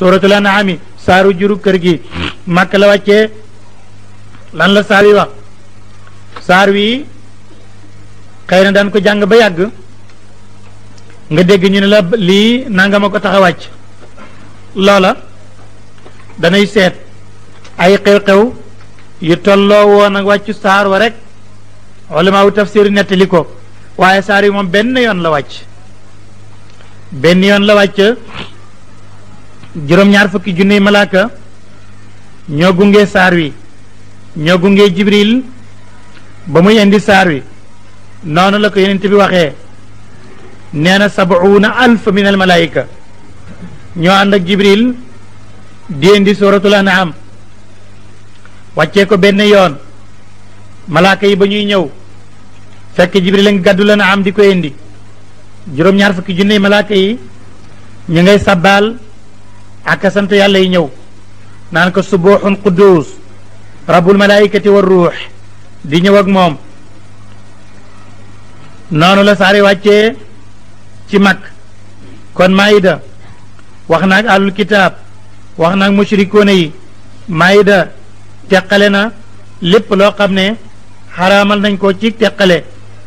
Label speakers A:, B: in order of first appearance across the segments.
A: suratul an'am saaru juru kër gi màkk la wàccee lan la saar yi wax saar wi xëy na daan ko jàng ba yàgg nga dégg ñu ne la lii nangama ko tax a wàcc loola danay seet ay xew-xew yu tolloo woon ak wàccu saar wa rek ulama wu tafsir nettali ko waaye saar yi moom benn yoon la wàcc benn yoon la wàcc juróom-ñaar fukki junne malaaka ñoo gunge saar wi jibril ba muy indi saar wi noonu la ko yenent bi waxee nee na sabuuna alf min al ñoo ànd ak jibril di indi suratul anam wàccee ko benn yoon malaaka yi ba ñuy ñëw jibril ngi am di ko indi juróom-ñaar fukki junne malaaka yi ñu ngay aka sant yàlla yi ñëw naan ko subuuxun quddus rabbul malaayikati wa ruux di ñëw moom noonu la saari wàcce ci mag kon maayida wax naag àllul kitaab wax naag mushrikoona yi maayida teqale na lépp loo xam ne xaraamal nañ ko ci teqale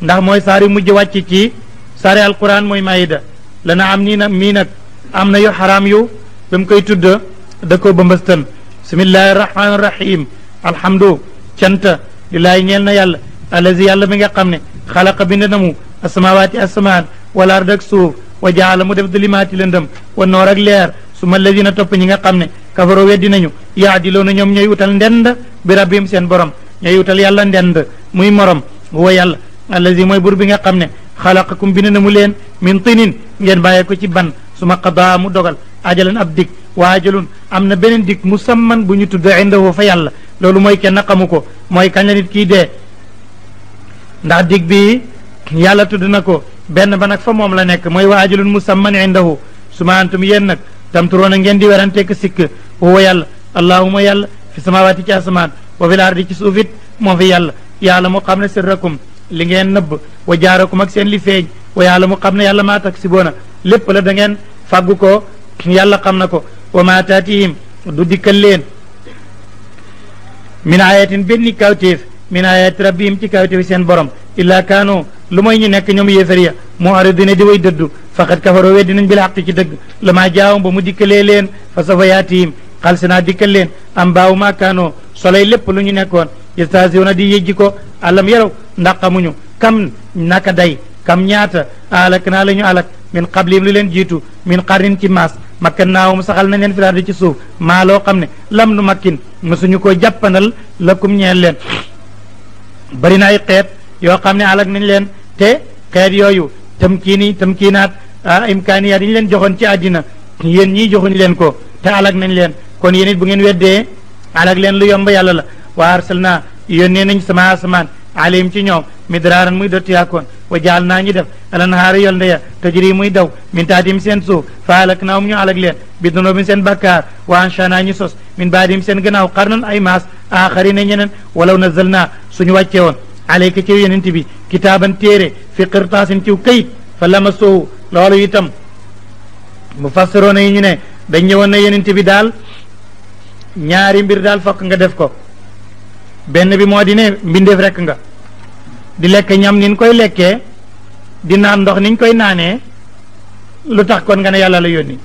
A: ndax mooy saari mujj wàcc ci saari alquran mooy maayida lana am nii nag mii nag am na yu xaraam yu ba mu koy tudd da koo bëmbëstal bismillahi rahmaani rahim alhamdu cant lillaahi ñeel na yàlla allazi yàlla bi nga xam ne xalaqa bind na mu asamawaati asamaan wala ard ak suuf wa jaala mu def dalimaati lëndëm wa noor ak leer su ma lazina topp ñi nga xam ne kafaro weddi nañu yaadiloona ñoom ñooy utal ndend bi rabbim seen borom ñooy utal yàlla ndend muy morom wa yàlla allazi mooy bur bi nga xam ne xalaqakum bind na mu leen min tinin ngeen bàyyee ko ci ban su ma mu dogal ajalan ab dig wa ajalun am na beneen dig musamman bu ñu tudd indahu fa yàlla loolu mooy kenn xamu ko mooy kañ la kii dee ndax dig bi yàlla tudd na ko benn ba nag fa moom la nekk mooy wa ajalun musamman indahu su ma antum yéen nag tamturoona ngeen di weranteek sikk wowa yàlla allahuma yàlla fi samawaati ci asamaan wa fil ardi ci suufit moo fi yàlla yàlla mu xam ne sirrakum li ngeen nëbb wa jaarakum ak seen li feeñ wa yàlla mu xam ne yàlla maa taksiboona lépp la da ngeen fàggu ko yàlla xam na ko wa ma taatihim du dikkal leen min ayatin benn kawtéef min ayati rabbihim ci kawtéef seen borom illa kaanu lu mooy ñu nekk ñoom yéefar ya moo aradina di way dëddu faqat kafaroo weddi nañ bil xaq ci dëgg la maa jaawam ba mu dikkalee leen fa safa yaatihim xal si dikkal leen am baawu maa kaanoo soley lépp lu ñu nekkoon yestasiw na di yëjji ko alam yaraw ndax xamuñu kam naka day kam ñaata alak naa la ñu alak min qablim lu leen jiitu min xarnin ci maas makkan naawum saxal nañ leen fi di ci suuf maa loo xam ne lam nu makkin suñu ko jàppandal lakum ñeel leen bari na ay xeet yoo xam ne alag nañ leen te xeet yooyu tamkiini tamkiinaat ah, imkaaniyaat yi ñu leen joxoon ci àddina yéen ñii joxuñ leen ko te alag nañ leen kon yéen bu ngeen weddee alag leen lu yomba yàlla la waa arsalna yónnee nañ sama asamaan alayhim ci ñoom midraaran muy dotti yaakoon وجعل naa ñu def alanhaari yolnde ya tajri muy daw min tahtim seen suuf fa alak naawum ñu alag leen bi dunubin seen bakkaar wa ansha naa ñu sos min baadim seen gannaaw qarnan ay maas axarina ñeneen walaw nazal naa suñu wàccee woon alayka ci yonent bi kitaaban téere fi qirtaasin ciw kayit fa lamasoohu loolu itam mufassiroona yi ñu ne dañ ñëwoon na yonent bi daal ñaari mbir daal fokk nga def ko benn bi moo di ne mbindeef rek nga di lekk ñam niñ koy lekkee di naan ndox niñ koy naanee lu tax kon nga ne yàlla la yónni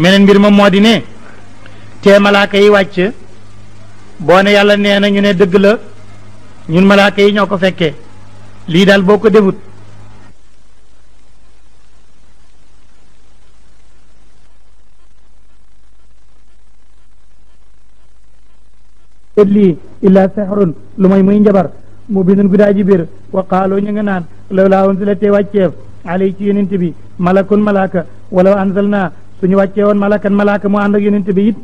A: meneen mbir ma moo di ne tee malaaka yi wàcc boo ne yàlla nee na ñu ne dëgg la ñun malaaka yi ñoo ko fekkee lii daal boo ko defut lii illaa sexrun lu mooy muy njabar mubiinun gu daaji biir wa qaaloo ñu nga naan law laa unzila te wàcceef alay ci yonent bi malakun malaka walaw anzalna suñu wàccee woon malakan malaka mu ànd ak yonent bi it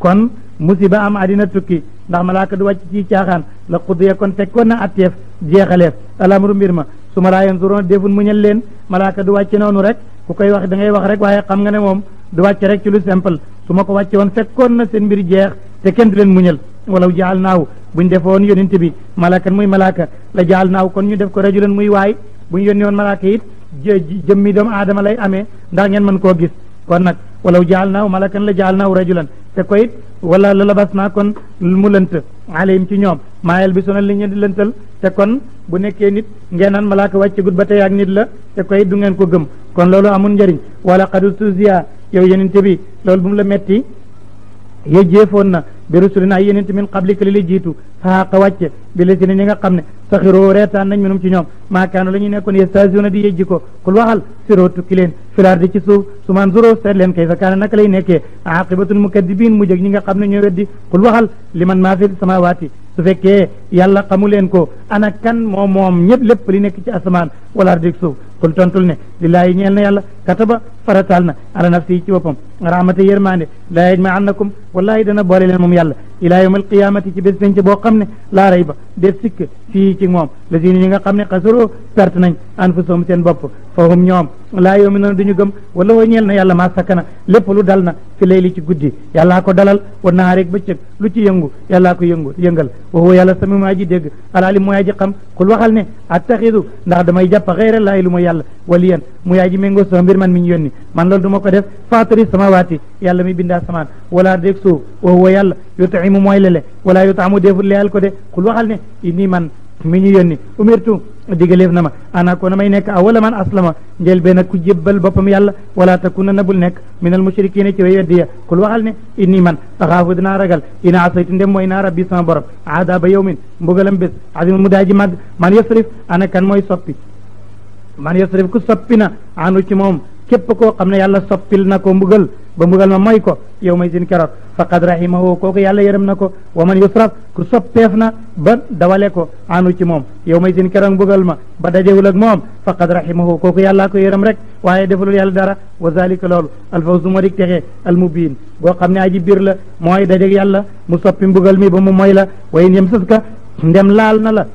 A: kon musiba am àddina tukki ndax malaka du wàcc ci caaxaan la qudiya kon teg koon na atteef jeexaleef alamru mbir ma su ma laa yanzuruna defun muñal leen malaaka du wàcce noonu rek ku koy wax da ngay wax rek waaye xam nga ne moom du wàcce rek ci lu simple su ma ko wàcce woon fekkoon na seen mbir jeex te kenn du leen muñal walaw jaal naaw buñ defoon yonente bi malakan muy malaaka la jaal naaw kon ñu def ko rajulan muy waay bu ñu yónni woon malaaka it jëmmi doomu aadama lay amee ndax ngeen mën koo gis kon nag walaw jaal naaw malakan la jaal naaw rajulan te ko it wala la labas naa kon mu lënt alayhim ci ñoom maayel bi sonal li ngeen di lëntal te kon bu nekkee nit ngeen naan malaaka wàccagut ba tey ak nit la te ko it du ngeen ko gëm kon loolu amul njëriñ wala xadu suusiya yow yonente bi loolu bu la metti yéjjeefoon na bi rusulina ay yenent min qablika li li jiitu faaqa wàcce bi si ne ñi nga xam ne saxiroo reetaan nañ minum ci ñoom maakaano la ñuy nekkoon yestaasiuna di yejji ko kul waxal siroo tukki leen filaar di ci suuf sumaan zuroo seet leen kay fa kaana naka lay nekkee aqibatul mukadibin mu jëg ñi nga xam ne ñoo weddi kul waxal liman maa fi samawaati su fekkee yàlla xamu leen ko ana kan moom moom ñëpp lépp li nekk ci asamaan wala ardik suuf kul tontul ne lillaahi kataba faratal na ala nafsi ci boppam rahmata yërmande laa yajmaannakum wallahi dana boole leen moom yàlla ilaa yawm alqiyamati ci bés penc boo xam ne laa rayba def sikk fii ci moom la si ñi nga xam ne xasaroo perte nañ anfusahum seen bopp fahum ñoom laa yuminuuna duñu gëm wala woo ñeel na yàlla maa sakkana lépp lu dal na fi layli ci guddi yàllaa ko dalal wa naareeg bëccëg lu ci yëngu yàllaa ko yëngu yëngal wa huwa yàlla sami mu yaa ji xam mu yaa ngir man mi ñu yónni man mi bind asamaan wala dég suuf wa huwa yàlla yut'imu mooy lele wala yut'amu déeful leyal ko de xul waxal ne inni man mi ñu yónni umirtu digaleef na ma ana ko na may nekk awala man aslama njël benn ku jébbal boppam yàlla wala takuna na bul nekk a mushrikina ci way weddiya kul waxal ne inni man a dinaa ragal ina asaytu ndem mooy naa rabbi a borom aadaaba yawmin mbugalam bés azima mu daaji màgg man yasrif ana kan mooy soppi man yasrif ku soppi na anu ci moom képp ko xam ne yàlla soppil na ko mbugal ba mbugal ma may ko yow may sin keroog faqad rahimahu kooku yàlla yërëm na ko wa man yusraf ku soppeef na ba dawale ko anu ci moom yow may sin keroog mbugal ma ba dajewul ak moom faqad rahimahu kooku yàlla ko yërëm rek waaye defalul yàlla dara wa zalika loolu alfawzu moo dik texee almubin boo xam ne aji biir la mooy dajeg yàlla mu soppi mbugal mi ba mu mooy la wayin yem sës ka ndem laal na la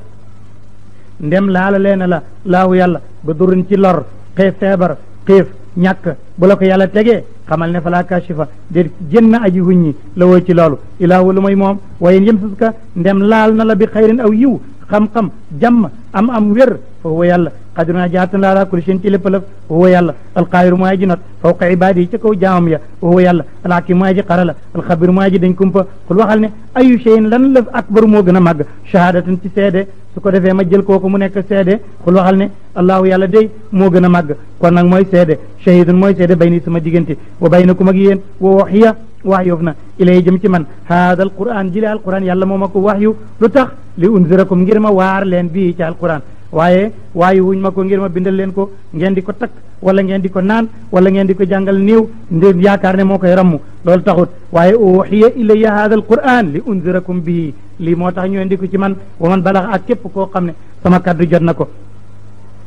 A: ndem laala leena la laahu yàlla ba durin ci lor xiif feebar xiif ñàkk bu la ko yàlla tegee xamal ne falaa kashifa déet jën na aji huññi la woo ci loolu ilaa walu mooy moom waaye yemsuska ndem laal na la bi xayrin aw yiw xam-xam jàmm am am wér fa huwa yàlla qadiruna jaatan laa laa kulli shin ci lépp lëf huwa yàlla alqaayiru mooy aji not fawqa ibaadi yi ca kaw jaamam ya huwa yàlla alhakim mooy aji xarala alxabir mooy aji dañ kumpa kul waxal ne ayu cheyin lan lëf akbaru moo gën a màgg shahadatan ci seede su ko defee ma jël kooku mu nekk seede xul waxal ne allahu yàlla day moo gën a màgg kon nag mooy seede shahidun mooy seede bay ni sama diggante wa bay na ku mag yéen wa waxiya waxyoof na ilay jëm ci man haada alquran jile alquran yàlla moo ma ko waxyu lu tax li unzirakum ngir ma waar leen bii ci alquran waaye waaye wuñ ma ko ngir ma bindal leen ko ngeen di ko takk wala ngeen di ko naan wala ngeen di ko jàngal néew ngir yaakaar ne moo koy ramm loolu taxut waaye uxiya ilayya hada al quran li unzirakum bihi lii moo tax ñu indi ko ci man wa man balax ak képp koo xam ne sama kaddu jot na ko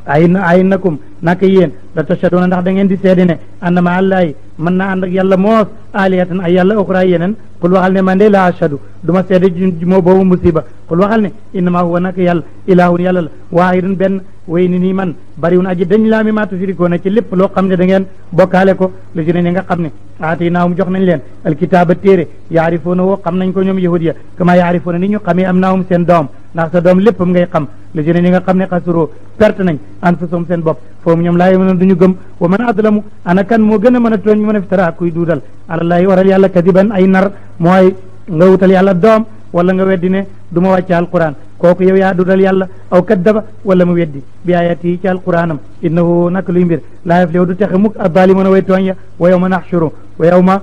A: ay ay nakum naka yéen la tashaduna ndax da ngeen di seede ne ànd ma àllaay mën naa ànd ak yàlla moos aliyatan ay yàlla ukra yeneen kul waxal ne man de la ashadu du ma seede ji moo boobu musiba kul waxal ne innama huwa nak yàlla ilahun yàlla la waahidun benn way ni nii man bariwun aji dañ laa mi maa tushrikuuna ci lépp loo xam ne da ngeen bokkaale ko lu ci ne nga xam ne aataynaahum jox nañ leen alkitaaba téere yaarifuuna woo xam nañ ko ñoom yahudiya kama yaarifuuna ni ñu xamee am naahum seen doom ndax sa doom léppam ngay xam lu ci nga xam ne xasuroo perte nañ anfusahum seen bopp foofu ñoom laa yu'minuun duñu gëm wa man adlamu ana kan moo gën a mën a tooñ mën a fitara kuy duudal alallaahi waral yàlla kadiban ay nar mooy nga wutal yàlla doom wala nga weddi ne du ma wàcc alquran kooku yow yaa dudal yàlla aw kaddaba wala ma weddi bi ayati yi ci alquranam innahu nak luy mbir laa yaflihu du texe mukk azzaalimuna way tooñ ya wa yawma naxshuru wa yawma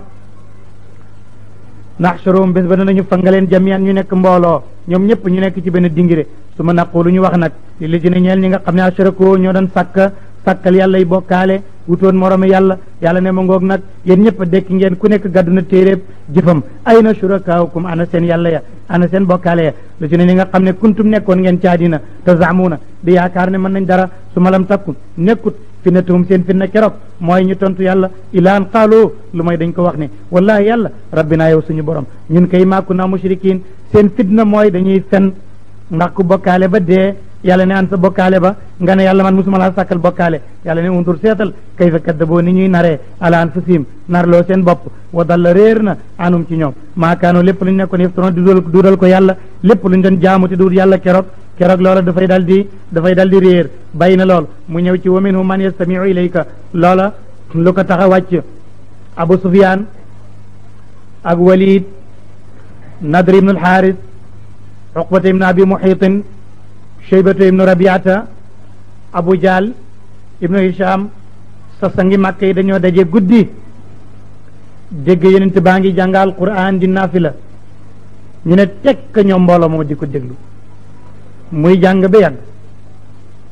A: naxshurum bés ba danañu fangaleen jamian ñu nekk mbooloo ñoom ñëpp ñu nekk ci benn dingire su ma naqoo lu ñu wax nag li li ci ne ñeel ñi nga xam ne ashrakoo ñoo doon sàkk sàkkal yàlla yi bokkaale wutoon moroomi yàlla yàlla ne ma ngoog nag yéen ñëpp dekki ngeen ku nekk gàddu na téeréeb jëfam ay na shurakaakum ana seen yàlla ya ana seen bokkaale ya lu ci ne ñi nga xam ne kuntum nekkoon ngeen caadina te zaamuuna di yaakaar ne mën nañ dara su ma lam takku nekkut fitnatuhum seen fitna keroog mooy ñu tontu yàlla ilaan qaaloo lu may dañ ko wax ne wallahi yàlla rabbinaa yow suñu borom ñun kay ndax ku bokkaale ba dee yàlla ne an bokkaale ba nga ne yàlla man musuma laa sàkkal bokkaale yàlla ne untur seetal kay fa kaddaboo ni ñuy naree ala anfusihim narloo seen bopp wa dalla réer na anum ci ñoom maakaano lépp lu ñu nekkoon yëftono di duudal ko yàlla lépp lu ñu doon jaamuti duud yàlla keroog keroog loola dafay dal di dafay dal di réer bàyyi na lool mu ñëw ci wa minhum man yastamiu ilayka loola lu ko tax wàcc abu sufyaan ak walid nadr ibnul xaaris uqbata ibnu abi muhitin cheybata ibnu rabiata abu jaal ibnu hisham sa sangi màkk yi dañoo daje guddi dégg yonent baa ngi jàngal quran di naafila ñu ne tekk ñoom mbooloo moom di ko déglu muy jàng ba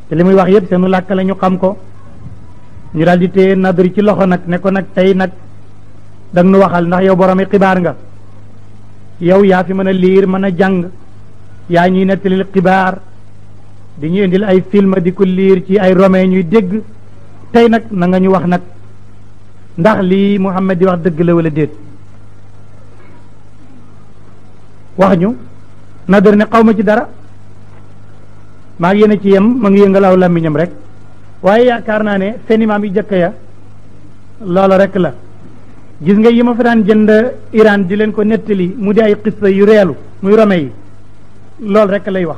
A: te li muy wax yëpp seenu làkk la ñu xam ko ñu daal di téye nadri ci loxo nag ne ko nag tey nag dang nu waxal ndax yow boroomi xibaar nga yow yaa fi mën a liir mën a jàng yaa ñuy nettalil xibaar di ñu indil ay film di ko liir ci ay romain ñuy dégg tey nag nanga nga ñu wax nag ndax lii Muhammad di wax dëgg la wala déet wax ñu nadar ne xaw ma ci dara maa ngi ci yem ma ngi yëngal aw làmmiñam rek waaye yaakaar naa ne seen imaam yi jëkk ya loola rek la gis nga yi ma fa jënd Iran di leen ko nettali mu di ay xissa yu reelu muy rome yi loolu rekk lay wax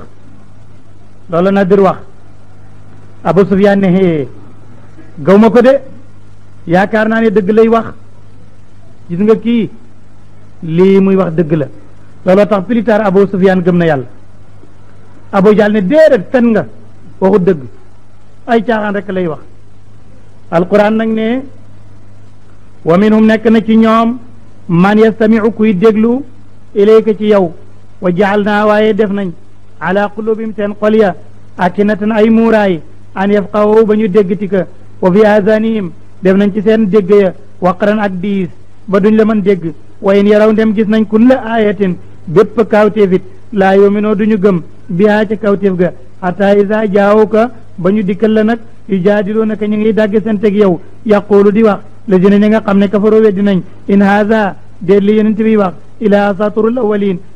A: loolu Nadir wax Abu Sufyaan ne gaw ma ko de yaakaar naa ne dëgg lay wax gis nga kii lii muy wax dëgg la looloo tax plus aboo Abu gëm na yàlla Abu Jahl ne déedéet fen nga waxu dëgg ay caaxaan rekk lay wax alquran nag ne wa minhum nekk na ci ñoom man yastamiu kuy déglu ilayka ci yow wa jaal naa waaye def nañ ala qulubim seen xol ya akinatan ay muuraay an yafqahu ba ñu dégg ti ka wa fi azanihim def nañ ci seen dégg ya waqaran ak diis ba duñ la mën dégg wayen yaraw ndem gis nañ kulla ayatin bépp kawtéefit laa yominoo duñu gëm bihaa ca kawtéef ga hatta isa jaawu ka ba ñu dikkal la nag yu jaadiloo naka ñu ngi dàgg seen teg yow yaquulu di wax la dina ñi nga xam ne kafaroo weddi nañ in haza déet li yonent bi wax ilaa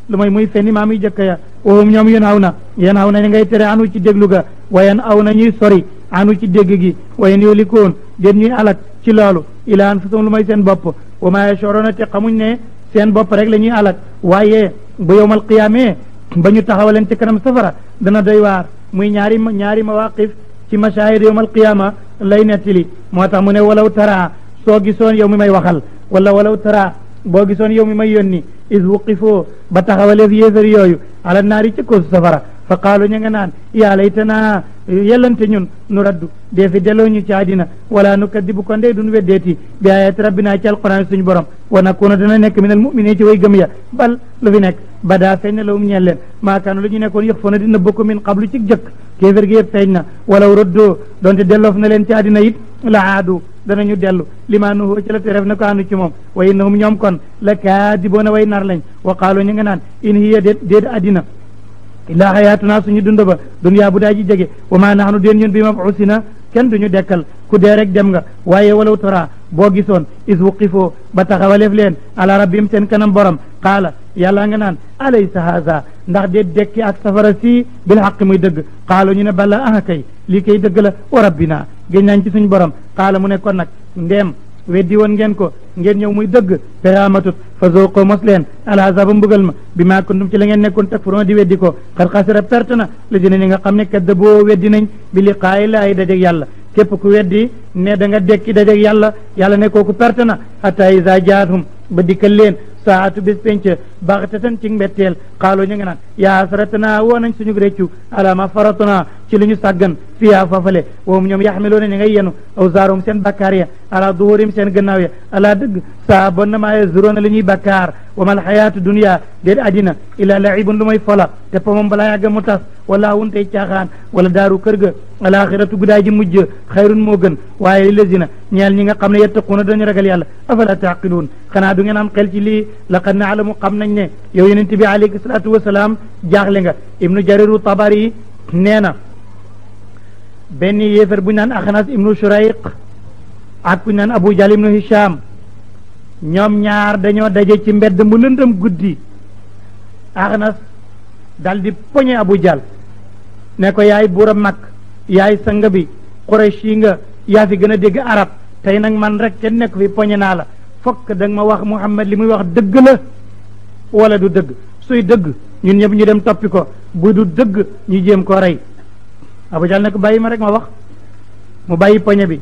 A: lu may muy seen imaam yi jëkk ya ñoom yén aw na yén aw na ngay tere anu ci déglu ga wayen aw na ñuy sori anu ci dégg gi wayen yolikoon den ñuy alak ci loolu ila anfusum lu may seen bopp wa maa yashuruna te xamuñ ne seen bopp rek la ñuy alak waaye ba yowmal qiyaamee ba ñu taxawaleen ci kanam safara dana doy waar muy ñaari ñaari mawaqif ci mashahid yowmal qiyaama lay nettali moo tax mu ne walaw tara soo gisoon yow mi may waxal wala walaw tara boo gisoon yow mi may yónni is wuqifoo ba taxawaleef yéefar yooyu ala naari ci safara fa qaalu ña nga naan yaa laytana yellante ñun nu raddu dee fi delloo ñu ci àddina nu kaddibu ko ndey duñ weddeeti bi ayati rabbina ci alquran suñu borom wa nakuna dana nekk minal mu'minin ci way gëm ya bal lu fi nekk bada feeñ na lawum ñeel leen maakaanu lu ñu nekkoon yëx fona dina bokk min qablu ci jëkk kéefér gi yëpp feeñ na walaw roddoo donte delloof na leen danañu dellu limaanu ci la teref na ko àndu ci moom wa innahum ñoom kon la kaadiboona way nar lañ wa qaalu ñu nga naan in hiya déet déet addina illaa xayaatuna suñu dund ba duniyaa bu daa ji jege wa maa naxnu déen ñun bi mabusina kenn duñu dekkal ku dee rek dem nga waaye walaw tara boo gisoon is wuqifoo ba taxawaleef leen ala rabbim seen kanam borom qaala yàlla nga naan alaysa haza ndax de dekki ak safara si bil xaq muy dëgg qaalu ñu ne bala ah kay lii dëgg la wa géñ nañ ci suñ borom xaala mu ne kon nag ndeem weddi woon ngeen ko ngeen ñëw muy dëgg peraamatut fa zoqoo mos leen alazaba mbugal ma bi maa kuntum ci la ngeen nekkoon takfuruna di weddi ko xar xasira perte na la dina ñi nga xam ne kaddaboo weddi nañ bi liqaayi laayi dajeg yàlla képp ku weddi ne da nga dekki dajeg yàlla yàlla ne kooku perte na hatta isa jaatum ba dikkal leen saatu bis penc baxtatan ci mbetteel xaalu ñu ngi naan yaa asratna woo nañ suñu réccu ala ma faratna ci li ñu sàggan fiyaa fafale woom ñoom yaxmiluuna ñi ngay yenu aw zaarum seen bakkaar ya ala duhurim seen gannaaw ya ala dëgg saa bon na maa zuróona li ñuy bakkaar wa mal xayaatu dunia déet àddina ila laibun lu may fola te pa moom balaa yàgga mu tas wala wuntey caaxaan wala daaru kër ga alaxiratu guddaay ji mujj xayrun moo gën waaye lillazina ñeel ñi nga xam ne yettaquuna dañu ragal yàlla salatu Salam jaxle nga ibnu jariru tabari Nena. ben yefer bu naan akhnas ibnu shuraiq ak bu abu jal ibn hisham ñom ñaar dañoo daje ci mbedd mu lëndëm guddi akhnas dal di abu jal ne ko yaay buram mak yaay sanga bi quraish nga ya fi gëna dégg arab tay nak man rek ken nek fi poñe na la fokk dag ma wax muhammad limuy wax deug la wala du deug suy dëgg ñun ñëpp ñu dem toppi ko bu du dëgg ñu jéem koo rey Abu Jahl nag bàyyi ma rek ma wax mu bàyyi poñe bi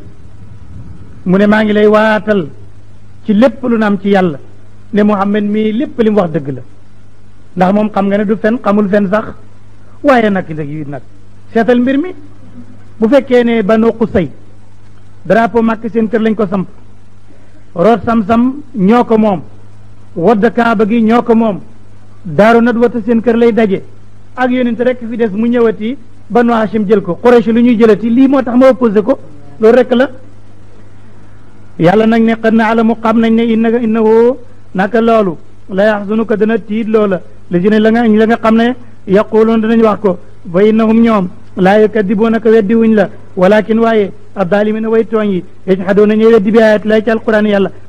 A: mu ne maa ngi lay waatal ci lépp lu naam ci yàlla ne Muhammad mii lépp lim wax dëgg la ndax moom xam nga ne du fen xamul fen sax waaye nag léegi nag seetal mbir mi bu fekkee ne Banu Qusay drapeau Makka seen kër lañ ko samp root sam-sam ñoo ko moom wodd kaaba gi ñoo ko moom daaru nadwata seen kër lay daje ak yonent rek fi des mu ñëwati banu Hachim jël ko Quraysh lu ñuy jëlati lii moo tax ma opposé ko loolu rek la yàlla nag ne qad naalamu xam nañ ne innaka innahu naka loolu la yaxzunuka dana tiit loola la si ne la nga la nga xam ne yaquluun danañ wax ko ba innahum ñoom laa yukadiboonaka weddi wuñ la walakin waaye addalimina way tooñ yi yajhadoona ñooy weddi bi ayat lay ci alquran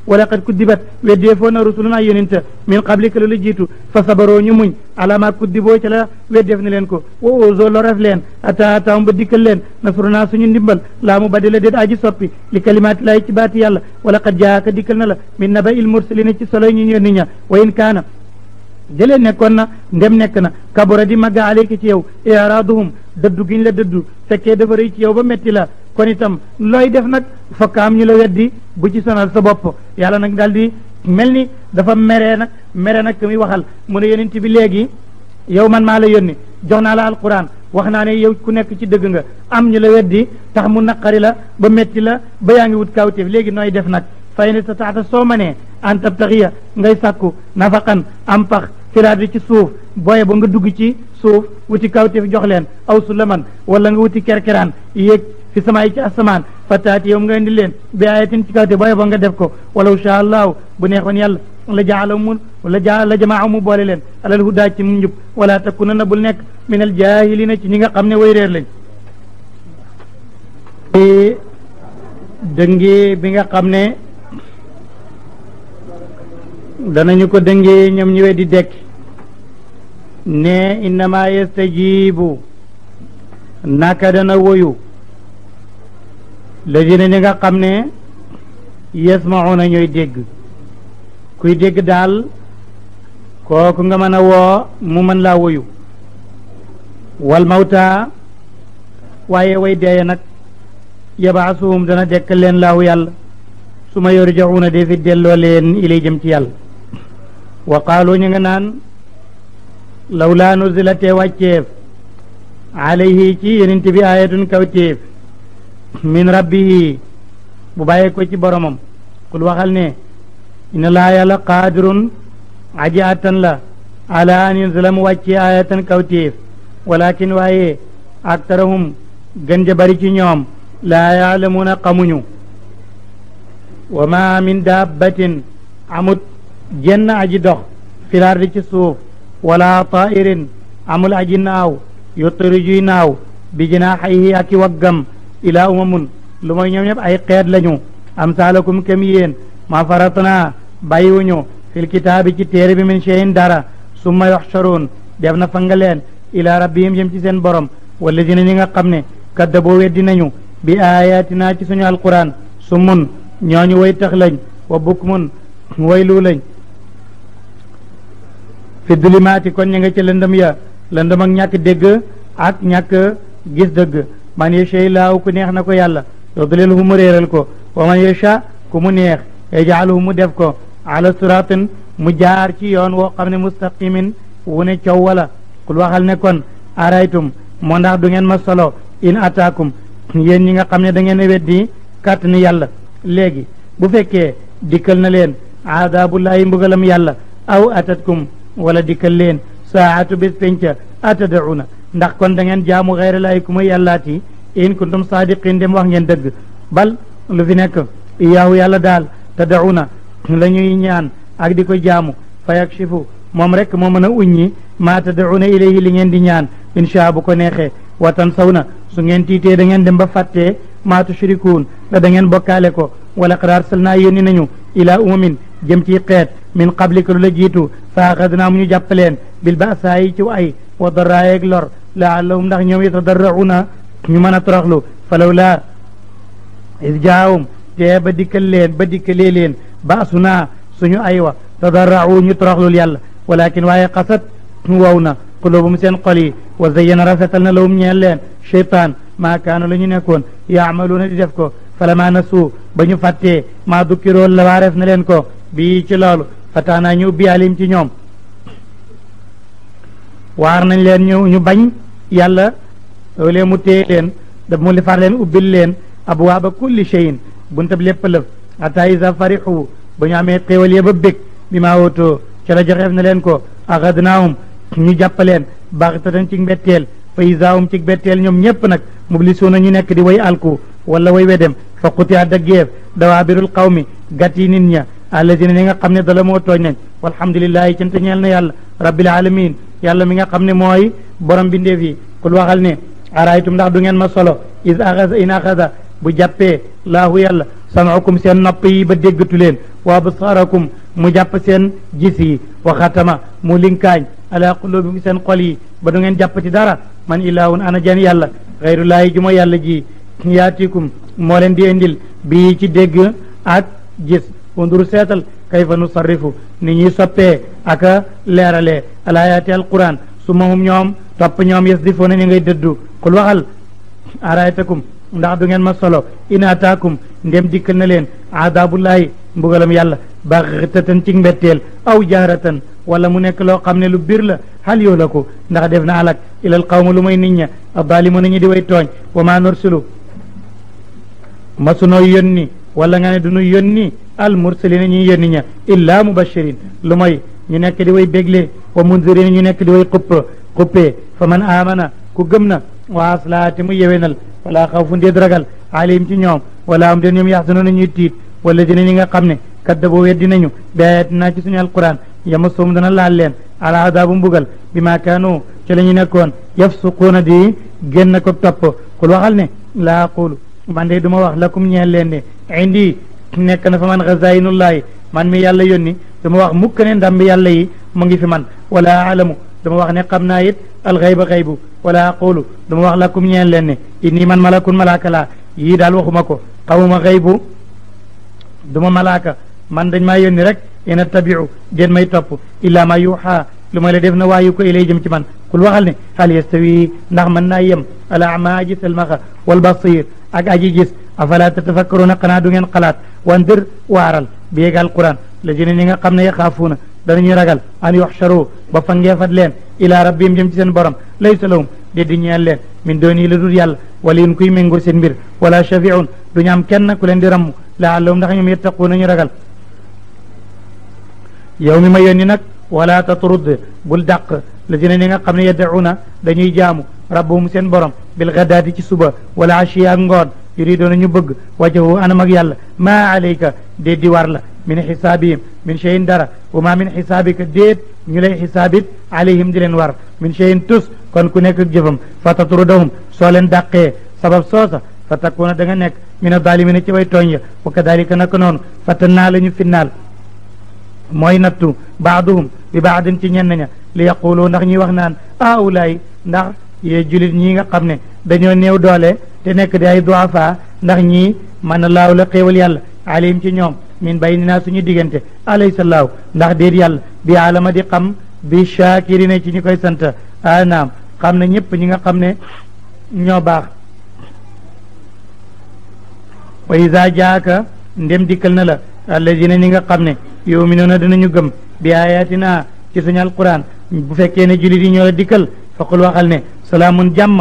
A: wala qad kuddibat weddee foo na rusuluna yonente min qablika lu la jiitu fa sabaroo muñ alama kuddiboo ca la weddeef na leen ko wa ozo loref leen ata ataam ba dikkal leen nasruna suñu ndimbal laa mu badila déet aji soppi li kalimaati lay ci baati yàlla wala qad jaaka dikkal na la min naba il mursalina ci solo jëlee nekkoon na ndem nekk na kabura di màgga aleyka ci yow iraaduhum dëddu giñ la dëddu fekkee dafa rëy ci yow ba metti la kon itam looy def nag fokka am ñu la weddi bu ci sonal sa bopp yàlla nag daal di mel ni dafa meree nag mere nag ki waxal mu ne yonent bi léegi yow man maa la yónni jox naa la alquran wax naa ne yow ku nekk ci dëgg nga am ñu la weddi tax mu naqari la ba metti la ba yaa ngi wut kawteef léegi nooy def nag fay na sa taata soo manee an tabtaxiya ngay sàkku nafaqan am pax siraat bi ci suuf booye ba nga dugg ci suuf wuti kawteef jox leen aw sulaman wala nga wuti kerkeraan yéeg fi sama yi ci asamaan fataati yow nga indi leen bi ayatin ci kawteef booye ba nga def ko walaw sha allahu bu neexoon yàlla la jaala mu la ja jamaa jamaa mu boole leen alal hudaa ci mu njub wala na bul nekk min al jaahilina ci ñi nga xam ne way réer lañ bi nga xam ne dana ñu ko dëngee ñoom ñu di dekk ne innama yastajibu naka dana woyu ladina ñi nga xam ne yasmauna ñooy dégg kuy dégg daal kooku nga mën a woo mu mën laa woyu wal mawta waaye way deeye nag yabaasuhum dana dekk leen laahu yàlla su ma yorjauna defi delloo leen lay jëm ci yàlla wa qaalu ñu nga naan lawlaa nuzila te wàcceef alayhi ci yenent bi ayatun kawtéef min rabbihi bu bàyyee ko ci boromam kul waxal ne ina laa yàlla qaadirun aji attan la ala an yunzila mu wàccee ayatan kawtéef walakin waaye aktarahum gën ja bari ci ñoom laa yaalamuuna xamuñu wa ma min dabbatin amut jenn aji dox filaar di ci suuf wala tairin amul aji naaw yuttirijuy naaw bi jinaaxayhi ak i waggam ilaa umamun lu mooy ñoom ñëpp ay xeet lañu amsaalakum kem yéen ma faratna bàyyiwuñu fil kitaabi ci téere bi min cheyin dara summa yoxcharoon def na fanga leen ilaa rabbihim jëm ci seen borom walladina ñi nga xam ne kaddaboo weddi nañu bi ayatina ci suñu alquran summun ñooñu way tax lañ wa bukmun way luu lañ fi dulimaati kon ña nga ca lëndëm ya lëndëm ak ñàkk dégg ak ñàkk gis dëgg man yasha laahu ku neex na ko yàlla yudlilhu mu réeral ko wa man yasha ku mu neex yajaalhu mu def ko ala siratin mu jaar ci yoon woo xam ne mustaqimin wu ne coow wala kul waxal ne kon araytum moo ndax du ngeen ma solo in ataakum yéen ñi nga xam ne dangeen ngeen weddi kàtt ni yàlla léegi bu fekkee dikkal na leen aadaabullaahi mbugalam yàlla aw atatkum wala dikkal leen saatu bis penca atadauna ndax kon da ngeen jaamu xayra laay ku may yàllaati in kuntum saadiqin dem wax ngeen dëgg bal lu fi nekk iyaahu yàlla daal tadauna la ñuy ñaan ak di ko jaamu fa yakshifu moom rek moo mën a uññi maa tadauna ilayhi li ngeen di ñaan insha bu ko neexee watan saw na su ngeen tiitee da ngeen dem ba fàttee maa tushrikuun da da ngeen bokkaale ko wala qad arsalnaa yónni nañu ila umamin jëm ci xeet من قبل كل جيتو فاخذناهم يجبلين بالباس اي تو اي وضرائق لور لعلهم نحن يوم يتضرعون يوم نترخلو فلولا اذ جاهم جاي بديك الليل بديك الليلين باسنا سنو ايوا تضرعوا يترخلو ليال ولكن واي قصد نوونا قلوبهم سين قلي وزينا رفتلنا لهم نيالين شيطان ما كانوا لن يكون يعملون جفكو فلما نسوا بني فاتي ما ذكروا اللي عرفنا لينكو بيجي fataanaa ñu ubbi alim ci ñoom waar nañ leen ñu ñu bañ yàlla loolee mu téye leen daf mu li far leen ubbil leen abwaaba kulli cheyin buntab lépp lëf ata isa farixu ba ñu amee xéewal ya ba bég bi maa wootoo ca la joxeef na leen ko axadnaahum ñu jàppaleen baxtatan ci mbetteel fa isaahum ci mbetteel ñoom ñépp nag mublisuuna ñu nekk di way alku wala way wedem fa quti a daggeef dawaabirul qawmi gàtt nit ña alladina ñi nga xam ne dala moo tooñ nañ walhamdulillahi cant ñeel na yàlla rabbil alamin yàlla mi nga xam ne mooy borom bindeef yi kul waxal ne araaytum ndax du ngeen ma solo is axasa in axasa bu jàppee laahu yàlla samaakum seen nopp yi ba déggatu leen wa absaarakum mu jàpp seen gis yi wa xatama mu linkaañ ala qulubikum seen xol yi ba du ngeen jàppati dara man ilaahun ana jan yàlla xayrullaahi ju ma yàlla ji yaatikum moo leen di indil bii ci dégg ak gis wandur seetal kayfa nu sarrifu ni ñuy soppee aka leerale alaayaati alquran su mahum ñoom topp ñoom yes di foo na ñu ngay dëddu kul waxal araaytakum ndax du ngeen ma solo in ataakum ndem dikkal na leen aadabullahi mbugalam yàlla baxtatan ci mbetteel aw jaaratan wala mu nekk loo xam ne lu bir la hal yoo ko ndax def na alak ilal qawma lu may nit ña a bali mu nañu di way tooñ wa ma nursilu masunoo yónni wala nga ne du nu yónni al mursalina ñuy yónni ña illa mubashirin lu mooy ñu nekk di way bégle wa munzirina ñu nekk di way xupp xuppee fa man amana ku gëm na wa aslaati mu yewenal wala xawfun déet ragal alim ci ñoom wala am den ñoom yaxsanoona ñuy tiit wala dina ñi nga xam ne kaddabu weddi nañu bi ayatina ci suñu alquran yamassuhum dana laal leen ala adabu mbugal bi ma kaanu ci la ñu nekkoon yafsuquuna di génn ko topp xul waxal ne laa aqulu man day duma wax lakum ñeel leen ne indi nekk na fa man xazainullahi man mi yàlla yónni duma wax mukk ne ndam bi yàlla yi mu ngi fi man wala alamu duma wax ne xam naa it alxayba xaybu wala aqulu duma wax lakum ñeel leen ne inni man malakun malaaka laa yii daal waxuma ko xawuma xaybu duma malaaka man dañ maa yónni rek ina tabiu gen may topp illa ma yuuxa lu ma la def na waayu ko ilay jëm ci man kul waxal ne hal yastawi ndax man naa yem al ama aji wal basir agajijis afala tatafakkaruna xanaa du ngeen xalaat wandir waaral beeg alquran la jëne ñi nga xam ne yaxaafuuna danañu ragal an yuxsharu ba fangeefat leen ila rabbihim jëm ci seen borom laysa lahum de di ñeel leen min dooni la dul yàlla waliyun kuy méngoo seen mbir wala shafiun du ñu am kenn ku leen di ramm laallahum ndax ñoom yettaquuna ñu ragal yow ma yónni nag wala tatrud bul dàq la jëne ñi nga xam ne dañuy jaamu rabbahum seen borom bil gadaati ci suba wala ashiya ak ngoon yuridoona ñu bëgg wajahu anam ak yàlla maa alayka déet di war la min xisaabihim min cheyin dara wa ma min xisaabika déet ñu lay xisaabit alayhim di leen war min cheyin tus kon ku nekk jëfam fa tatrudahum soo leen dàqee sabab soosa fa takuna da nga nekk min a daalimina ci way tooñ ya wa kadalika naka noonu fata naa la ñu finnaal mooy nattu baaduhum bi baadin ci ñenn ña li yaqulu ndax ñuy wax naan aulaay ndax yee julit ñi nga xam ne dañoo néew doole te nekk di ay duafa ndax ñii mën na laaw la xéewal yàlla alim ci ñoom min naa suñu diggante alaysa laaw ndax déet yàlla bi alama di xam bi na ci ñu koy sant anaam xam na ñëpp ñi nga xam ne ñoo baax wa isa jaaka ndem dikkal na la alladina ñi nga xam ne yuminuuna dinañu gëm bi ayatina ci suñu alquran bu fekkee ne julit yi ñoo la dikkal faqul waxal ne salaamun jàmm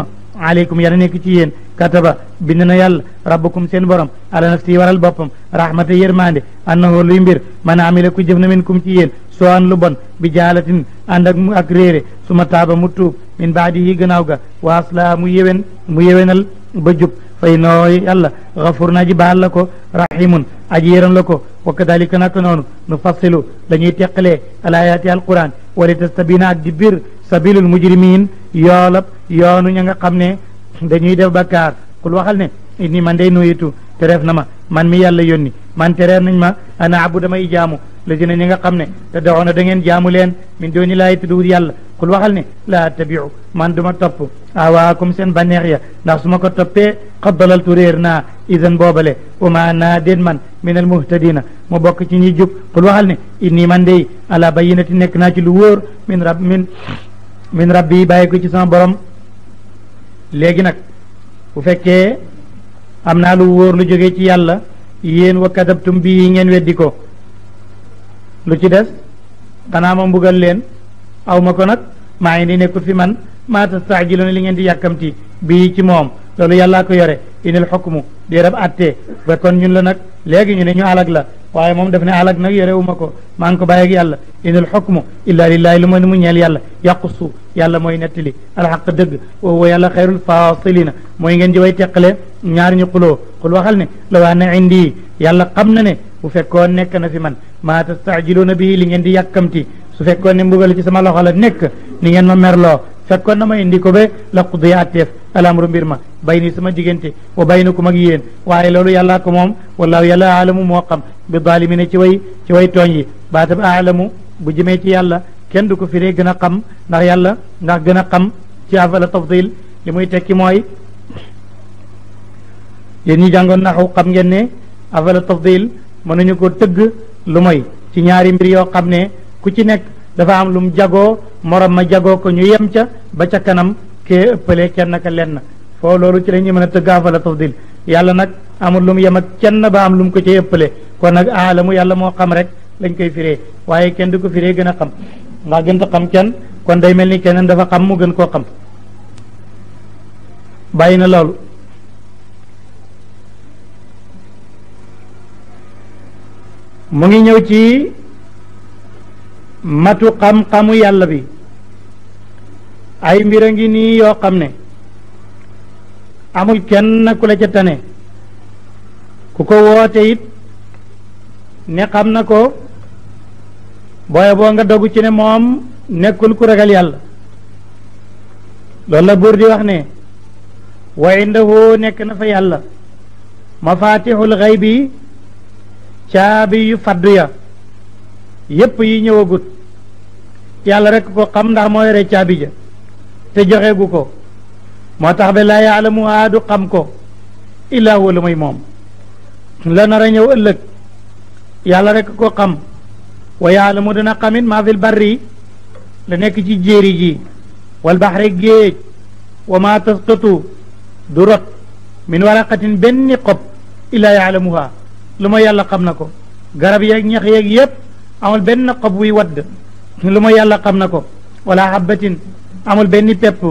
A: aleykum yàlla nekk ci yéen kataba bind na yàlla rabbukum seen borom ala nafsi waral boppam rahmata yërmande annahu luy mbir man amila ku jëf na min kum ci yéen soo an lu bon bi jaalatin ànd ak ak réere suma taaba mu tuub min baadihi gannaaw ga wa aslaa mu yewen mu yewenal ba jub fay noo yàlla gafuur na ji baal la ko rahimun aji yëram la ko wa kadalika naka noonu nu fassilu dañuy teqalee alayaati alquran wala tastabina ak di bir sabilul mujrimin yoolab yoonu ña nga xam ne dañuy def bakaar kul waxal ne inni man dey day nuyitu tereef na ma man mi yàlla yónni man tereef nañ ma ana abu damay jaamu la dina ñi nga xam ne te doxoona da ngeen jaamu leen min dooni laay tudd yàlla xul waxal ne laa tabiu man du ma topp awaakum seen bànneex ya ndax su ma ko toppee xad dalaltu réer naa idan boobale wa ma naa déet man min al muhtadina mu bokk ci ñi jub xul waxal ne inni man dey ala bayinati nekk naa ci lu wóor min rab min min rabbi bàyyi ko ci sama borom léegi nag bu fekkee am naa lu wóor lu jógee ci yàlla yéen wa kadabtum bii ngeen weddi ko lu ci des xanaa ma mbugal leen aw ma ko nag maa ngi di nekkul fi man maa tastaajiluuna li ngeen di yàkkamti bii ci moom loolu yàllaa ko yore inil xukmu di rab attee ba kon ñun la nag léegi ñu ne ñu alag la waaye moom def ne alag nag yore wu ma ko maa ngi ko bàyyi ak yàlla inil xukmu illaa lillaahi lu ma ni mu ñeel yàlla yaqusu yàlla mooy nettali alxaq dëgg wa yàlla xayrul fasilina mooy ngeen ji way teqale ñaar ñu xuloo xul waxal ne la waa na indi yàlla xam na ne bu fekkoon nekk na fi man maa tastaajiluuna bii li ngeen di yàkkamti su fekkoon ne mbugal ci sama loxo la nekk ni ngeen ma merloo fekkoon na ma indi ko ba la qudiya atteef alamru mbir ma bay ni sama diggante wa bay na ko mag yéen waaye loolu yàllaa ko moom wallaahu yàlla aalamu moo xam bi daalimina ci way ci way tooñ yi baatab aalamu bu jëmee ci yàlla kenn du ko fire gën a xam ndax yàlla ndax gën a xam ci afala tafdil li muy tekki mooy yéen ñi jàngoon naxu xam ngeen ne afala tafdil mënuñu ko tëgg lu moy ci ñaari mbir dafa am lu mu jagoo morom ma jagoo ko ñu yem ca ba ca kanam kee ëppale kenn ka lenn foo loolu ci la ñuy mën a tëggaafala tafdil yàlla nag amul lu mu yem ak kenn ba am lu ko ci ëppale kon nag aalamu yàlla moo xam rek lañ koy fire waaye kenn du ko fire gën a xam ndax gën a xam kenn kon day mel ni keneen dafa xam mu gën koo xam bàyyi na loolu mu ngi ñëw ci matu xam-xamu yàlla bi ay mbir a ngi nii yoo xam ne amul kenn ku la ca tane ku ko woote it ne xam na ko booye boo nga dogu ci ne moom nekkul ku ragal yàlla loolu la buur di wax ne wa indahu nekk na fa yàlla mafatixul xaybi caabi yu faddu ya yépp yi ñëwagut yàlla rek ko xam ndax moo yore caabi ja te joxeegu ko moo tax ba laa yaalamu aadu xam ko illaa huwa lu muy moom la nar a ñëw ëllëg yàlla rek ko xam wa yaalamu dina xamit maa fil barri la nekk ci jéeri ji wal baxri géej wa maa tasqatu du rot min waraqatin benn xob illaa yaalamuha lu ma yàlla xam na ko garab yeeg ñax yeg yépp amul benn xob wuy wadd lu ma yàlla xam na ko wala habbatin amul benn pepp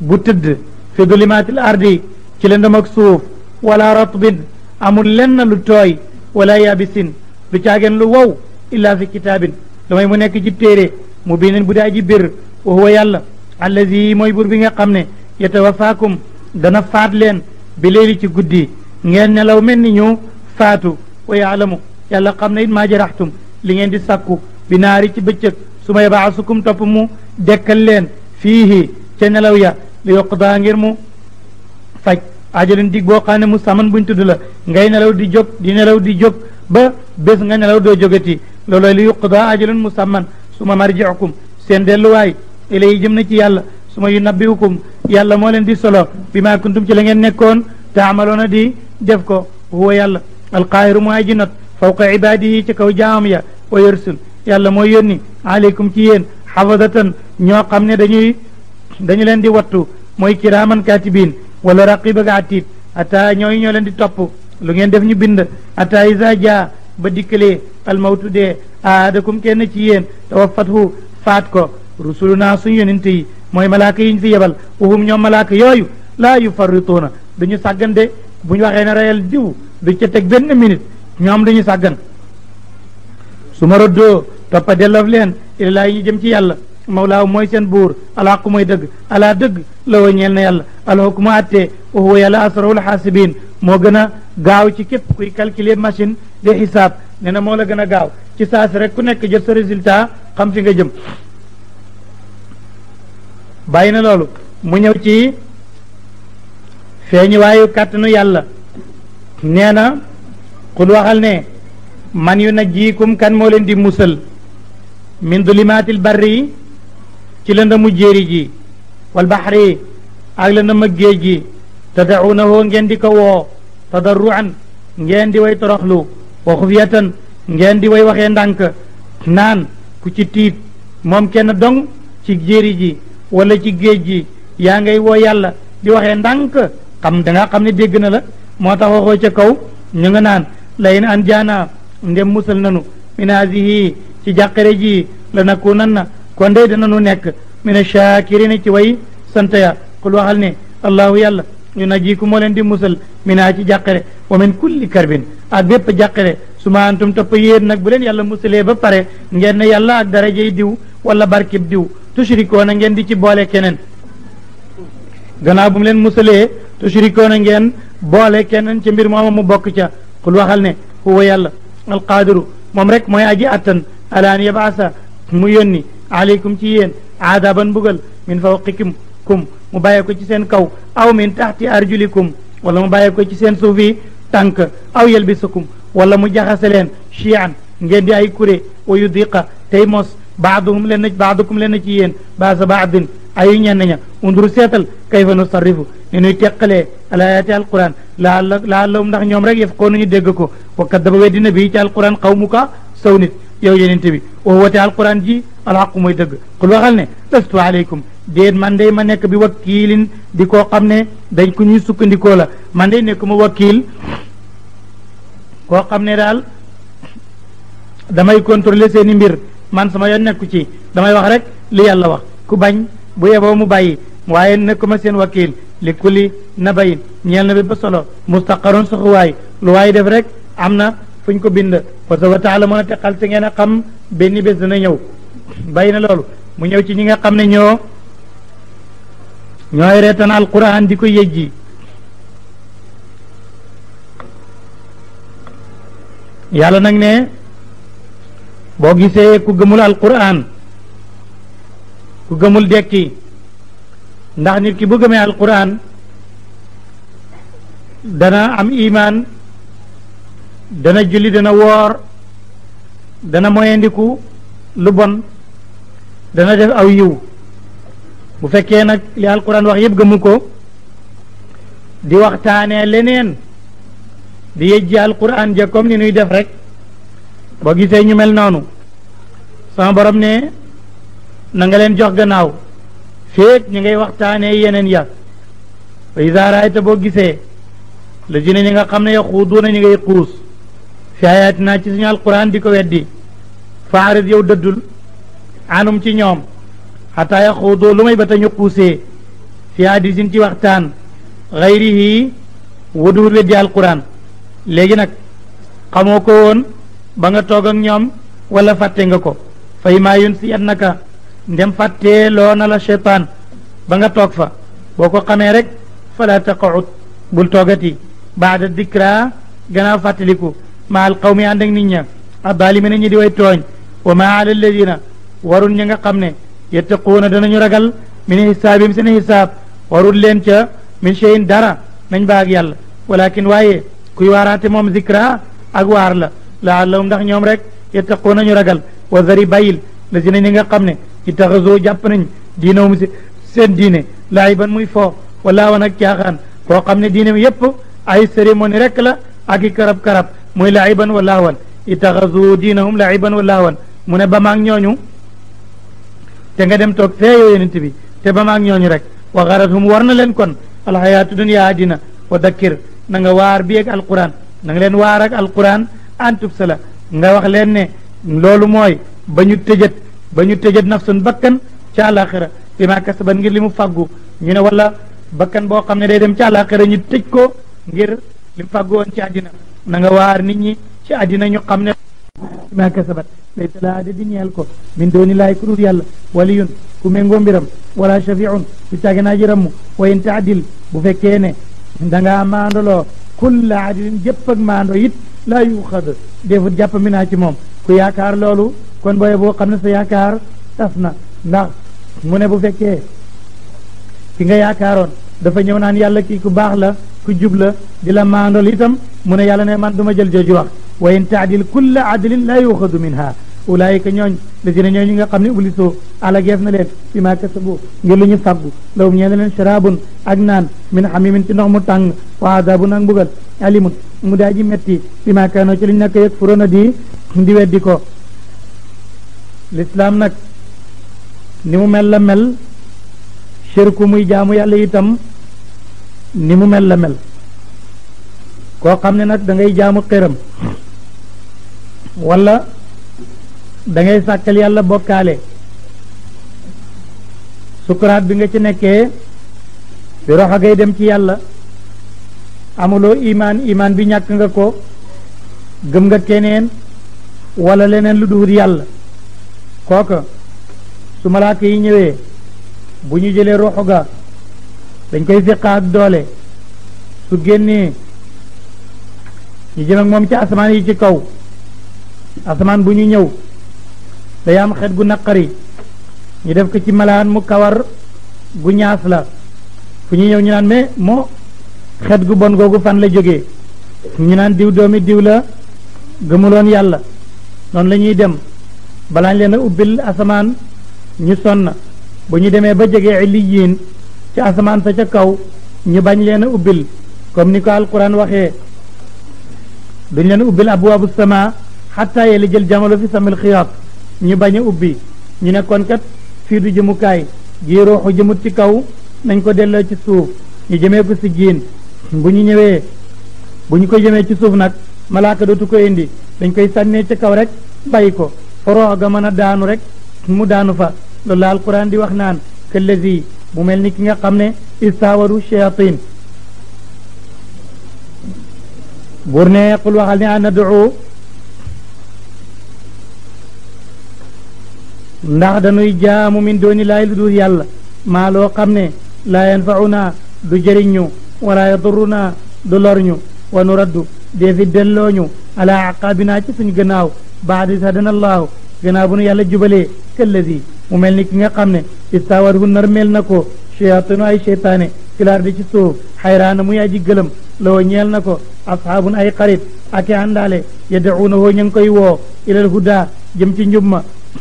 A: bu tëdd fi dulimaatil ardi ci lëndëm ak suuf wala ratbin amul lenn lu tooy wala yabisin du caageen lu wow illa fi kitaabin lu may mu nekk ci téere mu binin bu daa bir wa huwa yàlla allazi mooy bur bi nga xam ne yatawafaakum dana faat leen bi léeli ci guddi ngeen nelaw mel ni ñu faatu wa yaalamu yàlla xam ne it maa jaraxtum li ngeen di sàkku bi naari ci bëccëg su ma yabaasukum topp mu dekkal leen fiihi ca nelaw ya li yoqdaa ngir mu faj ajalin di boo xam mu saman buñ tudd la ngay nelaw di jóg di nelaw di jóg ba bés nga nelaw doo jógati looloo li yuqdaa ajalin mu saman su ma marjiukum seen delluwaay ilay jëm na ci yàlla su ma yu nabbiukum yàlla moo leen di solo bi maa kuntum ci la ngeen nekkoon taamaloona di def ko huwa yàlla alqaahiru mu aji not fawqa ibaadihi ca kaw jaamam ya wa yërsul yàlla mooy yónni aleykum ci yéen xafadatan ñoo xam ne dañuy dañu leen di wattu mooy kiraaman kaatibiin wala raqiba ga atiit ataa ñooyu ñoo leen di topp lu ngeen def ñu bind ataa isa jaa ba dikkalee almawtu dee aadakum kenn ci wafat tawaffathu faat ko rusuluna suñ yonente yi mooy malaaka yiñ fi yebal uhum ñoom malaaka yooyu laa yufarrituuna duñu sàggan de bu ñu waxee ne reyal diw du ca teg benn minute ñoom duñu sàggan su ma roddoo toppa delloof leen ilaa yi jëm ci yàlla mawlaaw mooy seen buur alxaqu mooy dëgg alaa dëgg la wa na yàlla alxukmu attee wa huwa yàlla asrawul xaasibiin moo gën a gaaw ci képp kuy calculer machine de xisaab na moo la gën a gaaw ci saasi rek ku nekk jot sa résultat xam fi nga jëm bàyyi na loolu mu ñëw ci feeñu waayu kàttanu yàlla nee na xul waxal ne man yu najjiikum kan moo leen di musal min dulimaatil barri yi ci lëndëmu jéeri ji wal baxri yi ak lëndëma géej gi tadauunahoo ngeen di ko woo tadarruan ngeen di way toroxlu wa xufiyatan ngeen di way waxee ndànk naan ku ci tiit moom kenn don ci jéeri ji wala ci géej gi yaa ngay woo yàlla di waxee ndànk xam da xam ne dégg na la moo tax waxoo ca kaw ñu nga naan layin an jaana ndem musal nanu min haasihi ci jàqare ji la nakunan na kon day dananu nekk min ashakirina ci way sant ya qul waxal ne allahu yàlla yu najiku moo leen di musal min haa ci jàqare wa min kulli karbin ak bépp jàqare su ma antum topp yéen nag bu leen yàlla musalee ba pare ngeen ne yàlla ak darajey diw wala barkib diw na ngeen di ci boole keneen gannaaw bu mu leen musalee tushrikoona ngeen boole keneen ci mbir mooma mu bokk ca qul yàlla القادر ممرك ما يجي أتن على أن يبعث ميوني عليكم تيين عذابا بغل من فوقكم كم مبايكو تسين كو أو من تحت أرجلكم ولا مبايكو تسين سوفي تنك أو يلبسكم ولا مجاخسلين شيعا نجد أي كوري ويديقا تيموس بعضهم لنج بعضكم لنجيين بعض بعض ay ñenn ña undur seetal kayfa nu sarrifu ni nuy teqalee alayaati alquran laala laallahum ndax ñoom rek yëf koo nañu dégg ko wakkat daba weddina bii ci alquran qawmuka saw nit yow yenente bi wa wote alquran ji alxaqu mooy dëgg xul waxal ne lastu aleykum déet man day ma nekk bi wakiilin di koo xam ne dañ ko ñuy sukkandikoo la man day nekk ma wakiil koo xam ne daal damay contrôler seeni mbir man sama yoon nekku ci damay wax rek li yàlla wax ku bu yeboo mu bàyyi waaye nekkuma seen wakiil li kulli nabayin ñeel na bi ba solo mustaqarun suxuwaay lu waay def rek am na fu ñu ko bind fa sawfa ta'lamuuna te ngeen a xam benn bés dana ñëw bàyyi na loolu mu ñëw ci ñi nga xam ne ñoo ñooy reetaan alquran di ko yejji yàlla nag ne boo gisee ku gëmul alquran ku gëmul dekki ndax nit ki bu gëmé alquran dana am iman dana julli dana wor dana moyendiku lu bon dana def aw yiw bu fekke nak li alquran wax yeb gëmuko di waxtane lenen di yejji alquran je kom ni nuy def rek bo gisee ñu mel nonu sama borom ne na nga leen jox gannaaw féeg ñu ngay waxtaane yeneen ya wa iza raayta boo gisee la jine ñi nga xam ne yaxuuduuna ñi ngay xuus fi ayaatinaa ci suñu alquran di ko weddi faarid yow dëddul anum ci ñoom xataa yaxuudoo lu may ba tañu xuusee fi hadisin ci waxtaan xayrihi waduwut weddi alquran léegi nag xamoo ko woon ba nga toog ak ñoom wala fàtte nga ko fay maa yun si ndem fàttee loo na la cheytaan ba nga toog fa boo ko xamee rek fala taqaud bul toogati baada dikra ganaaw fàttaliku ma al qawmi ànd ak nit ña addaalimina ñi di way tooñ wa ma ala alladina warun ña nga xam ne yettaquuna danañu ragal min hisaabim seen hisaab warul leen ca min cheyin dara nañ baag yàlla walakin waaye kuy waaraate moom zikra ak waar la laallahum ndax ñoom rek yettaquuna ñu ragal wa zari bayil lazina ñi nga xam ne ittaxasoo jàpp nañ diinahum si seen diine laayiban muy foo walaa wan ak caaxaan koo xam ne diine mi yëpp ay cérémonie rek la ak i karab-karab muy laayiban wa laawan ittaxasoo diinahum laayiban wa laawan mu ne ba maag ñooñu te nga dem toog fee yow yonent bi te ba maag ñooñu rek wa xarathum war na leen kon alxayaatu dunya àddina wa dakkir na nga waar bi ak alquran na nga leen waar ak alquran antub sala nga wax leen ne loolu mooy ba ñu ba ñu tëjat nafsun bakkan ci àllaaxira bi ma kasabat ngir li mu fàggu ñu ne walla bakkan boo xam ne day dem ci àllaaxira ñu tëj ko ngir li mu fàggu woon ci àddina na nga waar nit ñi ci àddina ñu xam ne bi ma kasabat laysa lahaa di ñeel ko min dooni laay ku dul yàlla waliyun ku méngoo mbiram wala shafiun du caage naa ji ramm wa in taadil bu fekkee ne da ngaa maandoloo kulla laa yuxad defut jàpp mi moom ku yaakaar loolu kon booye boo xam ne sa yaakaar tas na ndax mu ne bu fekkee ki nga yaakaaroon dafa ñëw naan yàlla kii ku baax la ku jub la di la maandool tam mu ne yàlla ne man du jël jooju wax wa in taadil kulla adlin la yuxadu minha ulaayika ñooñ lazina ñooñ ñi nga xam ne ubliso alageef na leen bi ma kasabu ngir lu ñu fàggu lawum ñee na leen sharabun ak naan min xamimin ci ndox mu tàng wa adabun ak mbugal alimun mu daa metti bi ma kaanoo ci liñ nekk ko lislaam nag ni mu mel la mel shirku muy jaamu yàlla itam ni mu mel la mel koo xam ne nag dangay ngay jaamu xëram wala da ngay sàkkal yàlla bokkaale sukuraat bi nga ci nekkee bi roxo ngay dem ci yàlla amuloo imaan imaan bi ñàkk nga ko gëm nga keneen wala leneen lu duhut yàlla kooka su malaaka yi ñëwee bu ñu jëlee ruuxu ga dañ koy fiqa ak doole su génnee ñu jëm ak moom ci asamaan yi ci kaw asamaan bu ñu ñëw day am xet gu naqari ñu def ko ci malaan mu kawar gu ñaas la fu ñu ñëw ñu naan mais moo xet gu bon googu fan la jóge ñu naan diw doomi diw la gëmuloon yàlla noonu la ñuy dem balaañ leen a ubbil asamaan ñu sonn bu ñu demee ba jege illiyin ci asamaan sa ca kaw ñu bañ leen a ubbil comme ni ko alquran waxee duñ leen ubbil abwaabu sama xatta yeli jël jamalo fi samil xiyaat ñu bañ a ubbi ñu nekkoon kat fii du jëmukaay gii ruuxu jëmut ci kaw nañ ko delloo ci suuf ñu jëmee ko si jiin bu ñu ñëwee bu ñu ko jëmee ci suuf nag malaaka dootu ko indi dañ koy sànnee ci kaw rek bàyyi ko forooga mën a daanu rek mu daanu fa loolu la alquran di wax naan këllazi bu mel ni ki nga xam ne istaawaru shayatin buur ne qul waxal ne ana ducu ndax dañuy jaamu min dooni laay lu dul yàlla maa loo xam ne laa naa du jëriññu wala yaduruna du lorñu wa nu raddu fi dellooñu ala naa ci suñu gannaaw baadis hadana allahu gannaaw bu nu yàlla jubalee këllazi mu mel ni ki nga xam ne istawat hu nar mel na ko cheyatanu ay cheytaane filaar di ci suuf xayraana muy aji gëlëm loo ñeel na ko asxaabun ay xarit ak i àndaale yadauna hoo ña ngi koy woo ilal huda jëm ci njub ma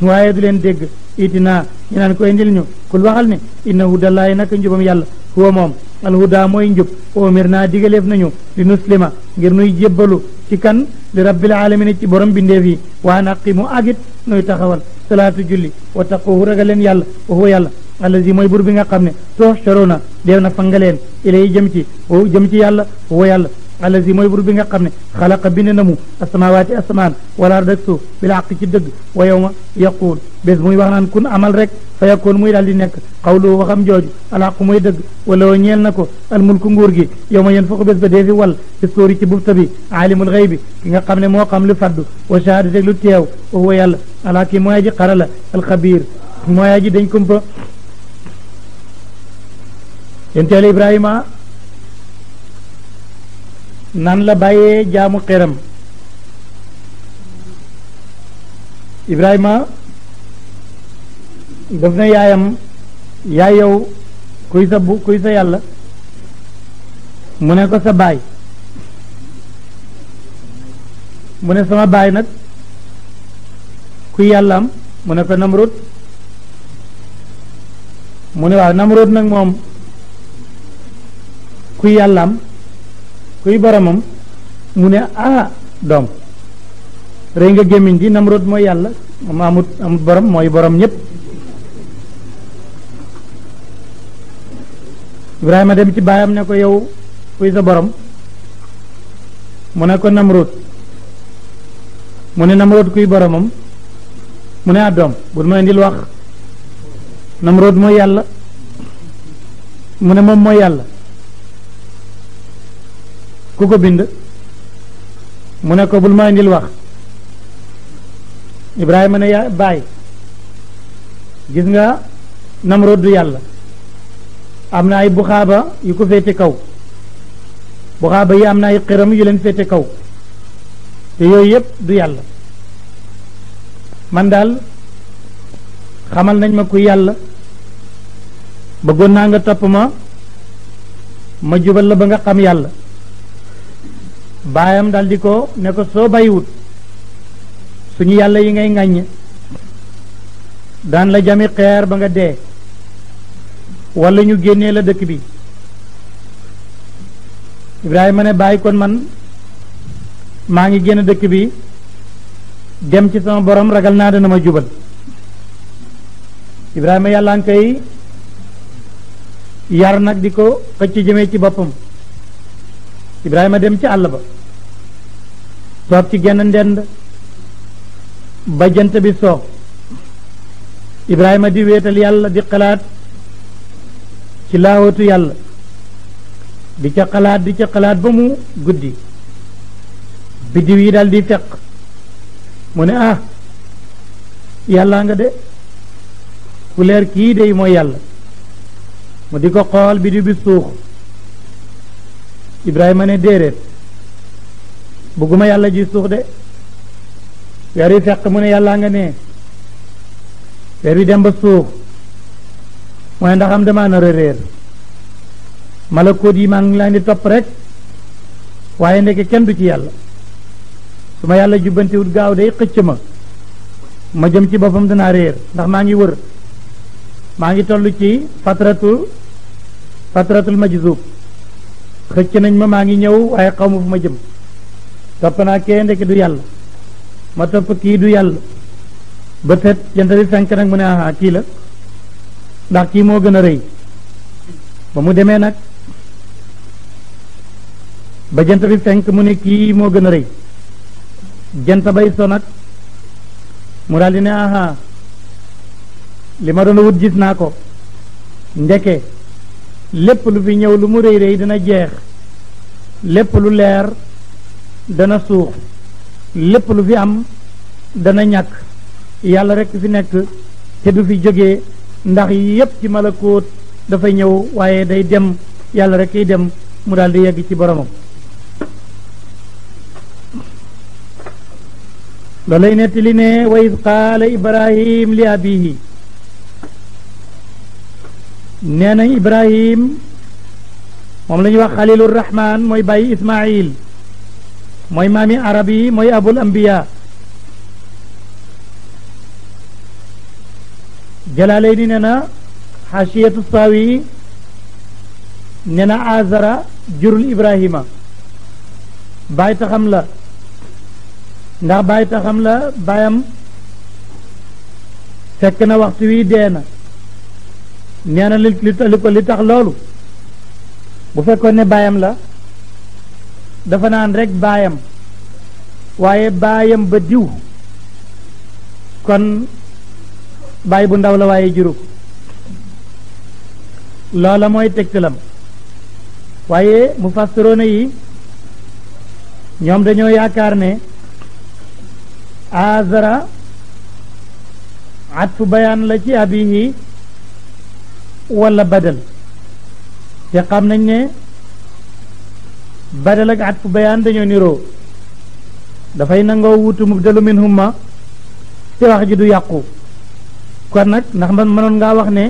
A: waaye du leen dégg itinaa ñu naan ko indil ñu kul waxal ne inna hudallaay naka njubam yàlla huwa moom alhuda mooy njub omir naa digaleef nañu li nuslima ngir nuy jébbalu ci kan لرب العالمين تي بروم بنده في وانا قيم اجد نوي تخاول صلاه جولي وتقوه رغلن يال وهو يال الذي موي بور بيغا خامني تو شرونا دينا فانغلين الى جمتي هو جمتي يال هو يال allazi mooy bur bi nga xam ne xalaqa bind na mu asamawaati asamaan wala dak suuf bila àq ci dëgg wa yow ma yaquul bés muy wax naan kun amal rek fa yakkoon muy daal di nekk xawlu waxam jooju alàq muy dëgg wala woo ñeel na ko almulku nguur gi yow ma yéen fa ko bés ba dee fi wal fi sóori ci bufta bi aalimul xëy bi ki nga xam ne moo xam lu faddu wa shahadate lu teew wa huwa yàlla alaa ki mooy aji xarala alxabiir mooy aji dañ kumpa yente al ibrahima naan la bàyyee jaamu xeram ibrahima daf na yaayam yaay yow kuy sa bu kuy sa yàlla mu ne ko sa baay mu ne sama baay nag kuy yàlla am mu ne ko namrud mu ne waaw namrud nag moom kuy yàlla am kuy boromam mune a ah, dom, doom rey nga gemign di namrod moy yalla moom amut borom moy borom ñep ibrahima dem ci bayam ne ko yow kuy sa borom mu ne ko namrod mu ne namrod kuy boromam mu ne ah bu ma wax namrod moy yalla mu ne ku ko bind mu ne ko bul ma indil wax Ibrahima ne yaa bàyyi gis nga Namrod du yàlla am na ay buxaaba yu ko féete kaw buxaaba yi am na ay xiram yu leen féete kaw te yooyu yëpp du yàlla man daal xamal nañ ma ku yàlla bëggoon naa nga topp ma ma jubal la ba nga xam yàlla baayam daal di ko ne ko soo bàyyiwut suñu yàlla yi ngay ŋàññ daan la jami xeer ba nga dee wala ñu génnee la dëkk bi Ibrahima ne bàyyi kon man maa ngi génn dëkk bi dem ci sama borom ragal naa dana ma jubal Ibrahima yàlla nga koy yar nag di ko xëcc jëme ci boppam ibraahima dem ci àll ba toog ci genn ndend ba bi soog ibrahima di wéetal yàlla di xalaat ci laawatu yàlla di ca xalaat di ca xalaat ba mu guddi biddiw yi daldi di feq mu ne ah yàlla nga de couleur kii day mooy yàlla mu di ko xool biddiw bi suux ibrahima ne déedéet bëgguma yàlla ji suux de weer wi fekk mu ne yàllaa nga ne weer wi dem ba suux mu ne ndax am damaa nar a réer malakoot yi maa ngi leen di topp rek waaye ndeke kenn du ci yàlla su ma yàlla jubbantiwut gaaw day xëcc ma ma jëm ci boppam dana réer ndax maa ngi wër maa ngi toll ci fatratu fatratul majzub xëcc nañ ma maa ngi ñëw waaye xaw ma fu ma jëm कपना केंद्र की दुयाल मतलब की दुयाल बथे जनता दिस संकरण मुने आ कील डाकी मोग नरे बमुदे में नक बजनता दिस संक मुने की मोग नरे जनता भाई सोनक मुराली ने आ लिमरों ने उद्जित ना को देखे लिप लुभिन्या उलुमुरे रे इधना जेह लिप लुलेर dana suux lépp lu fi am dana ñàkk yàlla rek fi nekk te du fi jógee ndax yépp ci malakóot dafay ñëw waaye day dem yàlla rek kiy dem mu daal di yegg ci boromam loolay nettali ne wa id qaala ibrahim li abihi nee nañ ibrahim moom la ñuy wax xalilur rahman mooy bàyyi ismail mooy mami arab yi abul ambiya jalaale nana nee na nana saawi azara jurul ibrahima bàyyi taxam la ndax bàyyi taxam la bàyyam fekk na waxtu wi dee na nee li tax loolu bu fekkoon ne la dafa naan rekk baayam waaye baayam ba diw kon baay bu ndaw la waaye juru loola mooy tegtalam waaye mu fassiroona yi ñoom dañoo yaakaar ne azara atfu bayaan la ci abihi wala badal te xam nañ ne badal ak at fu bayaan dañoo niroo dafay nangoo wutu mubdalu min te wax ji du yàqu kon nag ndax man manoon ngaa wax ne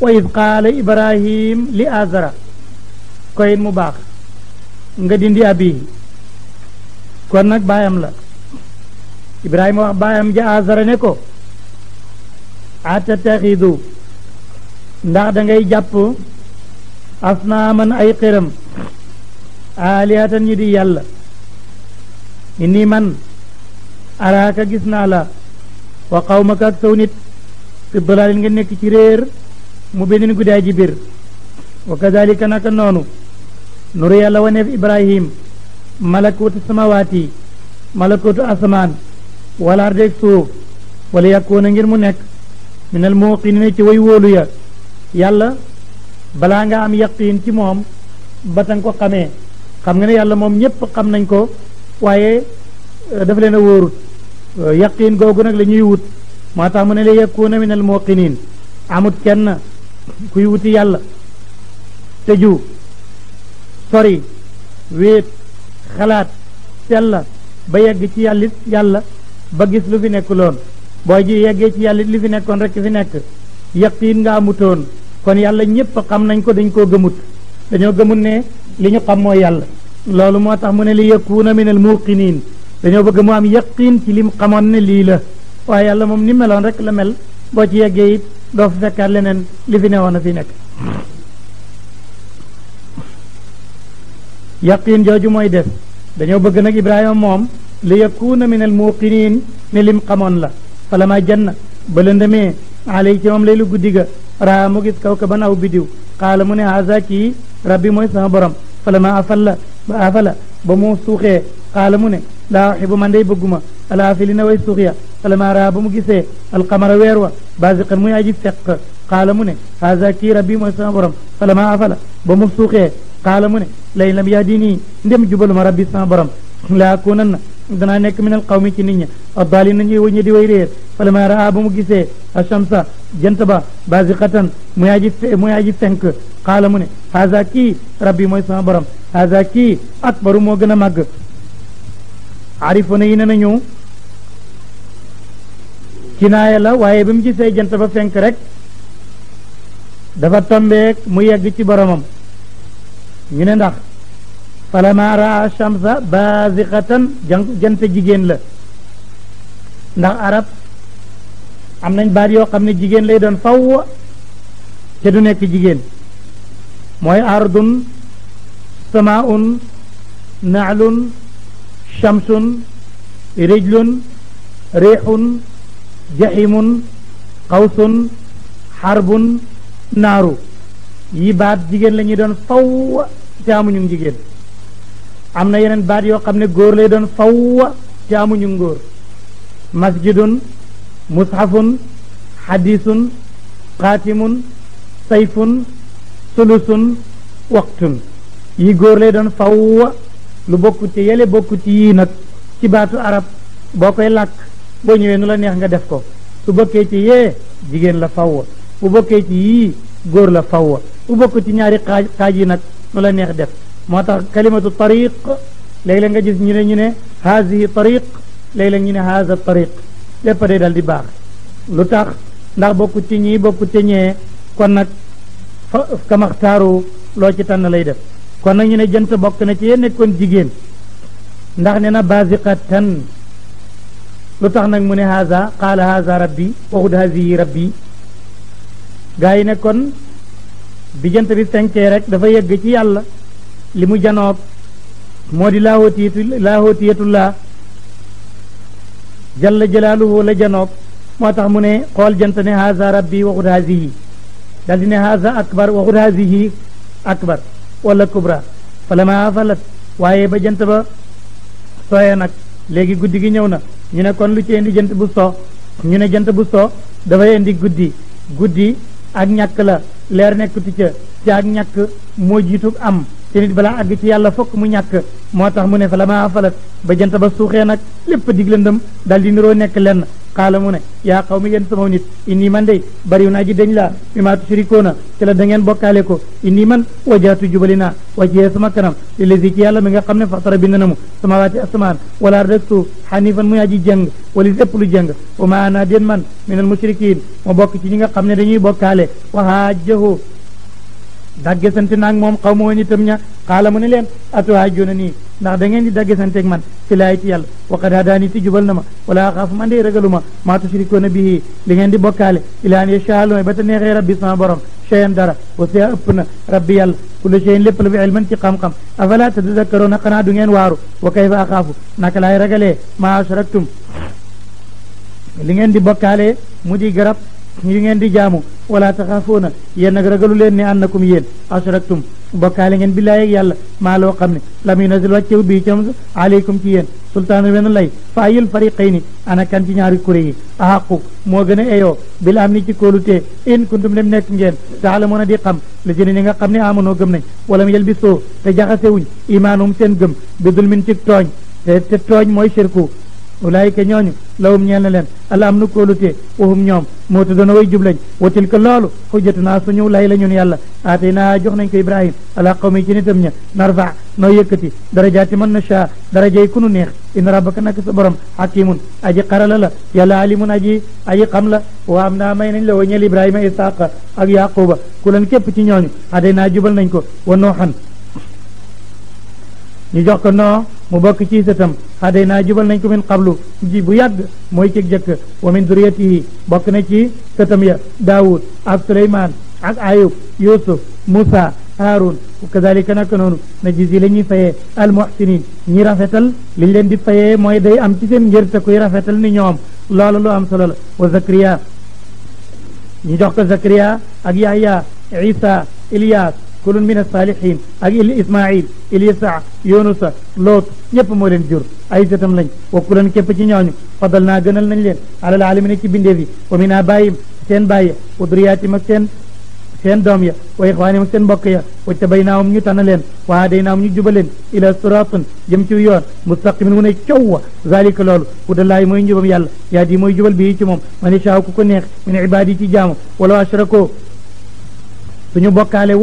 A: wa id qaala ibrahim li azara koyit mu baax nga dindi abihi kon nag baayam la ibrahima wax baayam ja azara ne ko atataxidu ndax da ngay jàpp asnaaman ay xëram aalihatan ñu di yàlla inni man araaka gis naa la wa qawmaka ak saw nit fi dalaalin nga nekk ci réer mu beneen guddaay ji wa kadalika naka noonu nuru yàlla waneef ibrahim malakuutu samawaati malakuutu asamaan wala ardeeg suuf wala yàkkoona ngir mu nekk minal muuqinina ci way wóolu ya yàlla balaa nga am yaqiin ci moom ba ko xamee xam nga ne yàlla moom ñëpp xam nañ ko waaye euh, daf leen a wóorut euh, yaqin googu nag lañuy wut moo tax mu ne la yakuna min al muqinin amut kenn kuy wuti yàlla tëju sori wéet xalaat sella ba yegg ci yàllit yàlla ba gis lu fi nekk loon boo ji yeggee ci yàllit li fi nekkoon rek fi nekk yaqin nga amutoon kon yàlla ñëpp xam nañ ko dañ koo gëmut dañoo gëmut ne li ñu xam mooy yàlla loolu moo tax mu ne li yakuuna min al muuqinin dañoo bëgg mu am yaqin ci lim xamoon ne lii la waaye yàlla moom ni meloon rek la mel boo ci yeggee it doo fi fekkaat leneen li fi newoon a fi nekk yaqin jooju mooy def dañoo bëgg nag ibrahima moom li yakuuna min al muuqinin ne lim xamoon la falama janna ba lëndamee alay ci moom laylu guddi raa mu gis kaw ka ban aw bidiw xaala mu ne haza kii rabbi mooy sama borom فلama afalla ba afala ba mu suuxee qaala mu ne laa uxibu man day bëgguma alaafilina way suux ya falamaa raa ba mu gisee alqamara weer wa baasiqan muy aji feq qaala mu ne haza kii rabbi mooy sama borom falamaa afala ba mu suuxee qaala mu ne lay lam yahdinii ndem jubaluma rabbi sama borom laa kunan na danaa nekk minal qawmi ci nit ñi addaali nañuy wëññi di way réer falama raa ba mu gisee achamsa jant ba baziqatan muy aji muy aji mu ne haza kii rabbi mooy sama borom kii akbaru moo gën a màgg arifona yi ne nañu kinaaya la waaye bi mu jant ba fenk rek dafa tombeek mu yegg ci boromam ñu ne ndax falama raa shamsa baziqatan jant jigéen la ndax arab am nañ baat yoo xam ne jigéen lay doon faw te du nekk jigéen mooy ardun samaun naalun shamsun rijlun riixun jaximun xawsun xarbun naaru yi baat jigéen la ñuy doon faw te amuñu jigéen am na yeneen baat yoo xam ne góor lay doon fawwa te amuñu ngóor masjidun mushafun xadisun xaatimun sayfun sulusun waqtun yi góor lay doon fawwa lu bokku ci yele bokku ci yii nag ci baatu arab boo koy làkk boo ñëwee nu la neex nga def ko su bokkee ci yee jigéen la fawwa bu bokkee ci yii góor la fawwa bu bokk ci ñaari xaaj xaaj yi nag nu la neex def moo tax kalimatu tariq léeg-léeg nga gis ñu ne ñu ne hazihi tariq léeg-léeg ñu ne haza tariq lépp day dal di baax lu tax ndax bokku ci ñii bokku ci ñee kon nag fa kamaxtaaru loo ci tànn lay def kon nag ñu ne jënt bokk na ci yéen nekkoon jigéen ndax ne na baziqatan lu tax nag mu ne haza qaala haza rabbi waxut hazihi rabbi gaa yi ne kon bi jënt bi fenkee rek dafa yëgg ci yàlla limu mu modi moo di laahootiyatu jalla jalaluhu la janoog motax muné xol jantane xool jant haza rabbi wa hazihi dal dina ne haza akbar wa hazihi akbar wala kubra falama falat waye ba jant ba sooyee nak legi guddi gi ñewna ñu ne kon lu ci indi jant bu so ñu ne jant bu so da dafay indi guddi guddi ak ñak la leer nekkutu ci ci ak moo jiitu am te nit balaa àgg ci yàlla fokk mu ñàkk moo tax mu ne fa la maa falat ba jant ba suuxee nag lépp dig lëndëm dal di niroo nekk lenn xaala mu ne yaa xaw mi yéen sama nit inni man day bariw naa ji dañ laa bi maa tushrikuuna ci la da ngeen bokkaale ko inni man wajaatu jubali naa wajee sama kanam li lesi ci yàlla mi nga xam ne fatara bind na mu sama waati asamaan wala rek suuf xanifan mu yaa ji jëng wali lépp lu jëng wa maa naa den man minal mushrikiin ma bokk ci ñi nga xam ne dañuy bokkaale daggesante naag moom xaw ma woon itam ña xaala mu ne leen atuhaajuna nii ndax da ngeen di daggesanteeg man si laay yàlla waqad hadaani ti jubal na ma wala xaafu man dey ragalu ma maa tushrikuuna bihi li ngeen di bokkaale ilaan yashaa lu may ba ta neexee rabbi sama borom cheyan dara wasiya a na rabbi yàlla kullu cheyin lépp la bi ilman ci xam-xam afala tadakkaroona na du ngeen waaru wa kayfa axaafu naka laay ragalee maa ashraktum li ngeen di bokkaale mu di garab yi ngeen di jaamu wala taxaafoona yéen nag ragalu leen ni annakum yéen asraktum bokkaale ngeen billaay ak yàlla maa loo xam ne lam yunazil wàccew bii cam aleykum ci yéen sultaanu wenn lay fa yil fariqayni ana kan ci ñaari kuré yi ahaqu moo gën a eyoo bil am ni ci kóolutee in kuntum dem nekk ngeen taalamuuna di xam la si ñi nga xam ne amonoo gëm nañ walam yel bi soo te jaxasewuñ imaanum seen gëm bi dul min ci tooñ te te ulaayika ñooñu lawum ñeel na leen ala am nu kóolutee waxum ñoom moo te doona way jublañ wa tilka loolu xujjatunaa suñu lay la ñun yàlla aatay naa jox nañ ko ibrahim ala qawmi ci nitam ña narfa noo yëkkati darajaati man na sha darajay ku nu neex inna rabba nak sa borom hakimun aji xarala la yàlla alimun aji aji xam la wa am naa may nañ la wa ñeel ibrahima isaaqa ak yaquba ku leen képp ci ñooñu aday naa jubal nañ ko wa nooxan ñu jox ko noo mu bokk ci sëtam xaday naa jubal nañ ko min qablu ji bu yàgg mooy cig jëkk wa min duriyatihi bokk na ci sëtam ya daawud ak suleymaan ak ayub yusuf musa haarun kadalika naka noonu na jisi la ñuy fayee almuhsinin ñi rafetal liñ leen di fayee mooy day am ci seen ngir rafetal ni ñoom loolu loo am solo la wa zakariya ñu jox ko zakariya ak yahya isa كل من الصالحين اجل اسماعيل إليسع يونس لوط نيب مولين جور أي جتم لين وكل من كيف جنيانو فضلنا جنال نلين على العالمين كي بندي ومن أبايم سين باي ودرياتي مكتين سين دومية وإخواني مكتين بقية وتبيناهم نيو تنلين وهاديناهم نيو جبلين إلى صراط يمشي يون مستقيم من الشوة ذلك لول ود الله يمين جبم يال يادي مين جبل بيجمهم من شاهو كونيخ من عبادي تجامو ولو أشركوا سنو بقالي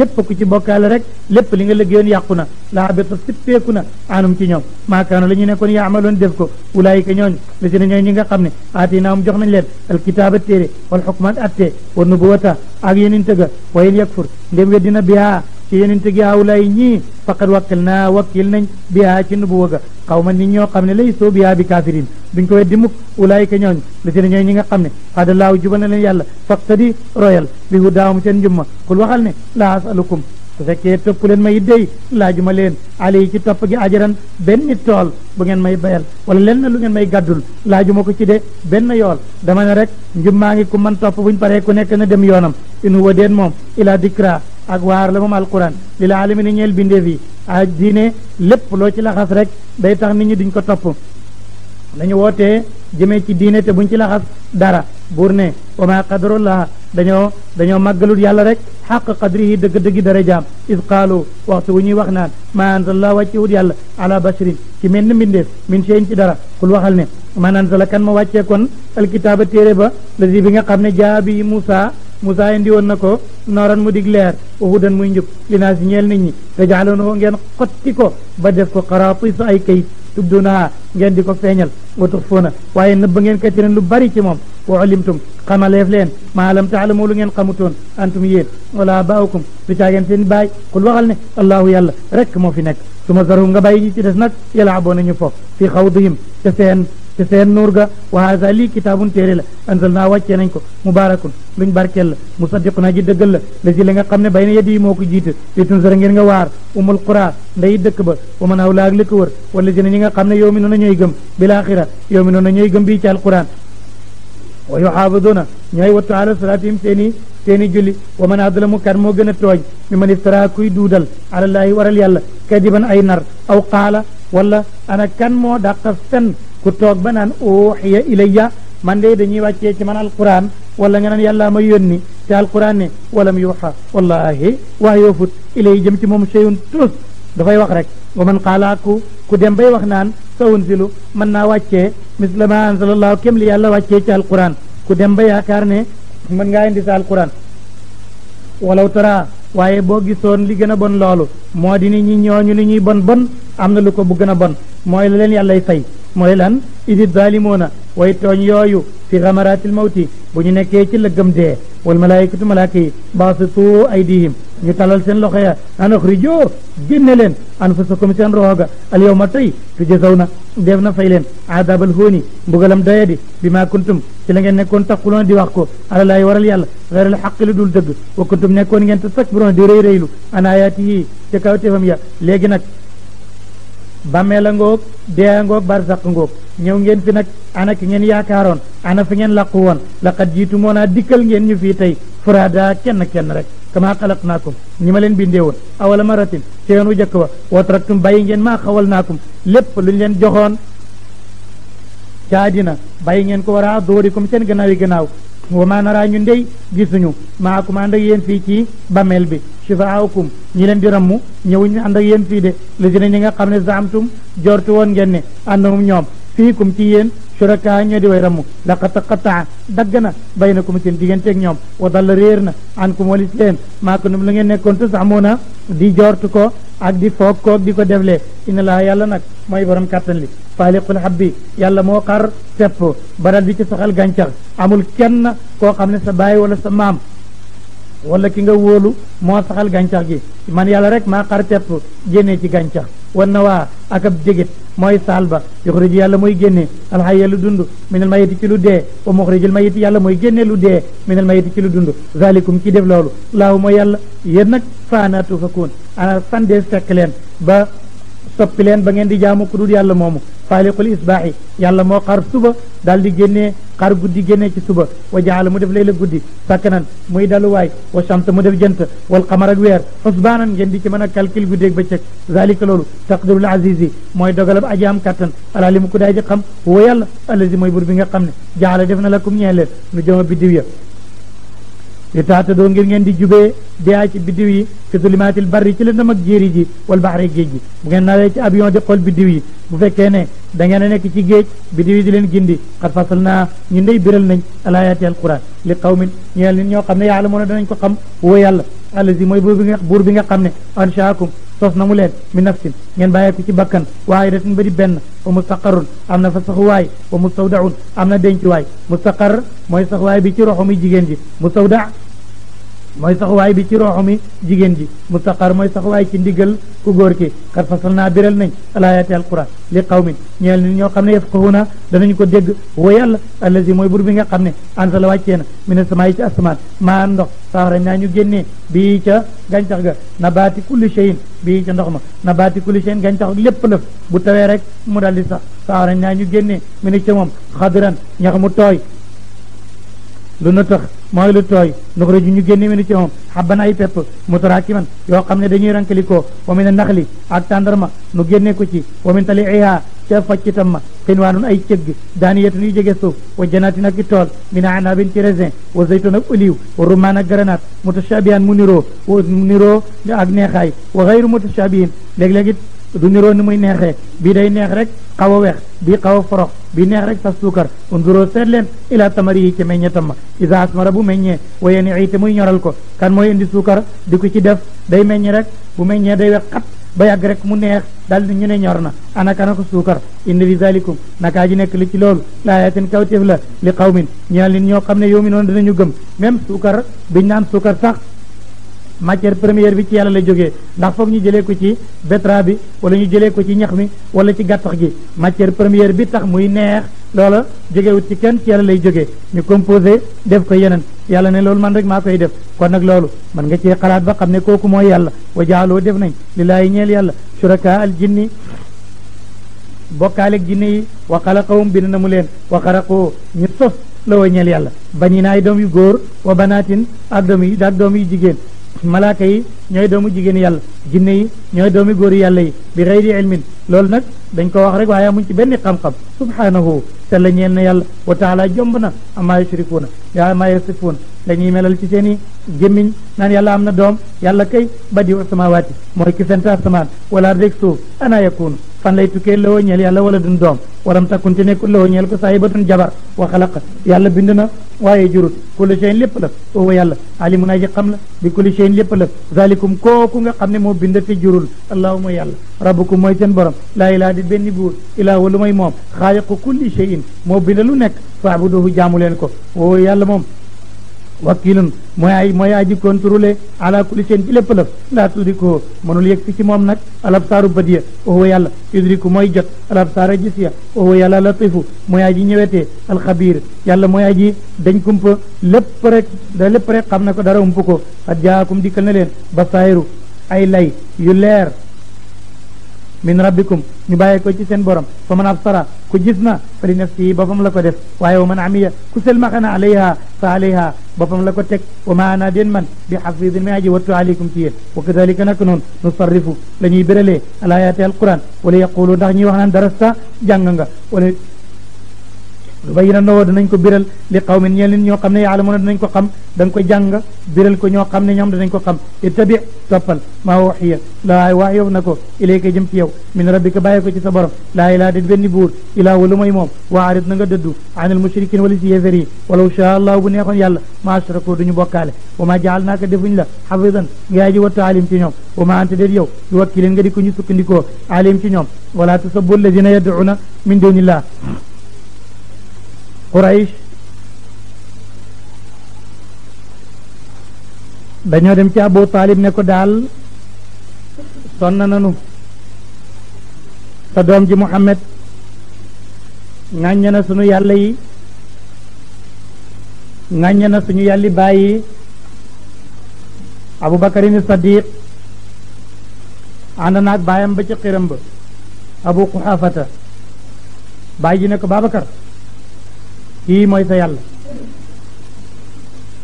A: képp ku ci bokkaale rek lépp li nga liggéeyoon yàqu na laa bita sippeeku na anum ci ñoom maakaana la ñu nekkoon yaamaloon def ko ulaayika ñooñ la si nga xam ne aati naam jox nañ leen alkitaaba téere wal xukmaat attee wa nubuwata ak yeneen tëgga wayen yakfur ndem weddina bihaa ci yenente gi hawlaay ñii faqad wakkal naa wakkil nañ bihaa ci nubuwa ga xawma nit ñoo xam ne lay soo bihaa bi kaafirin duñ ko weddi mukk ulaayika ñooñ la si ne ñooy ñi nga xam ne xadalaahu juba na leen yàlla faqtadi royal bi hu daawam seen njumma kul waxal ne laa asalukum su fekkee topp leen ma may dey laajuma leen ali ci topp gi ajaran benn tool bu ngeen may bayal wala lenn lu ngeen may gàddul laajuma ko ci de benn yool dama ne rek njummaa ngi ku man topp buñ paree ku nekk na dem yoonam in huwa deen moom ila dikra ak waar la moom alquran lil alamina ñeel bindeef yi a diine lépp loo ci laxas rek day tax nit ñi duñ ko topp nañu wootee jëmee ci diine te buñ ci laxas dara buur ne wa ma qadarullah dañoo dañoo màggalul yàlla rek xaq qadrihi dëgg-dëggi dara jaam is qaalu waxtu wu ñuy wax naan ma anzallah wàccewut yàlla ala bashirin ci mel ni mbindeef min ci dara kul waxal ne man anzala ma wàccee kon alkitaaba téere ba lasi bi nga xam ne jaa bi Moussa indi woon na ko nooran mu dig leer wa hudan muy njub li naa si ñeel nit ñi te jaxaloonoo ngeen xotti ko ba def ko xaraatis ay kayit tubdunaa ngeen di ko feeñal wa tuxfuuna waaye nëbba ngeen katiran lu bari ci moom wa ulimtum xamaleef leen maa lam taalamu lu ngeen xamutoon antum yéen wala baawkum du caageen seen baay xul waxal ne allahu yàlla rek moo fi nekk su ma zarum nga bàyyi ñi ci des nag yalaaboona ñu fo fi xawdihim te seen te seen nuur ga waasa lii kitaabun téere la ansal naa wàccee nañ ko mubaarakun luñ barkeel la musaddiqun aji dëggal la la si li nga xam ne bay na yeddi yi moo ko jiite li tunsara ngir nga waar umul qura nday dëkk ba wa man aw laag li ko wër wala si ne ñi nga xam ne yow mi noon a ñooy gëm bil axira yow mi noon a ñooy gëm bii ci alquran wa yuxaafiduuna ñooy wattu ala salaatihim seeni seeni julli wa man adlamu kan moo gën a tooñ mi man iftara kuy duudal alallaahi waral yàlla kadiban ay nar aw qaala wala ana kan moo dàqa fen ku toog ba naan uxiya ilayya man de dañuy wàccee ci man alquran wala nga naan yàlla ma yónni te alquran ne walam yuxa wallahi wax yoofut ilay jëm ci moom cheyun tus dafay wax rek wa man qaala ku ku dem bay wax naan sa unzilu mën naa wàcce misla ma anzalallahu kem li yàlla wàccee ci alquran ku dem ba yaakaar ne mën ngaa indi sa alquran walaw tara waaye boo gisoon li gën a bon loolu moo di ni ñi ñooñu li ñuy bon bon am na lu ko bu gën a bon mooy la leen yàllay fay مولان إذ الظالمون ويتون يويو في غمرات الموت بني نكيت لغم دي والملائكة ملاكي باسطو أيديهم يتلل سن لخيا أنا خرجو جن لين أنفسكم سن روحك اليوم تري تجزونا ديفنا فايلين عذاب الهوني بغلم دايدي بما كنتم تلنجن نكون تقولون دي وقو على لا يورا ليال غير الحق لدول دق وكنتم نكون نكون تتكبرون دي ري ريلو أنا آياتي تكاوتي فميا لغنك bàmmeel a ngoog dee a ngoog barsaq ngoog ñëw ngeen fi nag ana ki ngeen yaakaaroon ana fi ngeen làqu woon laqad jiitu moo naa dikkal ngeen ñu fii tey furaada kenn kenn rek kama xalaqnaakum ñi ma leen bindee woon awala maratin ci yoon wu jëkk wa wa taraktum bàyyi ngeen maa xawal naakum lépp lu ñu leen joxoon caadina bàyyi ngeen ko war a doorikum seen gannaaw yi gannaaw wa ma nara ñun dey gisuñu maakum ànd ak yéen fii ci bameel bi shifaaukum ñi leen di rammu ñëwuñu ànd ak yéen fii de li si ne nga xam ne zaamtum jortu woon ngeen ne àndahum ñoom fiikum ci yéen suraka ñoo di way ramu laqad taqataa dagg na baynakum seen digganteeg ñoom wa dalla réer na an kum walis leen maa ko num la ngeen nekkoon tu sax muuna di joortu ko ak di foog koog di ko deflee inna laa yàlla nag mooy borom kàttan li faaliqul habbi yàlla moo xar sepp baral bi ci saxal gàncax amul kenn koo xam ne sa baay wala sa maam wala ki nga woolu moo saxal gàncax gi man yàlla rek maa xar sepp génnee ci gàncax wan na waa ak ab mooy saal ba yuxriji yàlla mooy génne alxayya lu dund minal mayiti ci lu dee wa muxrijil mayiti yàlla mooy génne lu dee minal mayiti ci lu dund zalikum ki def loolu laahu mooy yàlla yéen nag faanaatu fakuun ana sandees fekk leen ba toppi leen ba ngeen di jaamu ku dul yàlla moomu faaliqul isbaaxi yàlla moo xar suba daal di génnee xar guddi génnee ci suba wa jaala mu def layla guddi sakkanan muy waay wa chamsa mu def jant wal xamar ak weer xusbaanan ngeen di ci mën a calcul guddeeg bëccëg zalika loolu taqdirul azizi mooy dogalab aji am kattan alaali mu ku daay ji xam huwa yàlla allazi mooy bur bi nga xam ne jaala def na lakum ñeel leen nu jëma biddiw ya li taata doo ngir ngeen di jubee biyaa ci biddiw yi fi zulimaatil barri ci lëndëm ak jéeri ji wal baxri géej gi bu ngeen nawee ci avion di xool biddiw yi bu fekkee ne da nekk ci géej biddiw yi di leen gindi xat fasal naa ñu ndey biral nañ alayaati alquran li qawmin ñeel nit ñoo xam ne yàlla moo ne danañ ko xam woo yàlla allazi mooy buur bi nga buur bi nga xam ne anshaakum sos na mu leen mi nafsin ngeen bàyyee ko ci bakkan waaye datin ba di benn wa mustaqarun am na fa saxuwaay wa mustawdaun am na denc waay mustaqar mooy waaye bi ci roxo muy jigéen ji mustawda mooy saxuwaay bi ci rooxu mi jigéen ji mustaqar mooy sax saxuwaay ci ndigal ku góor ki xat fasal naa biral nañ alaayaati alquran li qawmin ñeel ni ñoo xam ne yafqahuna danañ ko dégg wa yàlla allazi mooy bur bi nga xam ne ansala wàccee na mi ne samaay ci asamaan maa ndox faaxarañ naa ñu génnee bi ca gàncax ga nabaati kulli shay'in bii ca ndox ma nabaati kulli shay'in gàncax lépp lëf bu tawee rek mu daldi sax faaxarañ naa ñu génnee mi ne ca moom xadiran ñax mu tooy na tax mooy lu tooy nuxriju ñu génne minu ci moom xabban ay pepp mutaraakiman yoo xam ne dañuy rankalikoo wa min a naxli ak tàndarma nu génne ko ci wa min taliiha ca faccitam ma xinwaanun ay cëgg daaniyatun yu jege suuf wa janaatin ak i tool min anabin ci raisin wa zaytun ak oliw wa rumaan ak granat mutashabihan mu niroo mu niroo ak neexaay wa xayru mutashabihin léeg-léeg du niroo ni muy neex rek bii day neex rek xaw a weex bii xaw a forox bii neex rek saf suukar unzuroo seet leen ila tamari yi ca meññetam ma isa asmara bu meññee waye ni iite muy ñoral ko kan mooy indi suukar di ko ci def day meññ rek bu meññee day wex xat ba yàgg rek mu neex daal di ñu ne ñor na anakana ko suukar indi fi zalikum nakaa ji nekk li ci loolu laayatin kawtéef la li xawmin ñeel nit ñoo xam ne yow mi noonu dinañu gëm même suukar biñ naan suukar sax matière première bi ci yàlla la jógee ndax foog ñu jëlee ko ci betra bi wala ñu jëlee ko ci ñax mi wala ci gàttax gi matière première bi tax muy neex loola jógewut ci kenn ci yàlla lay jógee ñu composé def ko yeneen yàlla ne loolu man rek maa koy def kon nag loolu man nga cee xalaat ba xam ne kooku mooy yàlla wa jaaloo def nañ lillaahi ñeel yàlla suraka al jinni bokkaaleeg jinne yi wa xalaqahum bind na mu leen wa xalaqoo ñu sos la wa ñeel yàlla bani naay doom yu góor wa banaatin ak doom yi ak doom yu jigéen मला काही ñooy doomu jigéen yàlla jinne yi ñooy doomi góori yàlla yi bi rey di ilmin loolu nag dañ ko wax rek waaye amuñ ci benn xam-xam subhanahu te la ñeel na yàlla wa taala jomb na ama yushrikuuna yaa ama yasifuun la ñuy melal ci seen i gémmiñ naan yàlla am na doom yàlla kay badi wa samawaati mooy ki fent asamaan wala rek suuf ana yakunu fan lay tukkee lawoo ñeel yàlla wala dun doom waram takkun ci nekk lawoo ñeel ko saahibatun jabar wa xalaqa yàlla bind na waaye jurut kulli shay'in lépp la wa yàlla alimun aji xam la bi kulli shay'in lépp la zalik malikum kooku nga xam ne moo bind te jurul allahuma yàlla rabbukum mooy seen borom laa ilaa di benn buur ilaa walu may moom xaaliqu kulli shay'in moo bind lu nekk faabuduhu jaamu leen ko woo yàlla moom wakilun mooy ay mooy aji contrôlé ala kulli seen ci lépp lëf laa tudriko mënul yëg si ci moom nag alab saaru bët ya waxuwa yàlla tudriko mooy jot alab saara gis ya waxuwa yàlla latifu mooy aji ñëwetee alxabir yàlla mooy aji dañ kumpa lépp rek da lépp rek xam na ko dara ump ko xat jaakum dikkal na leen basaayiru ay lay yu leer من ربكم نباي كو سي سن بوروم فمن ابصر كو جيسنا فلي نفسي بوفم لا كو ديف واي ومن عمي كو سل ما كان عليها فعليها بوفم لا كو تك وما انا دين من بحفيظ ما اجي وتو عليكم تي وكذلك نكنون نصرف لني برلي الايات القران وليقولوا دا ني وخنا درستا جانغا ولي lu ba yina ndowoo danañ ko biral xaw min ñeen ñoo xam ne yàlla mën a danañ ko xam da nga ko jàng biral ko ñoo xam ne ñoom danañ ko xam ittabi toppal maa waxiya laa wax yow na ko ilayka jëm ci yow min rabbika bàyyi ko ci sa borom laa ilaa dit benn buur ilaa walu mooy moom waarit na nga dëddu anil mushrikin wali si yéefér yi walaw sha allah bu neexoon yàlla ma ashrako duñu bokkaale wa ma jaal naaka defuñ la xafidan nga yaay ji wattu alim ci ñoom wa ma anta déet yow bi wakkilin nga di ko ñu sukkandikoo alim ci ñoom wala tasabbu alladina yad'una min dunillah Quraysh dañoo dem ci Abu Taalib ne ko daal sonn nanu sa doom ji Muhammad ŋàññe na suñu yàlla yi ŋàññe na suñu yàlli bàyyi Abu Bakarin Sadiq ànd naag baayam ba ci xiram ba Abu Quxaafata bàyyi ji ne ko Babacar kii mooy sa yàlla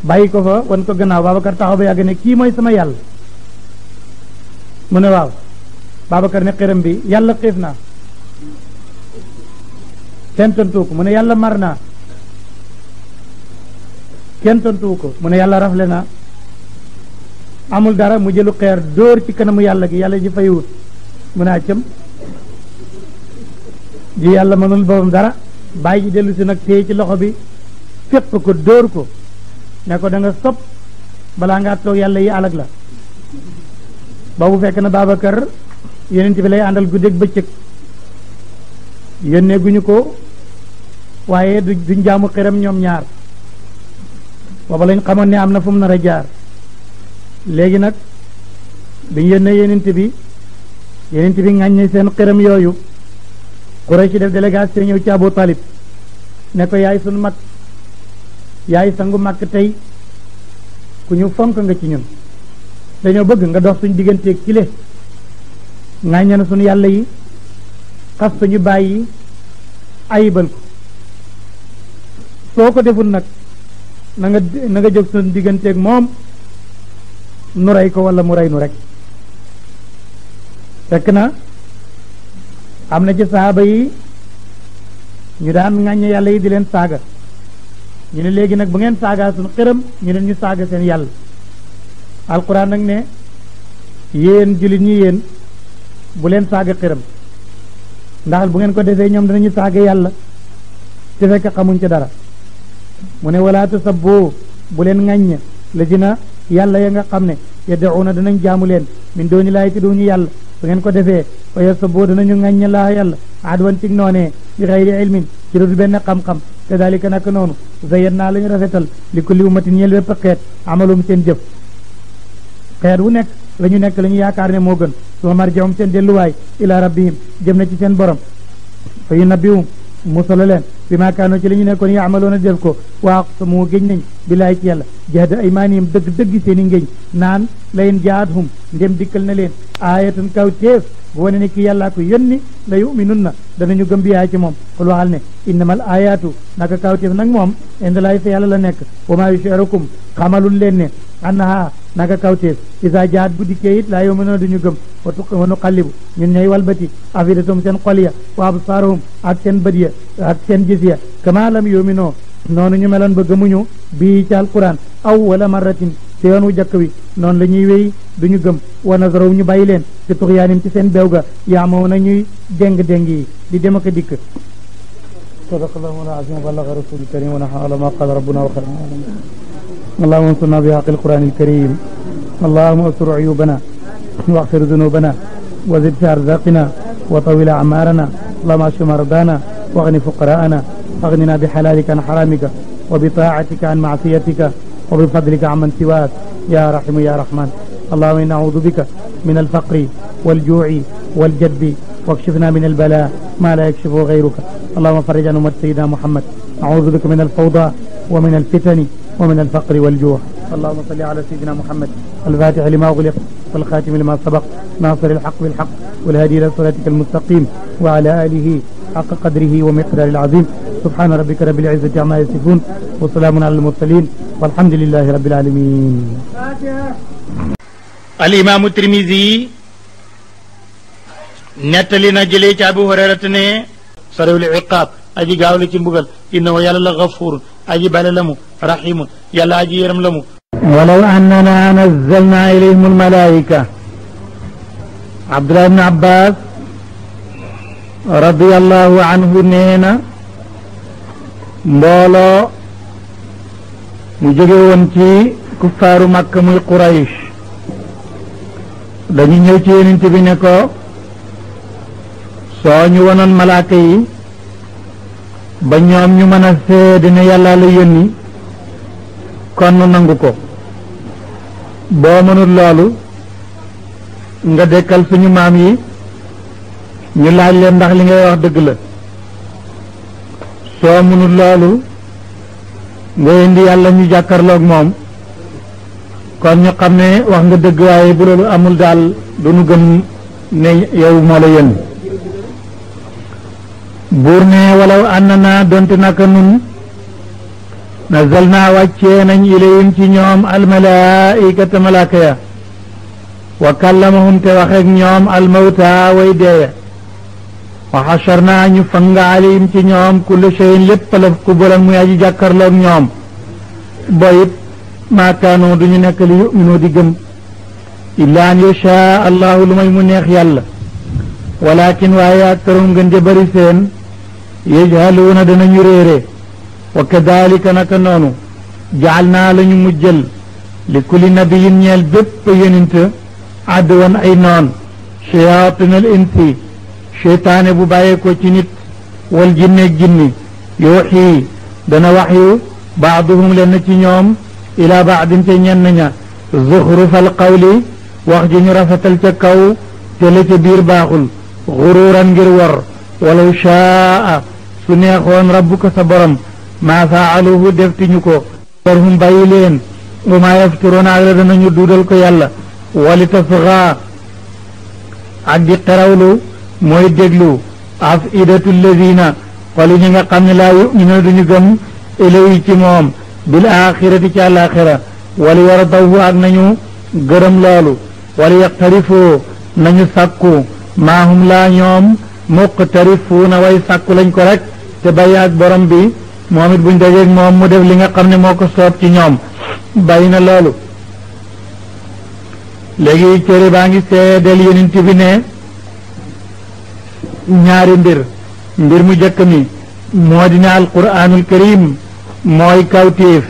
A: bàyyi ko fa wan ko gannaaw Babacar taxaw ba yàgg ne kii mooy sama yàlla mu ne waaw Babacar ne xëram bi yàlla xiif naa kenn tontuwu ko mu ne yàlla mar naa kenn tontuwu ko mu yàlla rafle naa amul dara mu jëlu xeer dóor ci kanamu yàlla gi yàlla ji fay wut mu ne accam ji yàlla mënul boppam dara bàyyi ji dellu nag téye ci loxo bi fépp ko dóor ko ne ko da sob balaa ngaa toog yàlla yi alag la boobu fekk na Babacar yonent bi lay àndal guddeeg bëccëg yónnee guñu ko waaye duñ jaamu xiram ñoom ñaar booba lañ xamoon ne am na fu mu nar a jaar léegi nag biñ yónnee yonent bi yonent bi ŋàññi seen xerem yooyu Quraysh def délégation ñëw ci Abu Talib ne ko yaay sunu mag yaay sangu mag tey ku ñu fonk nga ci ñun dañoo bëgg nga dox suñu digganteeg kile ŋàññe na suñu yàlla yi xas suñu bàyyi ayibal ko soo ko deful nag na nga na nga jóg suñu digganteeg moom nu rey ko wala mu rey nu rek fekk na am na ci saxaaba yi ñu daan ŋàññ yàlla yi di leen saaga ñu ne léegi nag bu ngeen saagaa suñu xëram ñu ne ñu saaga seen yàlla alquran nag ne yéen jullit ñi yéen bu leen saaga xëram ndax bu ngeen ko defee ñoom danañu saaga yàlla te fekk xamuñ ci dara mu ne wala tasabbu bu leen ŋàññ la dina yàlla ya nga xam ne yad'una danañ jaamu leen min dooni laay ci duñu yàlla su ngeen ko defee fa yesta boo danañu ŋàññ laa yàlla adwan cig noonee bi xayri ilmin ci dul benn xam-xam te dalika nak noonu zayet naa lañu rafetal li kulli ummatin ñeel bépp xeet amalum seen jëf xeet wu nekk la ñu nekk la yaakaar ne moo gën suma marjahum seen delluwaay ila rabbihim jëm na ci seen borom fa yu nabbiwum musala leen bi ma kaanoo ci la ñu nekkoon yaamaloona def ko waa samoo géñ nañ bilaay ci yàlla ay aymaanihim dëgg dëgg seen i ngéñ naan layin jaathum ndem dikkal na leen aayatan kaw teef bu wane ne ki yàllaa ko yónni la yuminun na danañu gëm biyaa ci moom xul waxal ne innamal ayaatu naka kaw teef nag moom indalaay fa yàlla la nekk wa maa yushirakum xamalul leen ne annaha naka kaw teef isa jaat bu dikkee it laa yuminuna duñu gëm wa nuqallibu ñun ñooy walbati afidatum seen xol ya wa absaarahum ak seen bët ya ak seen gis ya kama lam yuminoo noonu ñu meloon ba gëmuñu bii ci alquran aw wala marratin ci yoon wu jëkk wi noonu la ñuy wéy du ñu gëm wa nasaraw ñu bàyyi leen ci tuxyaanim ci seen beew ga yaamoo na ñuy déng-déng yi di dem ak a dikk sadaqallahu al-azim balaga rasul karim wa nahnu ala qala rabbuna wa xayr allahumma ansurna bi haqqi alquran alkarim allahumma astur uyubana واغفر ذنوبنا وزد في أرزاقنا وطول أعمارنا اللهم اشف مرضانا واغن فقراءنا أغننا بحلالك عن حرامك وبطاعتك عن معصيتك وبفضلك عمن سواك يا رحم يا رحمن اللهم إنا نعوذ بك من الفقر والجوع والجدب واكشفنا من البلاء ما لا يكشفه غيرك اللهم فرج عن أمة سيدنا محمد أعوذ بك من الفوضى ومن الفتن ومن الفقر والجوع اللهم صل على سيدنا محمد الفاتح لما أغلق والخاتم لما سبق ناصر الحق بالحق والهادي إلى صراطك المستقيم وعلى آله حق قدره ومقدار العظيم سبحان ربك رب العزة عما يصفون وسلام على المرسلين والحمد لله رب العالمين الإمام الترمذي نتلنا جليت ابو هريره abu العقاب اجي قاولتي iqaab انه gaaw la ci mbugal innahu yàlla la gafuur aji bale ولو أننا نزلنا إليهم الملائكة عبد الله بن عباس radiallahu anhu nee na mbooloo mu jóge ci kuffaaru makka muy quraysh dañu ñëw ci yonent ko soo ñu wonoon malaaka yi ba ñoom ñu mën a seede ne yàlla nangu ko boo mënul loolu nga dekkal suñu maam yi ñu laaj leen ndax li ngay wax dëgg la soo mënul loolu nga indi yàlla ñu jàkkarloog moom kon ñu xam ne wax nga dëgg waaye bu loolu amul daal du nu gëm ne yow moo la yën buur ne walaw ànd naa donte naka nun nazal naa wàccee ci ñoom almalaikata malaaka ya wa kallamahum te waxeek ñoom almawta way deeya wa xachar naa ñu fanga ci ñoom kullu cheyin lépp la ku balan muy aji jàkkarloog ñoom boyit maakaanu duñu nekk li yuminuu di illa an yasha allahu lu may mu neex yàlla walakin waaye aktarum gën ja bëri seen yajhaluuna danañu réere wakadalika naka noonu jaal naa la ñu mujjal li kulli nabiyin ñeel bépp yonent àdduwan ay noon shayaatinal insi seytaane bu bàyyeekoo ci nit wal jinneeg jinni yooxii dana waxyu baaduhum lenn ci ñoom ila baadin ca ñenn ña zuxrufal qawli wax ji ñu rafetal ca kaw te la ca biir baaxul xuruuran ngir war walaw shaa su neexoon rabbuka sa borom maa faaluhu deftiñu ko farhum bàyyi leen wa maa yafturoon ak duudal ko yàlla wali tasxaa ak di xerawlu mooy déglu af idatu lazina xoli ñi nga xam ne laa yuminuna duñu gëm ilayi ci moom bil axirati ci àlaxira wali yardawu ak nañu gërëm loolu wali yaqtarifoo nañu sàkku maahum laa ñoom na way sàkku lañ ko rek te bàyyi ak borom bi moom it buñ dajeeg moom mu def li nga xam ne moo ko soob ci ñoom bàyyi na loolu léegi cëri baa ngi seedeel yonent bi ne ñaari mbir mbir mu jëkk mi moo dina alquraanul karim mooy kawtéef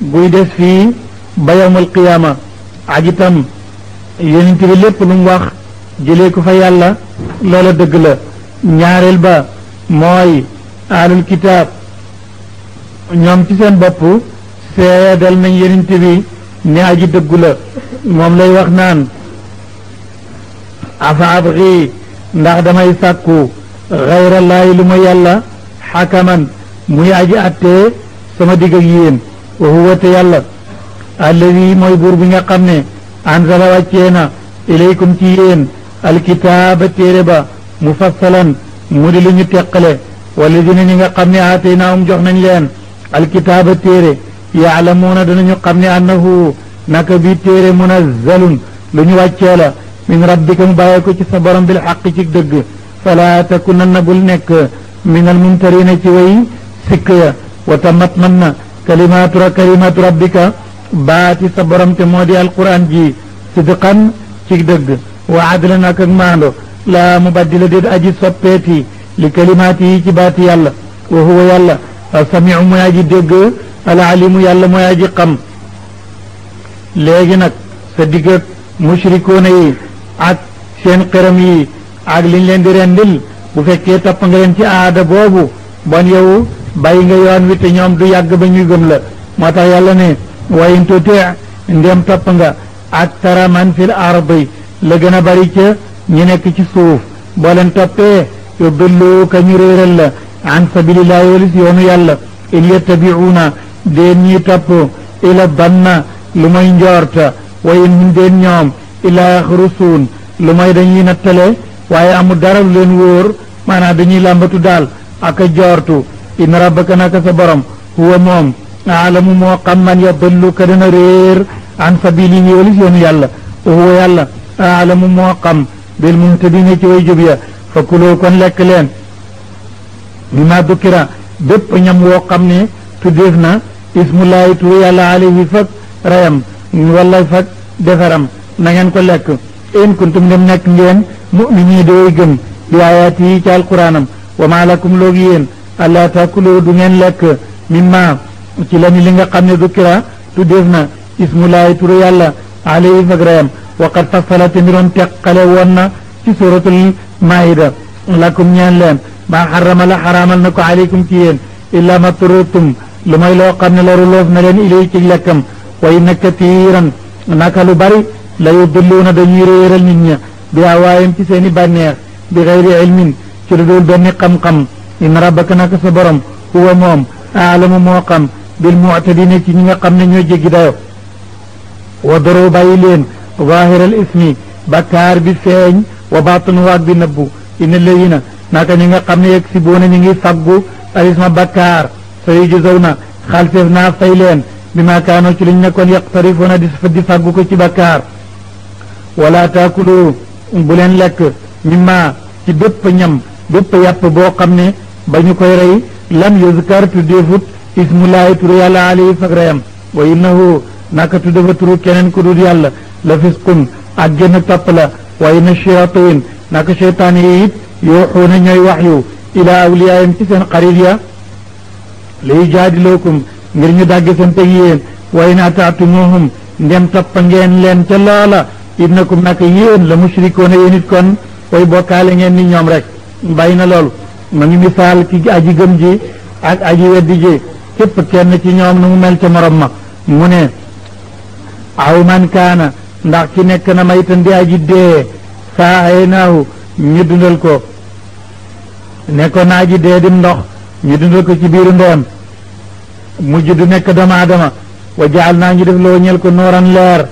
A: buy des fii ba yawmal qiyaama ak itam yonent bi lépp lu mu wax jëlee ko fa yàlla loola dëgg la ñaareel ba mooy alul kitaab ñoom ci seen bopp seedal nañ yenente bi ne aji dëggu la moom lay wax naan afa abri ndax damay sàkku xayrallaahi lu ma yàlla xakaman muy aji attee sama digg ak yéen wa huwa te yàlla alladi mooy buur bi nga xam ne anzala wàccee na ilaykum ci yéen alkitaaba téere ba mufassalan mu di lu ñu teqale wala dina ñi nga xam ne aataynaahum jox nañ leen alkitaaba téere yaalamuuna danañu xam ne annahu naka bi téere munazzalun lu ñu wàccee la min rabbika mu bàyyee ko ci sa borom bil xaq ci dëgg fala takunanna bul nekk min almumtarina ci way sikk ya wa tamat man kalimatu kalimatu rabbika baati sa borom te moo di ji sidqan ci dëgg wa adlan ak ak maando laa mubaddila déet aji soppeeti li kalimaati yi ci baat yàlla wa huwa yàlla asamiu mooy aji dégg alaalimu yàlla mooy aji xam léegi nag sa digg ak mushrikoona yi ak seen xëram yi ak liñ leen di rendil bu fekkee topp nga leen ci aada boobu bon yow bàyyi nga yoon wi te ñoom du yàgg ba ñuy gëm la moo tax yàlla ne wayin tutee ndem topp nga ak taraman fil ardi la gën a bari ca ñu ci suuf boo leen toppee yóbbillu ka ñu la an sabilillahi walis yoonu yàlla in yattabi'uuna deen ñi topp ila banna lu may njoorta wa in hum deen ñoom ila yaxrusuun lu may dañuy nattale waaye amul dara lu leen wóor maanaam dañuy làmbatu daal ak a joortu in rabbaka naka sa borom huwa moom aalamu moo xam man yadallu ka dana réer an sabilihi walis moo xam bil muhtadina ci way jub ya fa kuloo kon lekk leen bi ma dukkira dëpp ñam woo xam ne tuddeef na ismullaahi turu yàlla alayhi fag rayam wala fag defaram na ko lekk in kuntum dem nekk ngeen mu'mini dooy gëm bi ayaati yi ci alquraanam wa maa lakum loogi yéen allaa taakulu du ngeen lekk mimma ci lani li nga xam ne dukkira tuddeef na ismullaahi turu yàlla alayhi fag rayam waqad fassala te mbiroon teqale woon na ci suratul maida lakum ñeen leen maa xarama na ko aleykum ci yéen illaa ma turutum lu may loo xam ne loru loof na leen ilay ci lekkam wa inna katiiran naka lu bari la yudilluuna dañuy réeral nit ña bi awaayam ci seen i bànneex bi xayri ilmin ci lu dul benn xam-xam inna rabbaka naka sa borom huwa moom aalamu moo xam bil muctadina ci ñi nga xam ne ñoo jéggi dayo wa doro bàyyi leen zaahiral ismi bakkaar bi feeñ wa baatanu waag bi nëbbu inna alladina naka ñi nga xamne yek ci boone ñi ngi faggu alisma bakkaar fa na xalfeef bima fay leen bi ma ci liñ nekkoon yaqtarifuna di di faggu ko ci bakkaar wala taakulu bu len lek mimma ci bepp ñam bepp yap bo xamne bañu koy reey lam tu tuddeefut ismu laahi tu alayhi ali fagram wa innahu naka tuddefa turu kenen ku dul yàlla la fiskun ak wa inna shayatin naka sheytaan yi yuuxuuna ñooy waxyu ilaa awliyaayam ci seen xarit ya liy jaadilookum ngir ñu dàgg seen teg yéen wa in ataatumuhum ndem toppa ngeen leen ca loola innakum naka yéen la mushrikoona yéen it kon way bokkaale ngeen ni ñoom rek bàyyi na loolu ma ngi misaal aji gëm ji ak aji weddi ji képp kenn ci ñoom nu mu mel ca morom ma mu ne aw man kaana ndax ki nekk na maytan di aji dee saa ay naahu ñu dundal ko ne ko naa ji dee dim ndox ñu dundal ko ci biiru ndeyam mu judd nekk doomu aadama wa naa ñu def loo ñel ko nooran leer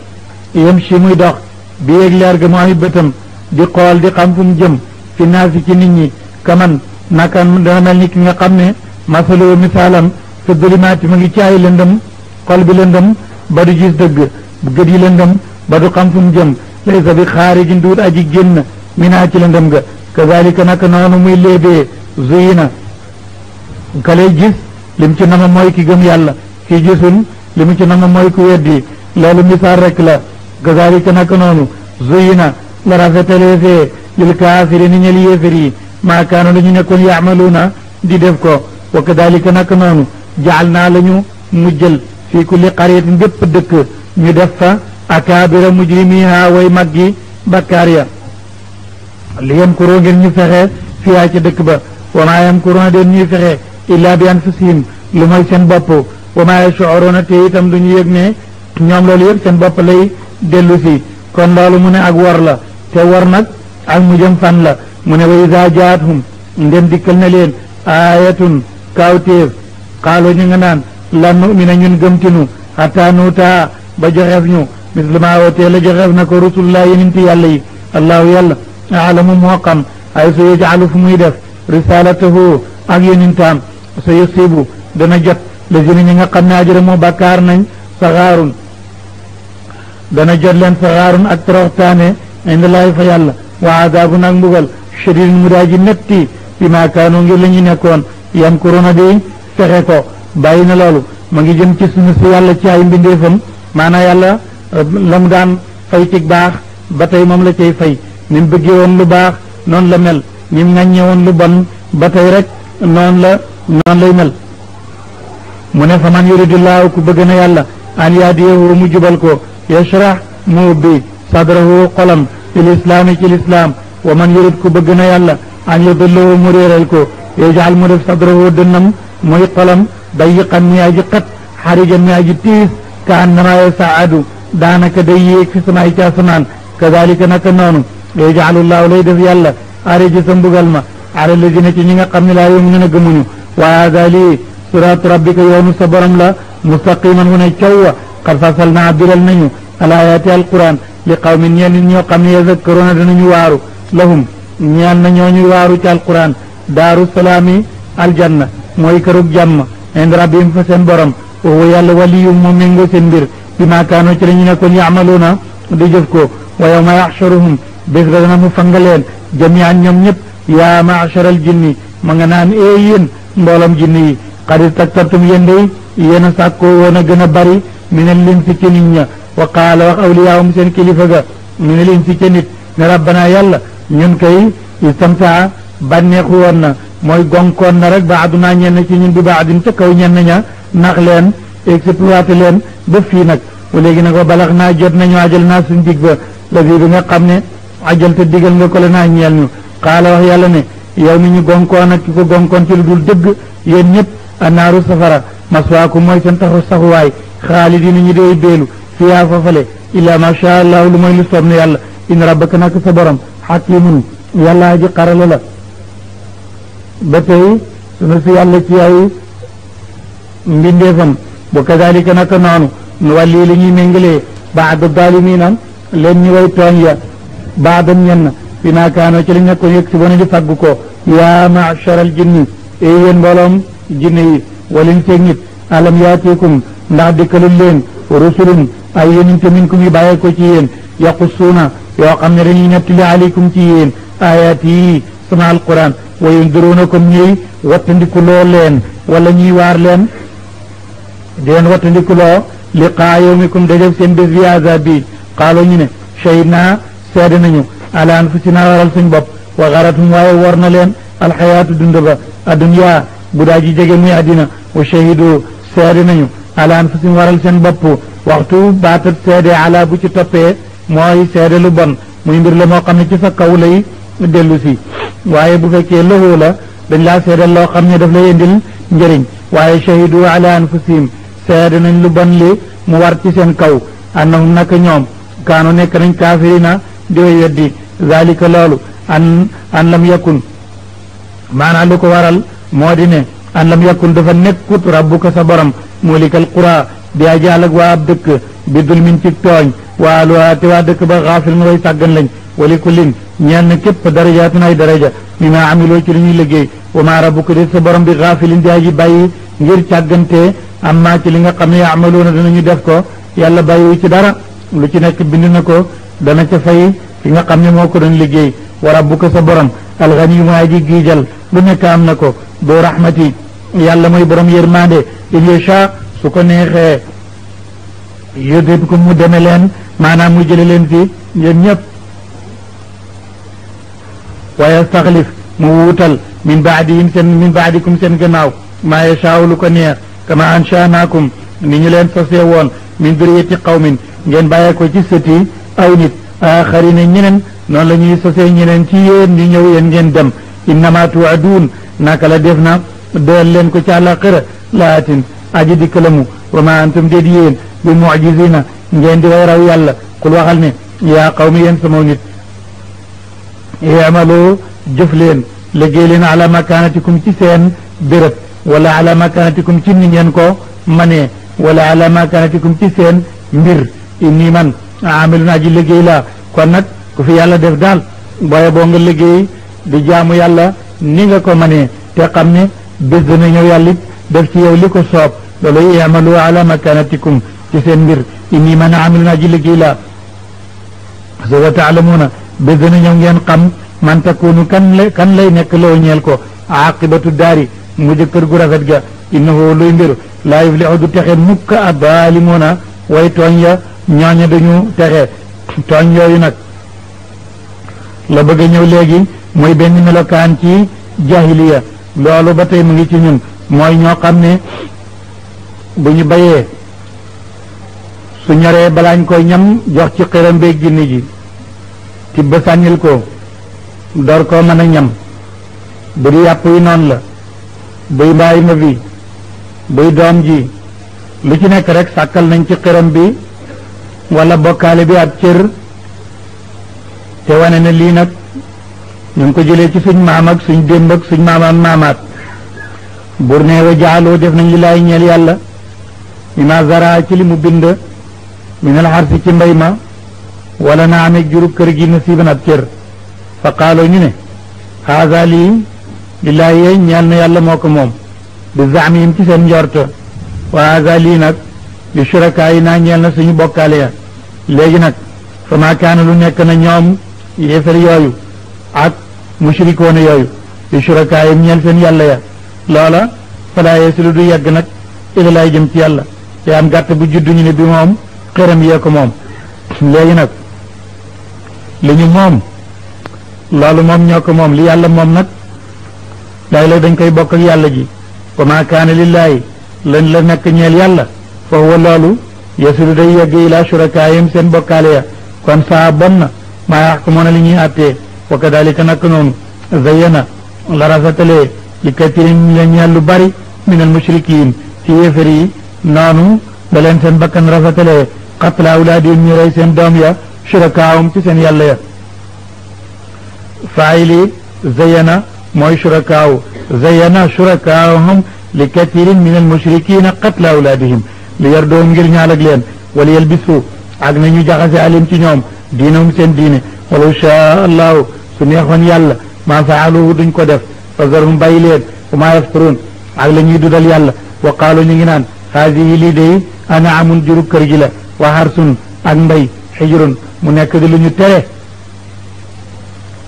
A: yem si muy dox bi yeeg leer ga mu ami bëtam di xool di xam fu mu jëm fi naa ci nit ñi kaman naka dana mel ni ki nga xam ne masaloo misaalam fi dulimaati mu ngi ci ay lëndëm xol bi lëndëm ba du gis dëgg gët yi lëndëm ba du xam fu mu jëm laysa bi xaarijin duut aji génn minaa ci lëndëm ga kazalika naka noonu muy léebee zuyina ka gis li ci nama mooy ki gëm yàlla ki gisul li ci nama mooy ku weddi loolu misaal rek la kazalika naka noonu zuyina la rafetalee lil kaafiri ni ñel yéefér yi maa kaanu la ñu nekkoon yaamaluuna di def ko wa kadalika naka noonu jaal naa la ñu mujjal fii kulli qaryatin bépp dëkk ñu def fa akaabira mujrimiha way mag gi bakkaar ya li yam kuroo ngeen ñu fexe fiyaa ci dëkk ba wamaa yam kuroo den ñuy fexe illaa bi anfusihim lu mooy seen bopp wamaa yash'uruuna te itam du ñu yëg ne ñoom loolu yëpp seen bopp lay dellu si kon loolu mu ne ak war la te war nag ak mu jëm fan la mu ne wa izaa jaathum ndem dikkal na leen aayatun kaawteef xaaloo ñu nga naan lan nu'mina ñun gëmtinu xataa nuutaa ba joxeef ñu lu wootee la joxeef na ko rasulullah yenenti yàlla yi allahu yàlla alamu moo xam ay sa yajaalu fu muy def risalatahu ak yonintaam sa yusibu dana jot la jëni ñi nga xam ne ajramu bakkaar nañ saxaarun dana jot leen saxaarun ak toroxtaane indalaahi fa yàlla wa adaabun ak mbugal shadidin mu daa ji netti bi maa ngir la nekkoon yam kuruna di fexe ko bàyyi na loolu ma ngi jëm ci sunu si yàlla ci ay mbindeefam maana yàlla la mu daan fay ci baax ba tey moom la cay fay nim bëgge woon lu baax noonu la mel nim mu ŋàññee woon lu bon ba tey rek noonu la noonu lay mel mu ne fa man yuridullahu ku bëgg na yàlla an yaadiyahu mu jubal ko yashrah mu ubbi sadrahu xolam fil islaami ci lislaam wa man yurid ku bëgg na yàlla an yudillahu mu réeral ko yajal mu def sadrahu dënnam muy xolam dayiqan mi aji xat xarijan mi aji tiis ka annama yasaadu daanaka day yéeg fi samaay ci asamaan naka noonu day jaalullaahu lay def yàlla ariji sa mbugal ma ala lazina ci ñi nga xam ne laa yuminuuna gëmuñu wa haada lii siraatu rabbika yoonu sa borom la mustaqiman wu ne caw wa qad fasalna biral nañu al ayaati alquran li qawmin ñeel nit ñoo xam ne yazakkaruuna danañu waaru lahum ñeel na ñooñu waaru ci alquran daaru salaami aljanna mooy kërug jàmm ind rabbihim fa seen borom wa yàlla waliyum moo méngoo seen mbir bi ma kaanoo ci la ñu nekkoon yamaluuna di jëf ko wa yawma yaxsharuhum bés ba dana mu fanga leen ñoom ñëpp yaa maachara al jinni ma nga naan ee yéen mboolam jinni yi qad istaktartum yéen day yéen a sàkkoo woon a gën a bari min al insi ci nit ña wa qaala wax awliyaahum seen kilifa ga min al insi ci nit ne rabbana yàlla ñun kay istamtaa bànneexu woon na mooy gonkoon na rek baadunaa ñenn ci ñun bi baadin ca kaw ñenn ña nax leen exploité leen ba fii nag léegi na wa balax naa jot nañu ajal naa suñ dig bi nga xam ne ajal te digal nga ko la naa ñu xaala wax yalla ne yow mi ñu gonko nak ki ko gonkon ci lu dul dëgg yéen ñëpp safara maswaaku moy seen taxu saxuwaay way khalidin ñi dee beelu fa fele illa ma sha allah lu moy lu soob ne in rabbaka nak sa borom hakimun yalla ji xarala la ba sunu fi yalla ci ay mbindeefam bu kadalika nak nanu nu walli li ñi mengale ba'd dalimin leen ñi way tooñ ya بعض ñenn bi maa kaanoo ci li nekkoon yëg si bona di faggu ko yaa maachar al jinni ey yéen mbooloom jinne yi walin seeg nit alam yaatikum ndax dikkalul leen rusulun ay yonente minkum yi bàyyee ko ci yéen yaqussuuna yoo xam ne dañuy nettali aleykum ci yéen ayaat yi sama alquran wa yundiruunakum ñuy wattandiku loo leen wala ñuy waar leen di leen wattandiku loo liqaa yawmikum dajëf seen bés bi azab bi qaaloo ñu ne shey naa seede nañu ala anfusina waral suñ bopp wa xaratum waaye war na leen alxayaatu dund ba adduniyaa bu daa ji jege muy addina wa shahidu seede nañu ala anfusim waral seen bopp waxtu baatat seede ala bu ci toppee mooy seede lu bon muy mbir la moo xam ne ci sa kaw lay dellu si waaye bu fekkee loxoo la dañ laa seedal loo xam ne daf lay indil njëriñ waaye shahidu ala anfusihim seede nañ lu bon li mu war ci seen kaw annahum naka ñoom kaanu nekk nañ kaafirina di way weddi zalika loolu an an lam yakun maanaam li ko waral moo di ne an lam yakun dafa nekkut ko sa borom mulikal qura di ajaal ak waa ab dëkk bi dulmin ci tooñ waa luwaa te waa dëkk ba xaafil na way sàggan lañ wali kullin ñeen na képp darajaatun ay daraja mi maa amiloo ci li ñuy liggéey wa maa rabbuka di sa borom bi xaafilin di aji bàyyi ngir càggante am maa ci li nga xam ne yaamaluuna danañu def ko yàlla bàyyiwu ci dara lu ci nekk bind na ko dana ca fay ki nga xam ne moo ko doon liggéey wa rabbuka sa borom alxaniyu maa ji giijal lu nekk am na ko doo rahmati yàlla mooy borom yërmande in yasha su ko neexee yóddeeb ko mu deme leen maanaam mu jële leen fi yéen ñëpp wa yastaxlif mu wuutal min baadihim seen min baadikum seen gannaaw maa yashaa'u lu ko neex kama anshaanaakum ni ñu leen sosee woon min duriyati qawmin ngeen bàyyee ko ci sëti aw nit aaxarina ñeneen noonu la ñuy sosee ñeneen ci yéen di ñëw yéen ngeen dem innama tuaduun naka la def na dool leen ko ci àllaaxira laatin aji dikk la mu wa ma antum déet yéen bi mucjizina ngeen di way raw yàlla kul waxal ne yaa qawmi yéen sama nit imaloo jëf leen liggéey leen ala makaanatikum ci seen béréb wala ala makaanatikum ci ni ngeen ko mane walla ala makaanatikum ci seen mbir inni man amilu naa ji liggéey la kon nag ku fi yàlla def daal booye boo nga liggéey di jaamu yàlla ni nga ko mënee te xam ne bés dana ñëw yàlla it def ci yow li ko soob loolu imalu ala makanatikum ci seen mbir inni man amilu naa ji liggéey la soo taalamuuna bés dana ñëw ngeen xam man kan lay kan nekk loo ñeel ko aqibatu daari mujj kër gu rafet ga innahu luy mbir laa yuflixu du texe mukk a baalimuuna way tooñ ya ñaña dañu téxé tooñ yooyu nak la bëgg ñew légui moy mooy benn melokaan ci jahiliya loolu batay mu ngi ci ñun moy ño xamné ne bu ñu bayee su ñoree balañ koy ñam jox ci xiram beeg jinni ji ci sànnil ko dor ko mëna ñam bu di yap yi non la buy mbaay ma bi buy dom ji lu ci nek rek sakal nañ ci xéram bi wala bokkaale bi ab cër te wane na lii nag ñu ngi ko jëlee ci suñ maam suñ démb suñ maamaam maamaat bur ne jaaloo def nañ li laay ñeel yàlla mima zara ci li mu bind minal xarsi ci mbay ma wala naa amee jurub kër gi nasiiban ab cër fa qaaloo ñu ne xaasa lii lillaahi ñeel na yàlla moo ko moom bi zaamihim ci seen njort wa xaasa lii nag li shuraka yi na ñeel na suñu bokkaale ya léegi nag fa lu nekk na ñoom yéefar yooyu ak mushrikoona yooyu li shuraka yi ñeel seen yàlla ya loola falaa yasilu du yegg nag ila jëm ci yàlla te am gàtt bu juddu ñu ne bi moom xëram yee ko moom léegi nag li ñu moom loolu moom ñoo moom li yàlla moom nag day lay dañ koy bokk ak yàlla ji wa maa kaana la nekk ñeel yàlla foofu loolu yasiru day yegg ila shurakaayam seen bokkaale ya kon saa bon na maa yaxkumoona li ñuy àttee wa kadalika nak noonu zayyana la rafetalee li katirin la ñeel lu bari min al mushrikiin ci yéefar yi noonu da leen seen bakkan rafetalee qatla awlaadihim ñu rey seen doom ya shurakaawum ci seen yàlla ya faayili zayyana mooy shurakaaw zayyana shurakaahum li katirin min al mushrikiina qatla awlaadihim li yar doom ngir ñaal ak leen wala yalbisu ak nañu jaxase alim ci ñoom diinahum seen diine walaw shaa allahu su neexoon yàlla maa faaluhu duñ ko def fasarhum bàyyi leen wa maa yafkurun ak la dudal yàlla wa qaalu ñu ngi naan haadihi lii day ana amun jurub kër gi la wa harsun ak mbay xijrun mu nekk di lu ñu tere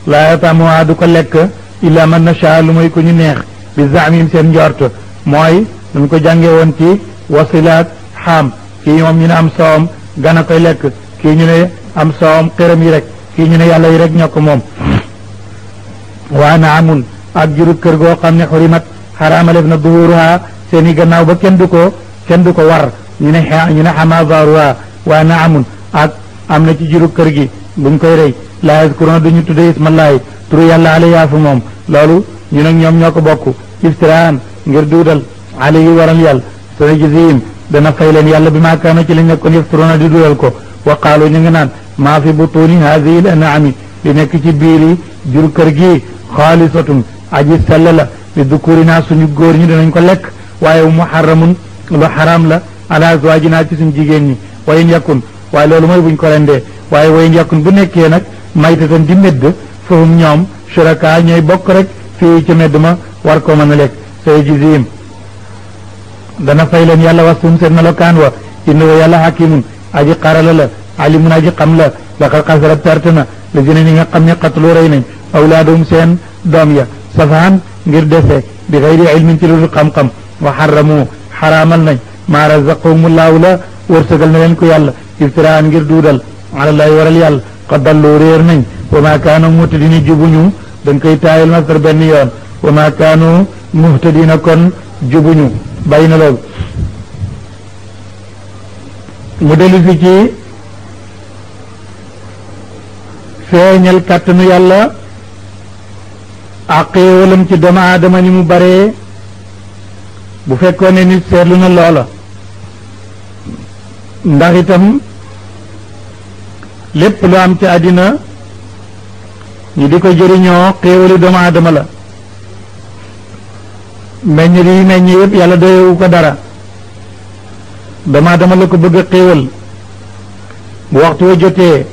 A: laa yatamuha du ko lekk illa man nashaa lu muy ku ñu neex bi zaamim seen njort mooy dañ ko jànge woon ci wasilaat xaam kii moom ñu ne am soowam gana koy lekk kii ñu ne am soowam xëram yi rek kii ñu ne yàlla yi rek ñoo ko moom waa na amun ak juru kër goo xam ne xurimat xaraamaleef na duhuruha seen i gannaaw ba kenn du ko kenn du ko war ñu ne ñu ne xamaa zaaruha waa na amun ak am na ci juru kër gi buñ koy rey laa yaskuruna duñu tudde ismallahi turu yàlla alayha fu moom loolu ñu nag ñoom ñoo ko bokk iftiraan jisiim dana fay leen yàlla bi maa kaana ci lañ nekkoon yafturuuna di dugal ko wa qaalu ñu ngi naan maa fi butuuni haadihi l anaami li nekk ci biir yi jur kër gi xaalisatun aji sell la li dukurinaa suñu góor ñi danañ ko lekk waaye muharramun lu xaraam la ala azwaajinaa ci suñu jigéen ñi wayen yàkkun waaye loolu mooy buñ ko rendee waaye wayen yàkkun bu nekkee nag maytatan di medd fahum ñoom shuraka ñooy bokk rek fii ca medd ma war ko mën a lekk dana fay leen yàlla wasum seen melokaan wa innahu yàlla hakimun aji xarala la alimun aji xam la laqad xasara perte na la gëne ni nga xam ne xatlu rey nañ awlaadum seen doom ya safaan ngir dese bi xayri ilmin ci lu xam-xam wa xaramu xaraamal nañ maa razaqahumu laaw la wërsëgal na leen ko yàlla iftiraan ngir duudal alallaay waral yàlla qad dallu réer nañ wa maa kaanu muhtadina jubuñu dañ koy taayil masdar benn yoon wa maa kaanu muhtadina kon jubuñu بين mu dellusi ci feeñal kàttanu yàlla ak xéewalam ci doomu aadama ni mu bare bu fekkoon ne nit seetlu na loola ndax itam lépp lu am ci àddina ñu di ko jëriñoo xéewali doomu aadama la meññ yi meññ yëpp yàlla doyewu ko dara dama dama la ko bëgg a xéewal bu waxtu wa jotee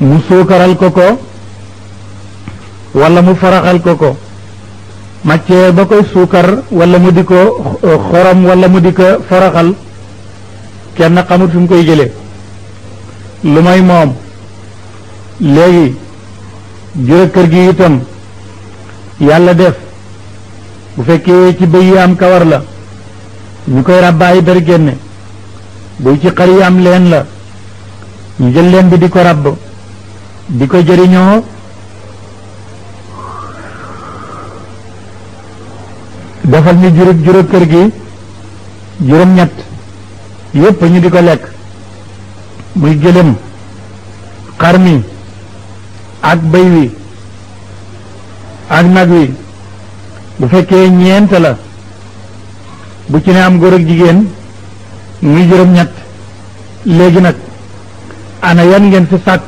A: mu suukaral ko ko wala mu faraxal ko ko màccee ba koy suukar wala mu di ko eh, xorom wala mu di ko faraxal kenn xamut fi mu koy jële lu may moom léegi jërë kër gi itam yàlla def bu fekkee ci bëy yi am kawar la ñu koy rabbaay bari génne buy ci xar yi am leen la ñu jël leen bi di ko rabb di ko jëriñoo defal ñu jurub jurub kër gi juróom ñett yépp ñu di ko lekk muy gëlëm xar mi ak bëy wi ak nag wi bu fekkee ñeent la bu ci ne am góor ak jigéen muy juróom-ñett léegi nag ana yan ngeen fi sàkk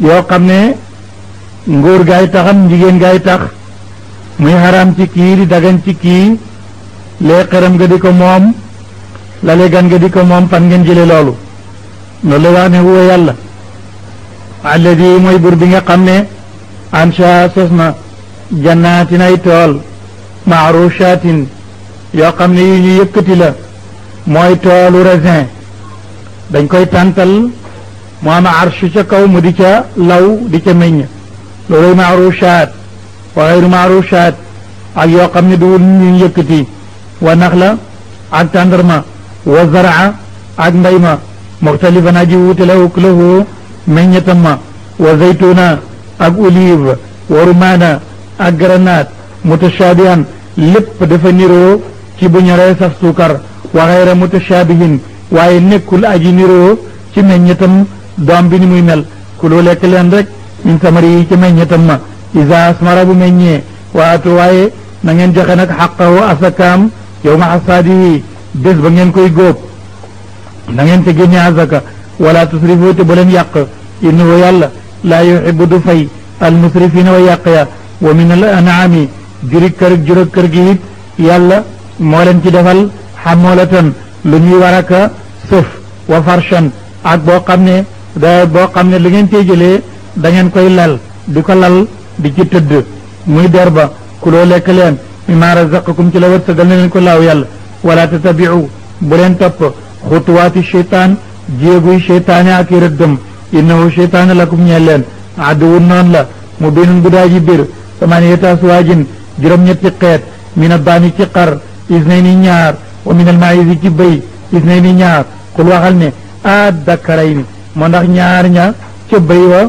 A: yoo xam ne ngóor gaay taxam jigéen gaay tax muy xaraam ci kii di dagan ci kii lee ga di ko moom lale gan ga di ko moom fan ngeen jële loolu loolu la ne huwa yàlla alladi mooy bur bi nga xam ne ansha sos na jannaatin ay tool maarushatin yoo xam ne yu ñu yëkkati la mooy toolu raisin dañ koy tàntal mu am arsu ca kaw mu di ca law di ca meññ looluy maarushaat wa xeyru maarushaat ak yoo xam ne duwul ñu yëkkati wa naxla ak tàndarma wa zaraa ak mbay ma muxtalifan aji wuute la uklahu meññatam ma wa zaytuna ak olive wa rumaana ak grenade mutashabihan lépp dafa niroo ci bu ñoree saf suukar wa xayra mutashabihin waaye nekkul aji niroo ci meññetam doom bi ni muy mel kuloo lekk leen rek min samari yi ci meññetam ma isa asmara bu meññee waatu waaye na ngeen nag xaqahu asakaam yow ma xasaadi yi bés ngeen koy góob na ngeen te génne asaka wala tusrifu te bu leen yàq innahu yàlla laa yuxibu du fay almusrifina wa yàq ya wa min al anaami juri kër jura kër gi it yàlla moo leen ci defal xamoolatan lu ñuy war aka sëf wa farshan ak boo xam ne da boo xam ne li ngeen cee jëlee da ngeen koy lal di ko lal di ci tëdd muy der ba kuloo lekk leen mimmaa razaqakum ci la wërsëgal na leen ko laaw yàlla wala tatabiu bu leen topp xutuwaati cheytaan jéeguy cheytaane ak i rëddëm innahu cheytaane lakum ñeel leen aduwun noonu la mu binun bu daa biir samaniyata aswaajin juróom-ñetti xeet min addaami ci xar isnayni ñaar wa min almaïsi ci bëy isnayni ñaar xul waxal ne addakarayni moo ndax ñaar ña ca bëy wa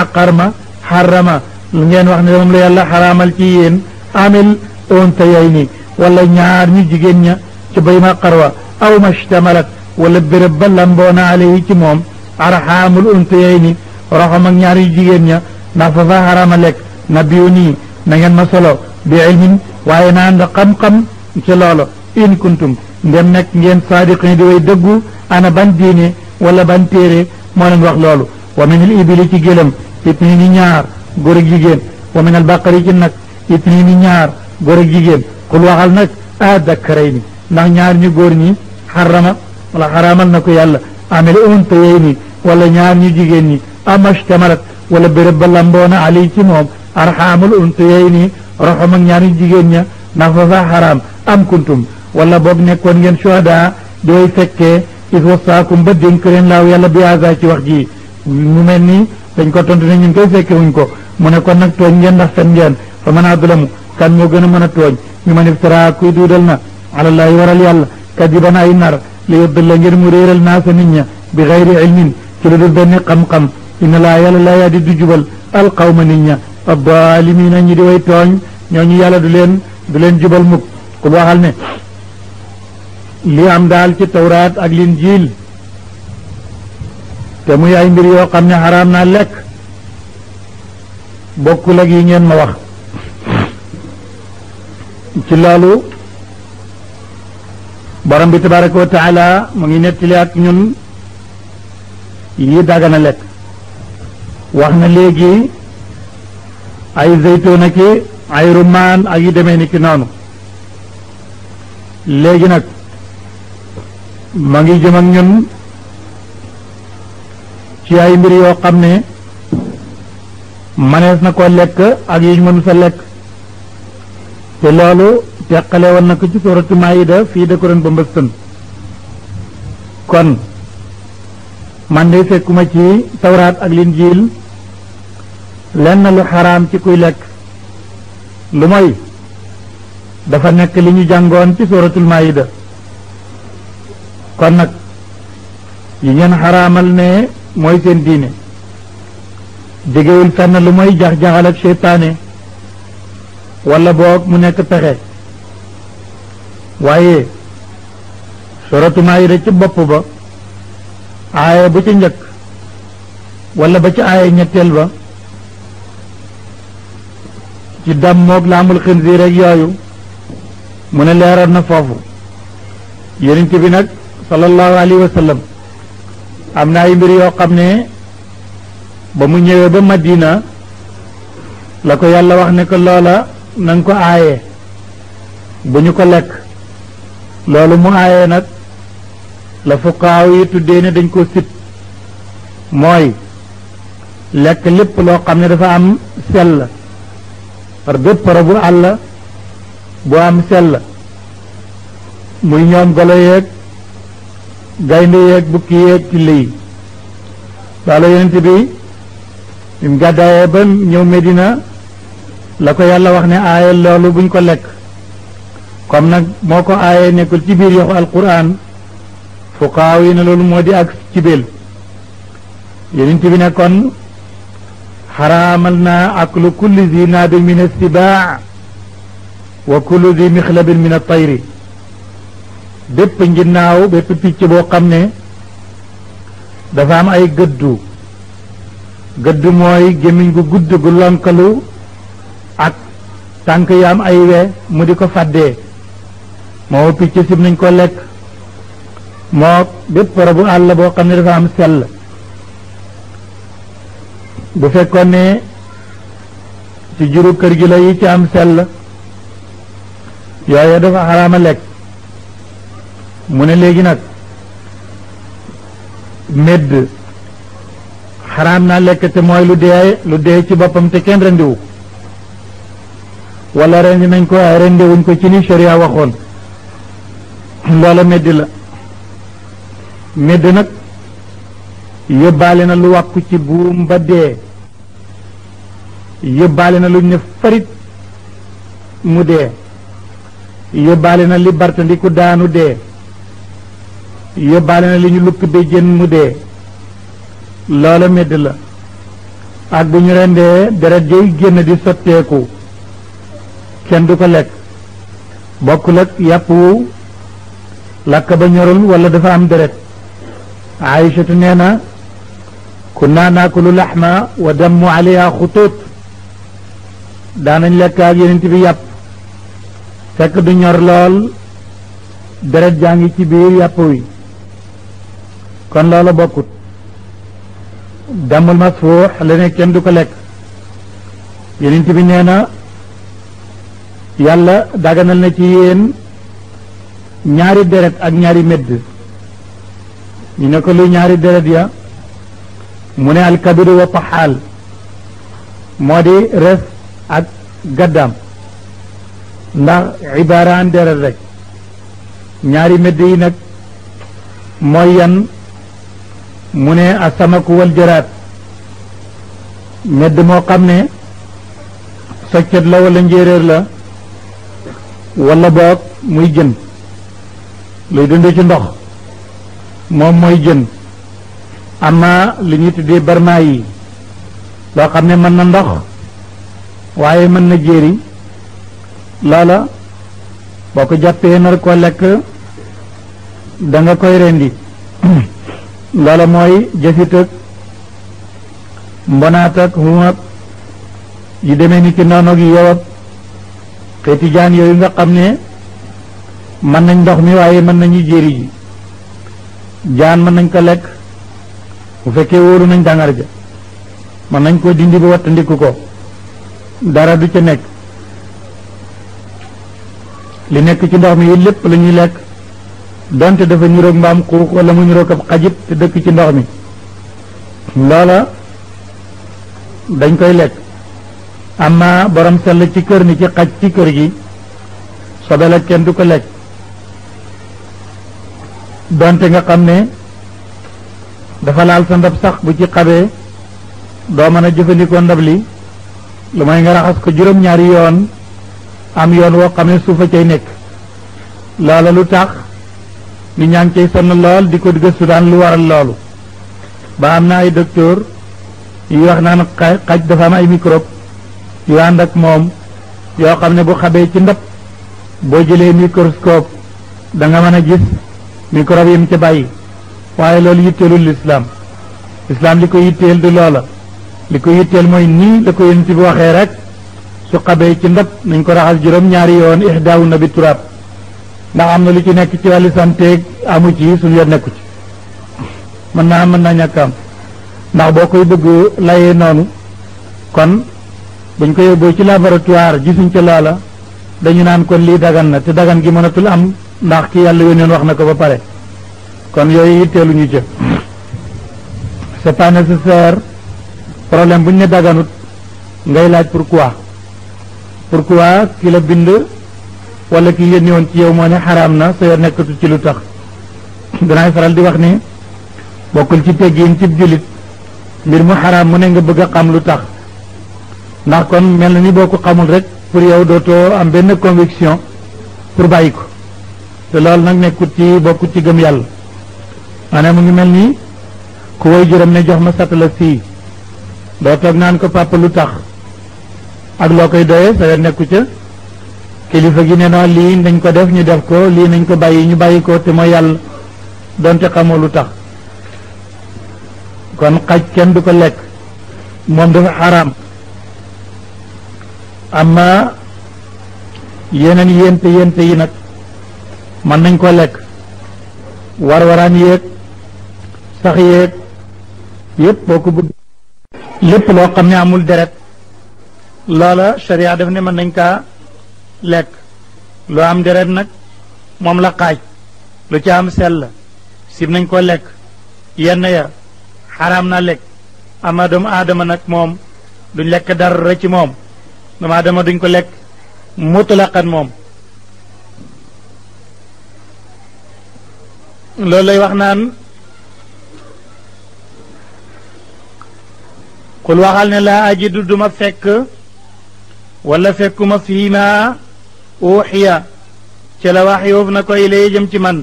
A: àqar ma xarama lu wax ne moom la yàlla xaraamal ci yéen amil untayayni wala ñaar ñu jigéen ña ca bëy ma xar wa aw mashtamalat wala béréb ba lamboona alayhi ci moom arxaamul untayayni roxam ak ñaar ñu jigéen ña ndax fa nabiyu nii na ngeen ma solo bi ilmin waaye na ànd xam-xam ci loolu in kuntum ndem nekk ngeen saadiqin di way dëggu ana ban diine wala ban téere moo leen wax loolu wa min al ibili ci gëlëm itni ni ñaar góor ak jigéen wa min al baqari ci nag itni ni ñaar góor ak jigéen xul waxal nag a dakkaray ni ndax ñaar ñu góor ñi xarama wala xaraamal na ko yàlla amel unta yey ni wala ñaar ñu jigéen ñi amastamarat wala béréb ba lamboona ali ci moom arxaamul nii roxom ak ñaari jigéen ña ndax fa saa xaraam am kuntum wala boog nekkoon ngeen shuhada di way fekkee is wasaakum ba dénk leen laaw yalla bi asa ci wax ji mu mel ni dañ ko tontu ne ñun koy fekke wuñ ko mu ne kon nag tooñ ngeen ndax fen ngeen fa mën a adulamu kan moo gën a mën a tooñ ñu man iftara kuy duudal na alallaahi waral yàlla kadiban ay nar li yudilla ngir mu réeral naasa nit ña bi xayri ilmin ci lu benn xam-xam inna laa yàlla laa di du jubal alqawma nit ña Abba ñi di way tooñ ñooñu yàlla du leen du leen jubal mukk ku waxal ne li am daal ci tawraat ak linjiil te muy ay mbir yoo xam ne xaraam naa lekk bokkul ak yi ngeen ma wax ci borom bi taala mu ngi ak ñun yi wax na ay zaytuuna ki ay rumaan ak yu demee ni ki noonu léegi nag ma ngi jëm ak ñun ci ay mbir yoo xam ne manees na ko lekk ak yi mënu sa lekk te loolu teqale woon nak ko ci suratu Maayida fii da ko doon ba mbëstën kon man de fekkuma ci tawraat ak linjiil lenn lu xaraam ci kuy lekk lu mooy dafa nekk li ñu jàngoon ci suratul maayida kon nag yi ngeen xaraamal ne mooy seen diine jegewul fenn lu mooy jax-jaxal ak seytaane wala boog mu nekk pexe waaye suratu maayida ci bopp ba aaya bu ca njëkk wala ba ci aaya ñetteel ba ci dam moog laamul xinziir yooyu mu ne leeroon na foofu yonent bi nag sallallahu alayhi wa am na ay mbir yoo xam ne ba mu ñëwee ba Madina la ko yàlla wax ne ko loola na ko aaye bu ñu ko lekk loolu mu aaye nag la fuqaaw yi tuddee ne dañ ko sit mooy lekk lépp loo xam ne dafa am sell par bépp rabu àll bu am sell muy ñoom golo yeeg gaynde yeeg bukki yeeg ci lii loolu yonent bi bi gàddaayee ba ñëw Medina la ko yàlla wax ne aaye loolu buñ ko lekk comme nag moo ko aaye nekkul ci biir yoxu alquran fuqaaw yi ne loolu moo di ak ci bél yonent bi ne kon xaraamal naa aklu kulli zi naabin min assibaa wa kullu zi mixlabin min attayri bépp nginnaaw bépp picc boo xam ne dafa am ay gëddu gëddu mooy gémmiñ gu gudd gu lonkalu ak tànk yaam ay we mu di ko fàddee moo picc sib nañ ko lekk moo bépp rabu àll boo xam ne dafa am sell bu fekkoon ne ci juru kër gi la yi ci am sell yooye dafa xaraama lekk mu ne léegi nag médd xaraam naa lekk te mooy lu dee lu dee ci boppam te kenn rendiwu wala rendi nañ ko waaye rendiwuñ ko ci ni sharia waxoon loola médd la médd nag yóbbaale na lu wàkku ci buum ba dee yóbbaale na lu ñu ne farit mu dee yóbbaale na li bartandiku daanu dee yóbbaale na li ñu lukk ba jën mu dee loola medd la ak bu ñu rendee deret jay génn di sotteeku kenn du ko lekk bokk ak yàpp wu lakk ba ñorul wala dafa am deret Aïchatu nee na kunna naakulu laxma wa dammu alayha xutuut daanañ lekk ak yonent yàpp fekk du ñor lool deret jaa ngi ci biir yàpp wi kon loola bokkut damul masfuux la kenn du ko lekk yonent bi nee na yàlla daganal na ci yéen ñaari deret ak ñaari medd ñu ne ko ñaari deret ya mu ne alkabiru wa taxaal moo di res ak gaddaam ndax ibaaraan deret rek ñaari medd yi nag mooy yan mu ne asamaku wal jaraat medd moo xam ne soccet la wala njéeréer la wala boog muy jën luy dund ci ndox moom mooy jën am na li ñu tuddee barma yi loo xam ne mën na ndox waaye mën na jéeri loola boo ko jàppee nar koo lekk da koy rendi loola mooy jëfit ak mbonaat ak humab demee ni ki noonu ak yowab xeeti jaan yooyu nga xam ne mën nañ ndox mi waaye mën nañu jéeri ji jaan mën nañ ko lekk bu fekkee wóoru nañ dangar ja mën nañ koo dindi ba wattandiku ko dara du ci nekk li nekk ci ndox mi it lépp lañuy ñuy lekk donte dafa niroog mbaam xuux wala mu niroog ab xajit te dëkk ci ndox mi loola dañ koy lekk amma borom sell ci kër ni ci xaj ci kër gi sobe la kenn du ko lekk donte nga xam ne dafa laal sa ndab sax bu ci xabee doo mën a jëfandikoo ndab li lu may nga raxas ko juróom-ñaari yoon am yoon woo xam ne suufa cay nekk loola lu tax nit ñaa ngi cay sonn lool di ko gëstu daan lu waral loolu ba am na ay docteur yu wax naan xaj dafa am ay microbe yu ànd ak moom yoo xam ne bu xabee ci ndab boo jëlee microscope danga nga mën a gis microbe yi mu ca bàyyi waaye loolu yitteelul lislaam lislaam li ko yitteel du loola li ko yitteel mooy nii la ko yonent bi waxee rek su xabee ci ndab nañ ko raxas juróom-ñaari yoon ihdaawu na bi turaab ndax am na lu ci nekk ci wàllu santeeg amu ci suñu yoon nekku ci mën naa mën naa ñàkk ndax boo koy bëgg laye noonu kon buñ ko yóbboo ci laboratoire gisuñ ca loola dañu naan kon lii dagan na te dagan gi mënatul am ndax ki yàlla yónneen wax na ko ba pare kon yooyu yitteelu ñu jëf c'est pas nécessaire problème bu daganut ngay laaj pourquoi pourquoi ki la bind wala ki yónni won ci yow mo ne haram na sa yor nekkatu ci lu tax danaay faral di wax ni bokul ci teggin ci julit mbir mu haram mu ne nga bëgg xam lu ndax kon mel xamul rek pour yow doto am ben conviction pour bayiko te lol nak ci bokku ci gëm yalla maanaam mu ngi mel ni ku woy juróom ne jox ma satala sii doo toog naan ko papa lu tax ak loo koy doyee sa nekku ca kilifa gi ne noo lii nañ ko def ñu def ko lii nañ ko bàyyi ñu bàyyi ko te mooy yàlla donte xamoo lu tax kon xaj kenn du ko lekk moom dafa xaraam amma yeneen yénte yénte yi nag mën nañ koo lekk war waraan yéeg sax yeeg yëpp boo bu lépp loo xam ne amul deret loola sharia def ne mën nañ kaa lekk loo am deret nag moom la xaaj lu ci am sell sib nañ koo lekk yenn ya xaraam na lekk ama doomu aadama nag moom duñ lekk dara ci moom doomu aadama duñ ko lekk mutlaqan moom loolu lay wax naan qul waxal ne laa ajidu duma fekk wala fekkuma fii ma uuxiya ca la wax na ko ilay jëm ci man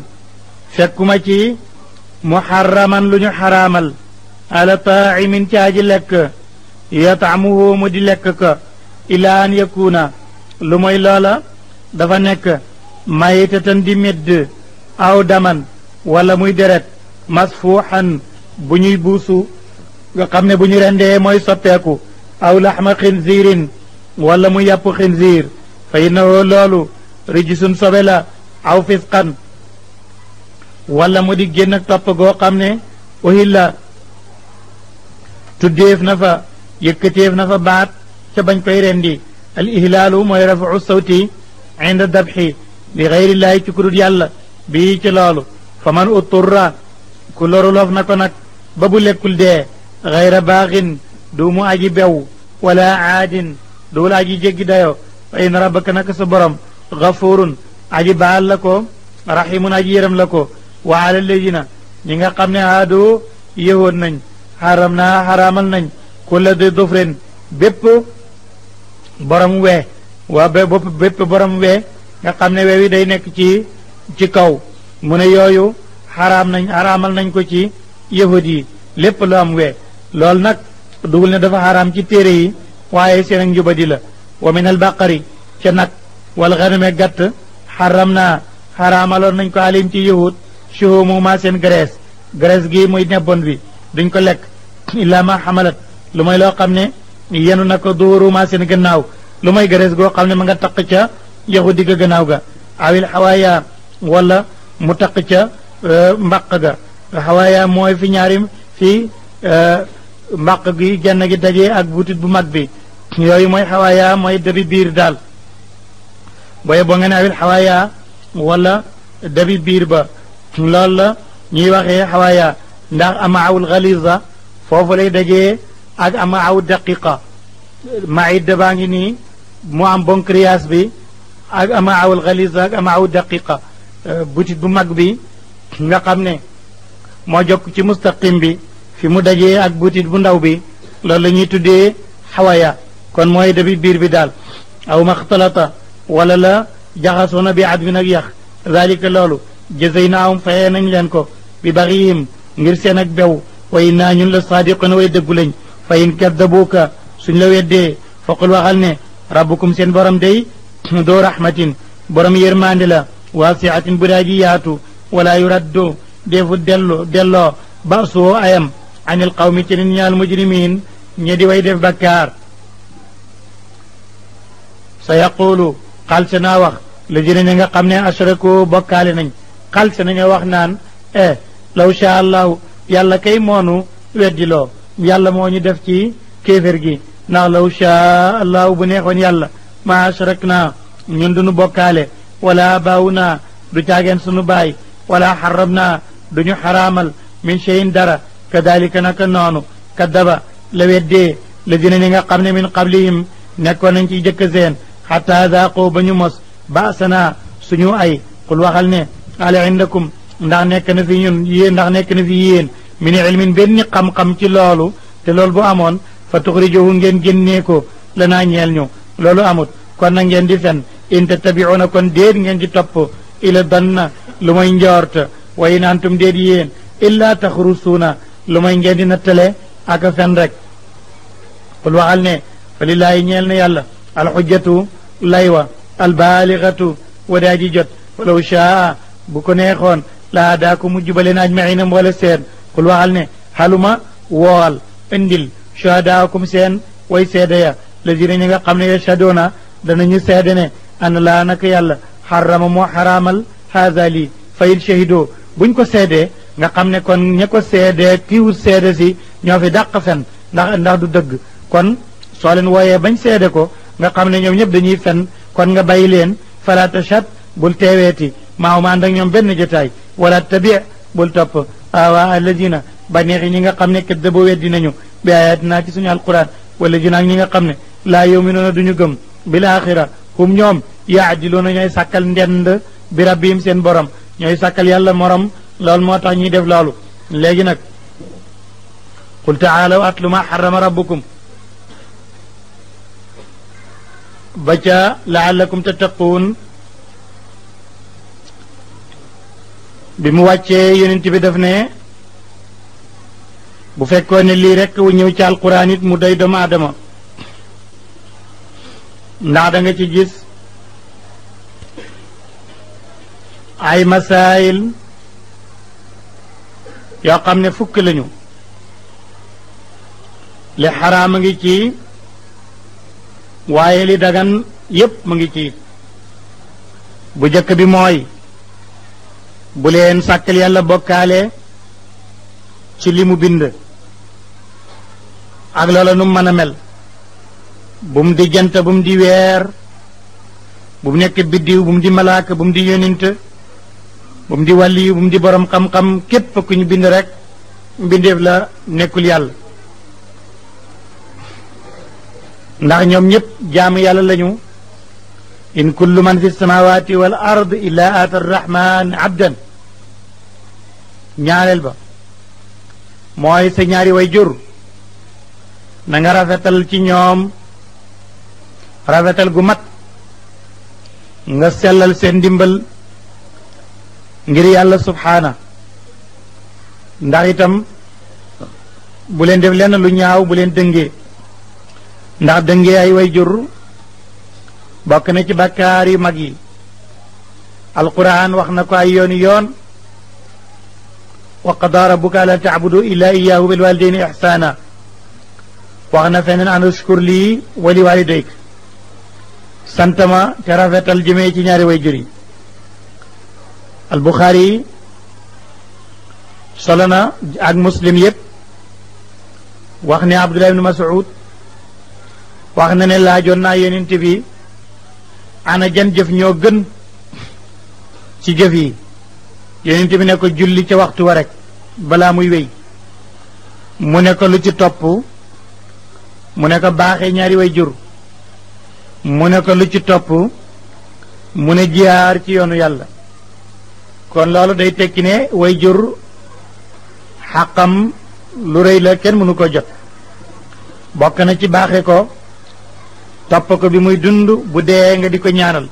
A: fekkuma ci muxarraman lu ñu xaraamal ala taacimin ci aji lekk yataamuhu mu di lekk ka ilaa an yakuuna lu mooy loola dafa nekk maytatan di médd aw daman wala muy deret masfuuxan bu ñuy buusu nga xam ne bu ñu rendee mooy soppeeku aw laxma xinziirin wala mu yàpp xinziir fa innahu loolu rijisun sobe la aw fisqan wala mu di génn ak topp goo xam ne uhilla tuddeef na fa yëkkateef na fa baat ca bañ koy rendi al ihlaalu mooy rafau sawti inda dabxi li xayrillaahi ci kudut yàlla bii loolu fa man uturra ku loru loof na ko nag ba bu lekkul dee xayra baaxin duumu aji bew wala aadin duul aji jéggi dayo fa in rabbaka naka sa borom gafurun aji baal la ko rahimun aji yërëm la ko wa ala na ñi nga xam ne aadoo yëwoon nañ xaram na xaraamal nañ kulla di dufrin bépp borom wee waa ba bépp borom wee nga xam ne wee day nekk ci ci kaw mu ne yooyu xaraam nañ xaraamal nañ ko ci yahud yi lépp lu am wee loolu nag dugul ne dafa xaraam ci téere yi waaye seen ak njubadi la wa min al baqari ca nag walla xaname gàtt xaram naa xaraamaloon nañ ko alim ci yahud shuhumumaa seen graisse graisse gi muy nebbon bi duñ ko lekk illaa xamalat lu may loo xam ne yenu na ko duhurumaa seen gannaaw lu may graisse goo xam ne ma nga taq ca yahudi ga gannaaw ga awil xawaaya wala mu taq ca euh, mbaq ga xawaaya mooy fi ñaari fi euh, mbàq gi genn gi dajee ak butit bu mag bi yooyu mooy xawaaya mooy dabi biir daal booye boo nga ne awil xawaaya wala dabi biir ba loolu la ñuy waxee xawaaya ndax amaawul xaliza foofu lay dajee ak amaawu daqiqa maida baa ngi nii mu am bon bi ak amaawul xaliza ak amaawu daqiqa butit euh, bu mag bi nga xam ne moo jokk ci mustaqim bi fi mu dajee ak butit bu ndaw bi loolu la ñuy tuddee xawaya kon mooy dabi biir bi daal aw maxtalata wala la jaxasoona bi at bi nag yax zalika loolu jësey fa fayee nañ leen ko bi baxiyim ngir seen ak bew way naa ñun la saadiqoon way dëggu lañ fa in kaddabuuka suñ la weddee faqul waxal ne rabbukum seen borom day doo rahmatin borom yërmaande la waasiatin bu daa yaatu wala yuraddu deefu dellu delloo ba suwoo ayam anil qawmi ci nit ñaal mujrimiin ñi di way def bakkaar sa yaqulu xalse naa wax la jëne nga xam ne ashraku bokkaale nañ xalse nañu wax naan e law sha allahu yàlla kay moonu weddiloo yàlla moo ñu def ci kéefér gi ndax law sha allahu bu neexoon yàlla ma ashrak naa ñun duñu bokkaale wala baawu naa du caageen sunu baay wala xarab naa duñu xaraamal min cheyin dara kadalika naka noonu ka kaddaba la weddee la dina ñi nga xam ne min qablihim nekkoon nañ ci jëkk seen xataa zaaqoo ba ñu mos baasana suñu ay qul waxal ne al indakum ndax nekk na fi ñun yéen ndax nekk na fi yéen min ilmin benn xam ci loolu te loolu bu amoon fa tuxrijuhu ngeen génnee ko lanaa ñeel ñu loolu amut kon na ngeen di fen in tattabiuuna kon déet ngeen di topp ila danna lu may njoort wa in antum déet yéen illaa taxrusuuna lu may ngeen di nattale ak a fen rek qul waxal ne fa lillaahi ñeel na yàlla alxujjatu lay wa albaalixatu wadaa ji jot walaw shaa bu ko neexoon laa daa ko mujj bale naaj maina seen qul waxal ne xaluma wool indil shuhadaakum seen way seede ya lazina ñi nga xam ne yashhaduuna danañu seede ne ana laa naka yàlla xarama moo xaraamal haazali fa in buñ ko seedee nga xam ne kon ña ko seedee kiiwut seede si ñoo fi dàq fen ndax ndax du dëgg kon soo leen wooyee bañ seede ko nga xam ne ñoom ñëpp dañuy fen kon nga bay leen fala tachat bul teeweeti maaw ma ànd ñoom benn jotaay wala tabi bul topp awa alladina bànneex yi ñi nga xam ne kat dabo weddi nañu bi ayatina ci suñu alquran wala ji naag ñi nga xam ne laa yow mi yuminoona duñu gëm bil axira hum ñoom yaadiloona ñooy sàkkal ndend bi rabbihim seen borom ñooy sàkkal yàlla morom loolu moo tax ñuy def loolu léegi nag qul taalaw atlu ma xarama rabbukum ba ca laallakum tattaquun bi mu wàccee yonent bi def ne bu fekkoon ne lii rekk ñëw ci alquran it mu day doomu aadama ndax da nga ci gis ay masaayil yoo xam ne fukk lañu li xaraam a ngi ci waaye li dagan yépp mu ngi ci bu jëkk bi mooy bu leen sàkkal yàlla bokkaale ci li mu bind ak loola nu mën a mel bu mu di jant bu mu di weer bu mu nekk biddiw bu mu di malaaka bu mu di yonent bu mu di wàlli bu mu di borom xam-xam képp ku ñu bind rek mbindeef la nekkul yàlla ndax ñoom ñëpp jaamu yàlla lañu in kullu man fi samawati wal ard illa ata arrahman abdan ñaareel ba mooy sa ñaari way jur na nga rafetal ci ñoom rafetal gu mat nga sellal seen ndimbal ngir yàlla subhaana ndax itam bu leen def lenn lu ñaaw bu leen dëngee ndax dëngee ay way jur bokk na ci bakkaar yu mag yi alquran wax na ko ay yooni yoon wa qadaa rabbuka alaa taabudu illaa iyyaahu bil waalidayni ihsaana wax na feneen an uskur lii wa li waalidayk santama te rafetal jëmee ci ñaari way jur yi al buxaari yi solo na ak muslim yëpp wax ne abdullah ibn mas'ud wax na ne laajoon naa yonent bi ana jan jëf ñoo gën ci jëf yi yonent bi ne ko julli ca waxtu wa rek balaa muy wéy mu ne ko lu ci topp mu ne ko ñaari way jur mu ne lu ci topp mu ne jihaar ci yoonu yàlla kon lolu day tekki ne way jur haqam lu reey la ken munu ko jot bok na ci baxé ko top ko bi muy dund bu dé nga diko ñaanal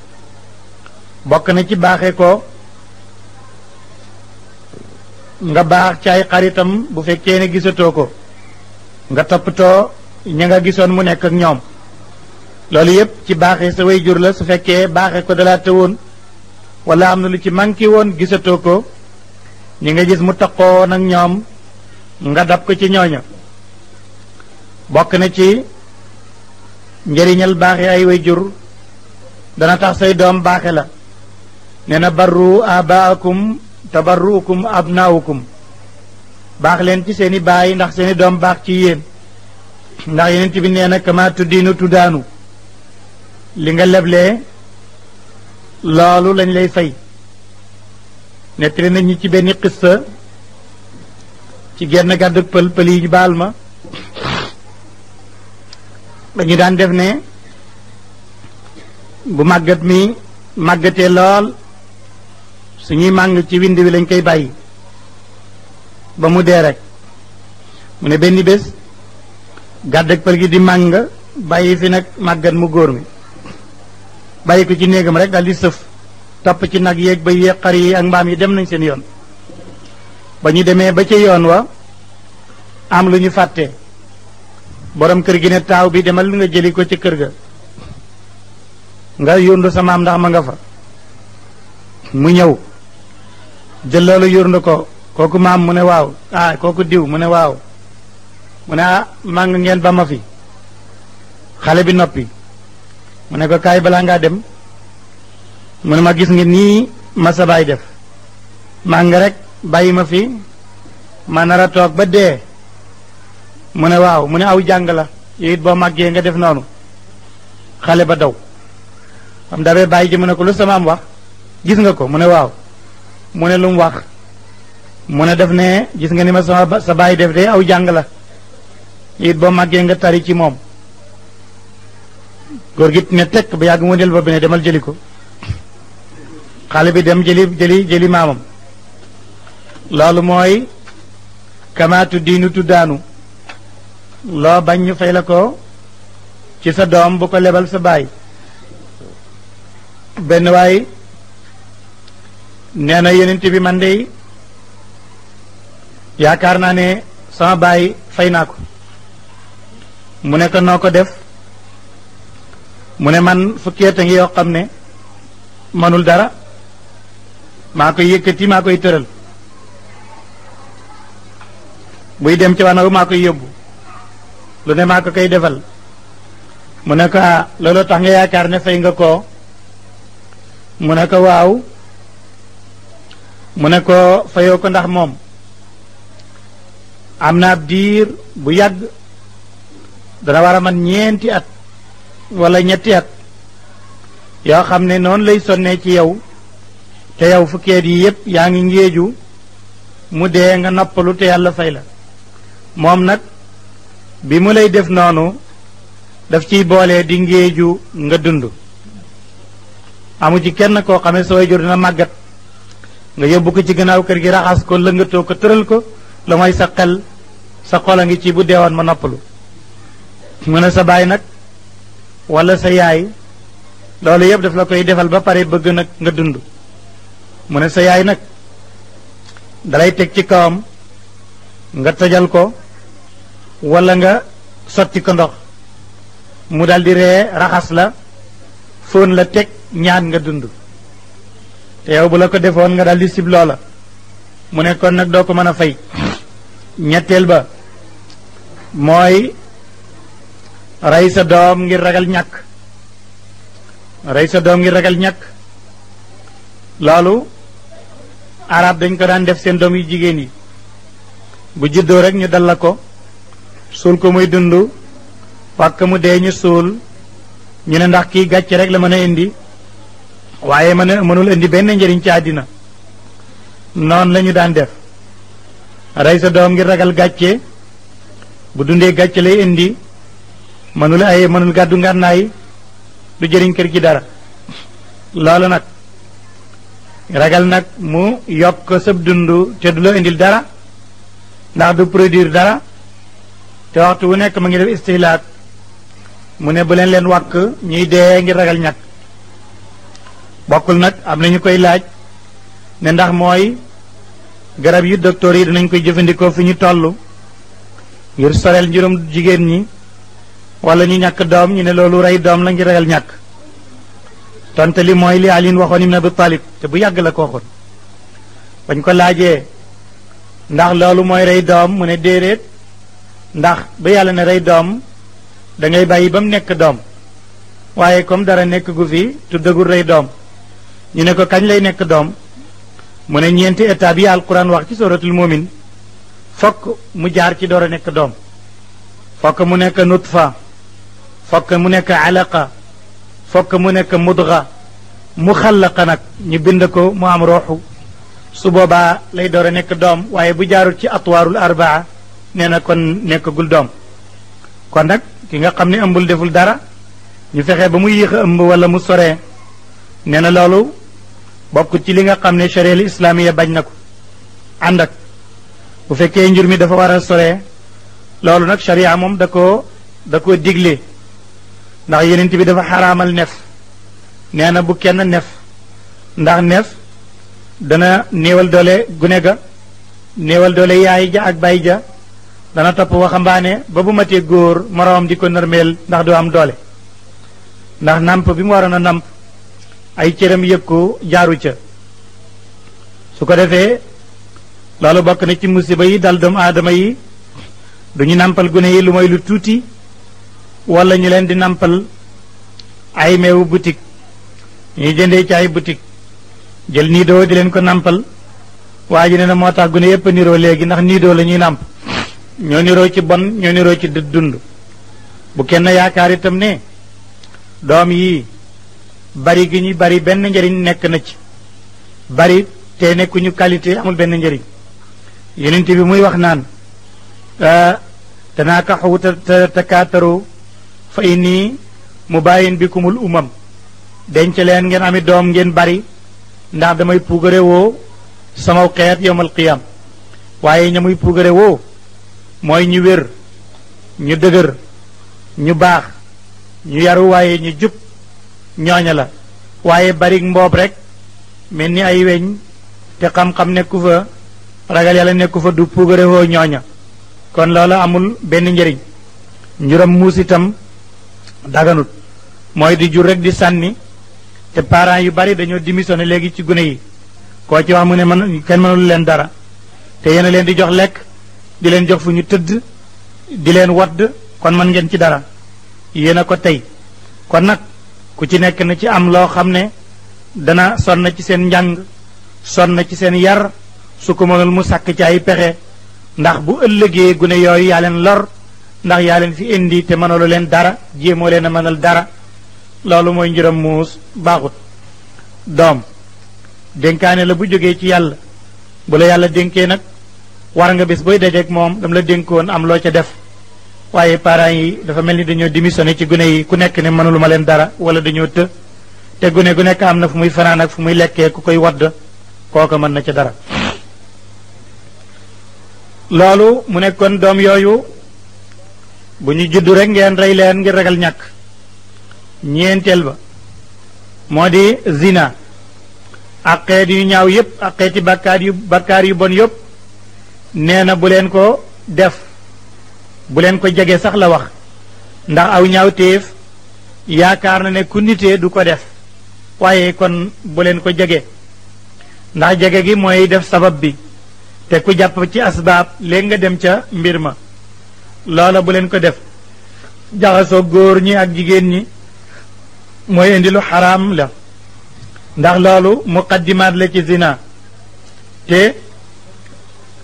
A: bok na ci baxé ko nga bax ci ay xaritam bu fekké ne gisatoo ko nga toppatoo ña nga gison mu nek ak ñom lolu yépp ci baxé sa way jur la su fekké baxé ko dala tëwoon wala am na lu ci manqué woon gisatoo ko li nga gis mu taqoon ak ñoom nga dab ko ci ñooña bokk na ci njëriñal baaxe ay jur dana tax say doom baaxe la nee na barru abaakum tabarruukum abnaawukum baax leen ci seeni baay ndax seeni doom baax ci yéen ndax yeneen bi nee na kama tuddiinu tuddaanu li nga leblee loolu lañ lay fay nettali nañu ci benn xissa ci genn gàddu pël pël yi ñu baal ma dañu daan def ne bu màggat mi màggatee lool suñuy màng ci wind bi lañ koy bàyyi ba mu dee rekk mu ne benn bés gàdd pël gi di màng bàyyi fi nag màggat mu góor mi baye ko ci negam rek dal di seuf top ci nag yek ba yeeg ak mbam yi dem nañ seen yoon ba ñu ba ci yoon wa am luñu ñu borom kër gi ne taw bi demal nga jëli ko ci kër ga nga yóndu sa maam ndax ma nga fa mu ñew jël loolu ko koku mam mu ne waw ah koku diw mu ne waw mu ne ah, ma nga ngeen ba ma fi xale bi noppi mu ne ko kaay bala ngaa dem mu ne ma gis nga nii ma sa baay def maa nga rek bàyyi ma fi ma nar a toog ba dee mu ne waaw mu ne aw jàng la yow it boo màggee nga def noonu xale ba daw xam dabee bàyyi ji mu ko lu sama am wax gis nga ko mu ne waaw mu ne lu mu wax mu def ne gis nga ni ma sama sa def de aw jàng la it boo màggee nga tari ci moom góor gi ne tekk bi yàgg moo del bopp bi ne demal jëli ko xale bi dem jëli jëli loolu mooy kamaatu diinu daanu loo bañ ñu fay la ko ci sa doom bu ko lebal sa baay benn waay nee na yenent bi man de yaakaar naa ne sama baay fay naa ko mu nekk noo ko def mu ne man fukkeet a ngi yoo xam ne mënul dara maa koy yëkkati maa koy tëral buy dem ci wàll maa koy yóbbu lu ne maa ko koy defal mu ne ko ah, tax nga yaakaar ne fay nga ko mu ne ko waaw mu ne ko fayoo ko ndax moom am naa biir bu yàgg dana war a man ñeenti at wala ñetti at yoo xam ne noonu lay sonnee ci yow te yow fukki at yi yëpp yaa ngi ngéeju mu dee nga noppalu te yàlla fay la moom nag bi mu lay def noonu daf ciy boole di ngéeju nga dund amu ci kenn koo xamee sooy jur na màggat nga yóbbu ko ci gannaaw kër gi raxas ko lëngatoo ko tëral ko la mooy sa xel sa xol a ngi ci bu deewoon ma noppalu mu ne sa baay nag wala sa yaay loolu yëpp daf la koy defal ba pare bëgg nag nga dund mu ne sa yaay nag dalay teg ci kawam nga tojal ko walla nga sotti ko ndox mu daldi ree raxas la fóon la teg ñaat nga dund te yow bu la ko defoon nga dal di sib loola mu ne kon nag doo ko mën a fay ñetteel ba mooy rey sa doom ngir ragal ñàkk rey sa doom ngir ragal ñàkk loolu arab dañ ko daan def seen doom yu jigéen yi bu juddoo rek ñu dal la ko suul ko muy dund fàkk mu dee ñu suul ñu ne ndax kii gàcce rek la mën a indi waaye mën a mënul indi benn njëriñ ci àddina noonu lañu daan def rey sa doom ngir ragal gàcce bu dundee gàcce lay indi mënul aye mënul gàddu ngànnaay du jëriñ kër gi dara loolu nag ragal nag mu yokk sëb dund te du la indil dara ndax du produire dara te waxtu wu nekk ma ngi def istihlaak mu ne bu leen leen wàkk ñuy dee ngir ragal ñag bokkul nag am na ñu koy laaj ne ndax mooy garab yu docteur yi dinañ koy jëfandikoo fi ñu tollu ngir soreel njuróom jigéen ñi wala ñu ñàkk doom ñu ne loolu rey doom la ngi reyal ñàkk tonte li mooy li Alioune waxoon Ibn ba Talib te bu yàgg la ko waxoon bañ ko laajee ndax loolu mooy rey doom mu ne déedéet ndax ba yàlla na rey doom dangay ngay bàyyi ba mu nekk doom waaye comme dara nekk gu fi dëggul rey doom ñu ne ko kañ lay nekk doom mu ne ñeenti état bi alquran wax ci suratul mumin fokk mu jaar ci door a nekk doom fokk mu nekk nutfa فكم هناك علاقة فكم هناك مضغة مخلقة نك نبندكو ما عم روحو سبوبا لي دور نك دوم واي بجارو تي أطوار الأربعة نينا كون نك قل دوم كون نك كيغا قمني أمبل دفل دارا نفخي بمو يخ أمب ولا مصري نينا لولو بابكو تي لنغا قمني شريل إسلامية بجنكو عندك bu fekkee njur mi dafa war a sore loolu nag sharia moom da ko da ko digle ndax yenent bi dafa xaraamal nef nee na bu kenn nef ndax nef dana néewal doole gune ga néewal doole yaay ja ak bay ja dana topp waxambaane ba bu matee góor moroomam di ko nërmeel ndax doo am doole ndax namp bi mu waroon a namp ay cëram yëg ko jaaru ca su ko defee loolu bokk na ci musiba yi dal doomu aadama yi duñu nàmpal gune yi lu mooy lu tuuti wala ñu leen di nampal ay meewu boutique ñuy jënde ci ay boutique jël niidoo di leen ko nàmpal waa ji ne na moo tax gune yëpp niroo léegi ndax niidoo la ñuy nàmp ñoo niroo ci bon ñoo niroo ci dund bu kenn yaakaar itam ne doom yi bari gi ñu bari benn njariñ nekk na ci bari te nekkuñu qualité amul benn njëriñ yenent bi muy wax naan ah, tanaa kaxu te takaataru fa inni mu bàyyin bi kumul umam denc leen ngeen amit doom ngeen bari ndax damay puugare woo sama xeet yowmal qiyam waaye ña muy puugare woo mooy ñu wér ñu dëgër ñu baax ñu yaru waaye ñu jub ñooña la waaye bari mboob rekk mel ni ay weñ te xam-xam nekku fa ragal yàlla nekku fa du puugare woo ñooña kon loola amul benn njëriñ njuram muus itam daganut mooy di jur rek di sànni te parents yu bari dañoo démissionné léegi ci gune yi koo ci wax mu ne man kenn mënul leen dara te yéen leen di jox lekk di leen jox fu ñu tëdd di leen wadd kon mën ngeen ci dara yéen a ko tey kon nag ku ci nekk na ci am loo xam ne dana sonn ci seen njàng sonn ci seen yar su ko mënul mu sàkk ci ay pexe ndax bu ëllëgee gune yooyu yaa leen lor ndax yaa leen fi indi te mënalu leen dara jéemoo leen a dara loolu mooy njuram mus baaxut dom dénkaane la bu jógee ci yàlla bu la yàlla dénkee nag war nga bés booy dajeeg moom dam la dénkoon am loo ca def waaye parents yi dafa mel ni dañoo démissionné ci gune yi ku nekk ne ma leen dara wala dañoo të te gune gu nekk am na fu muy fanaan ak fu muy lekkee ku koy wadd kooka mën na ca dara loolu mu nekkoon doom yooyu bu ñu judd rek ngeen rey leen ngir ragal ñàkk ñeenteel ba moo di zina ak xeet yu ñaaw yépp ak xeeti bàkkaar yu bon yëpp nee na bu leen ko def bu leen ko jege sax la wax ndax aw ñaaw téef yaakaar na ne ku nitee du ko def waaye kon bu leen ko jege ndax jege gi mooy def sabab bi te ku jàpp ci asbaab léegi nga dem ca mbir ma loola bu leen ko def jaxasoo góor ñi ak jigéen ñi mooy indi xaraam la ndax loolu muqaddimaat la ci zina te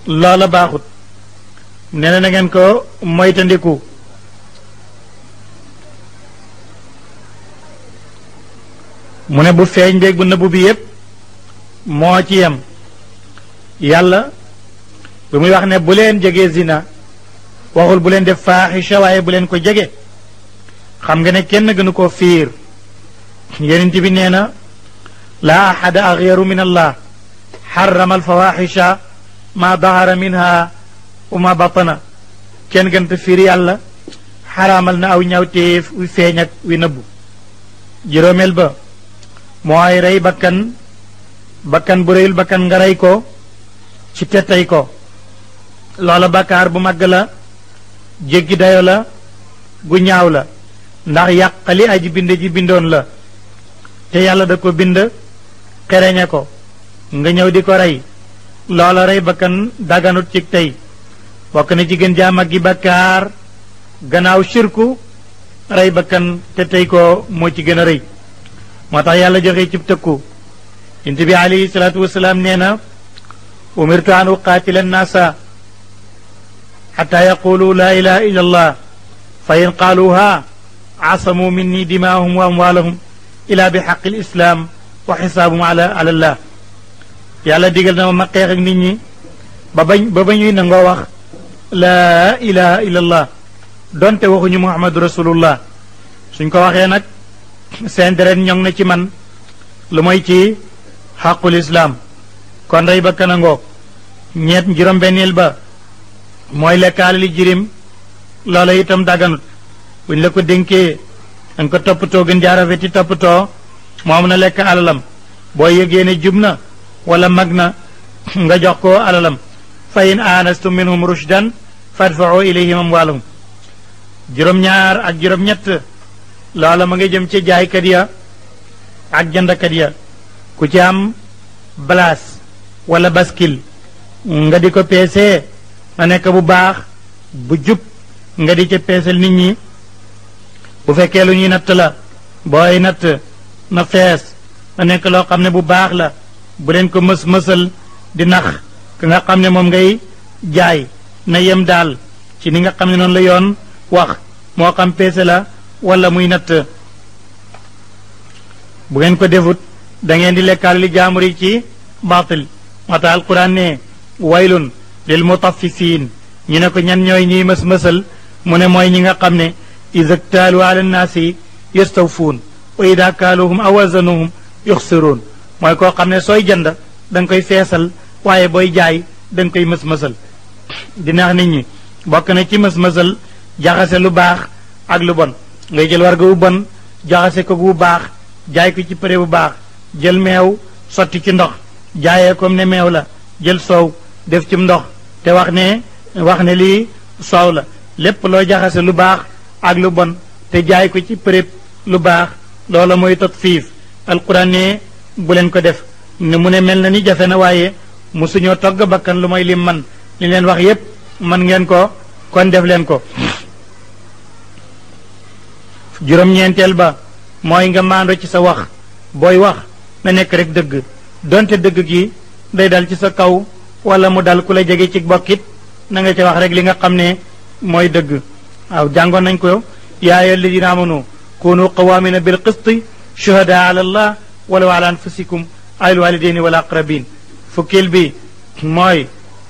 A: loola baaxut nee na ngeen ko moytandiku mu ne bu feeñ beeg bu nëbbu bi yépp moo ci yem yàlla bu muy wax ne bu leen jege zina waxul bu leen def faaxisha waaye bu leen ko jege xam nga ne kenn gënu koo fiir yonent bi nee na laa ahada axyaru min allah xarama alfawaxisha ma dahara minha uma batana kenn gënta fiir yàlla xaraamal na aw ñaawteef wi feeñ ak wi nëbbu juróomeel ba mooy rey bakkan bakkan bu reyul bakkan nga rey ko ci tettay ko loola bàkkaar bu màgg la jéggi dayo la gu ñaaw la ndax yàqali aj bind ji bindoon la te yàlla da ko bind xereñe ko nga ñëw di ko rey loola rey bakkan daganut ci tey bokk na ci gën jaa gi bakkaar gannaaw shirku rey bakkan te tey ko moo ci gën a rëy moo tax yàlla joxe cib tëkku yonent bi alayhi nee na umirtu an uqaatila nnaasa حتى يقولوا لا إله إلا الله فإن قالوها عصموا مني دماءهم وأموالهم إلى بحق الإسلام وحسابهم على على الله yàlla digal na ma ma xeex ak nit ñi ba bañ ba ba ñuy nangoo wax laa ilaha illallah donte waxuñu muhammadu rasulullah suñ ko waxee nag seen deret ñoŋ na ci man lu mooy ci xàqul mooy lekkaale li jirim loola itam daganut buñ la ko dénkee danga ko toppatoo gën jaarafe ci toppatoo moom na lekk alalam boo yëgee ne jub na wala mag na nga jox ko alalam fa in aanastum minhum rushdan fadfa'u ilayhim amwaalahum juróom-ñaar ak juróom-ñett loola ma nga jëm ci jaaykat ya ak jëndkat ya ku ci am balaas wala baskil nga di ko peesee na nek bu baax bu jup nga di ci peesal nit ñi bu fekke lu ñi nat la boy nat na fess na nek lo xamne ne bu baax la bu len ko mes mësal di nax ka nga xamne mom ngay jaay na yem dal ci ni nga xamne non la yoon wax mo xam wala muy nat bu ngeen ko defut da ngeen di lekkal li jaamuri ci batil mata alquran ne waylun lil siin ñu ne ko ñan ñooy ñuy mës-mësal mu ne mooy ñi nga xam ne isactaalu ala nnaasi yastawfuun wa ida kaaluhum aw wazanuhum yuxsiruun mooy koo xam ne sooy jënd da koy feesal waaye booy jaay da koy mës-mësal di nax nit ñi bokk na ci mës-mësal jaxase lu baax ak lu bon ngay jël warga wu bon jaxase ko bu baax jaay ko ci prix bu baax jël meew sotti ci ndox jaayee comme ne meew la jël soow def ci ndox te wax ne wax ne lii saw la lépp loo jaxase lu baax ak lu bon te jaay ko ci përëb lu baax loola mooy tot fiif alquran ne bu leen ko def ne mu ne mel na ni jafe na waaye musuñoo togg bakkan lu mooy lim man li leen wax yépp man ngeen ko kon def leen ko juróom-ñeenteel ba mooy nga maando ci sa wax booy wax na nekk rek dëgg donte dëgg gi day dal ci sa kaw wala mu dal ku la jege ci bokkit na nga ci wax rek li nga xamne moy deug aw jangon nañ ko ya ayyuha alladina amanu kunu qawamin bil qist shuhada ala allah wala ala anfusikum ay walidain wal aqrabin fukkil bi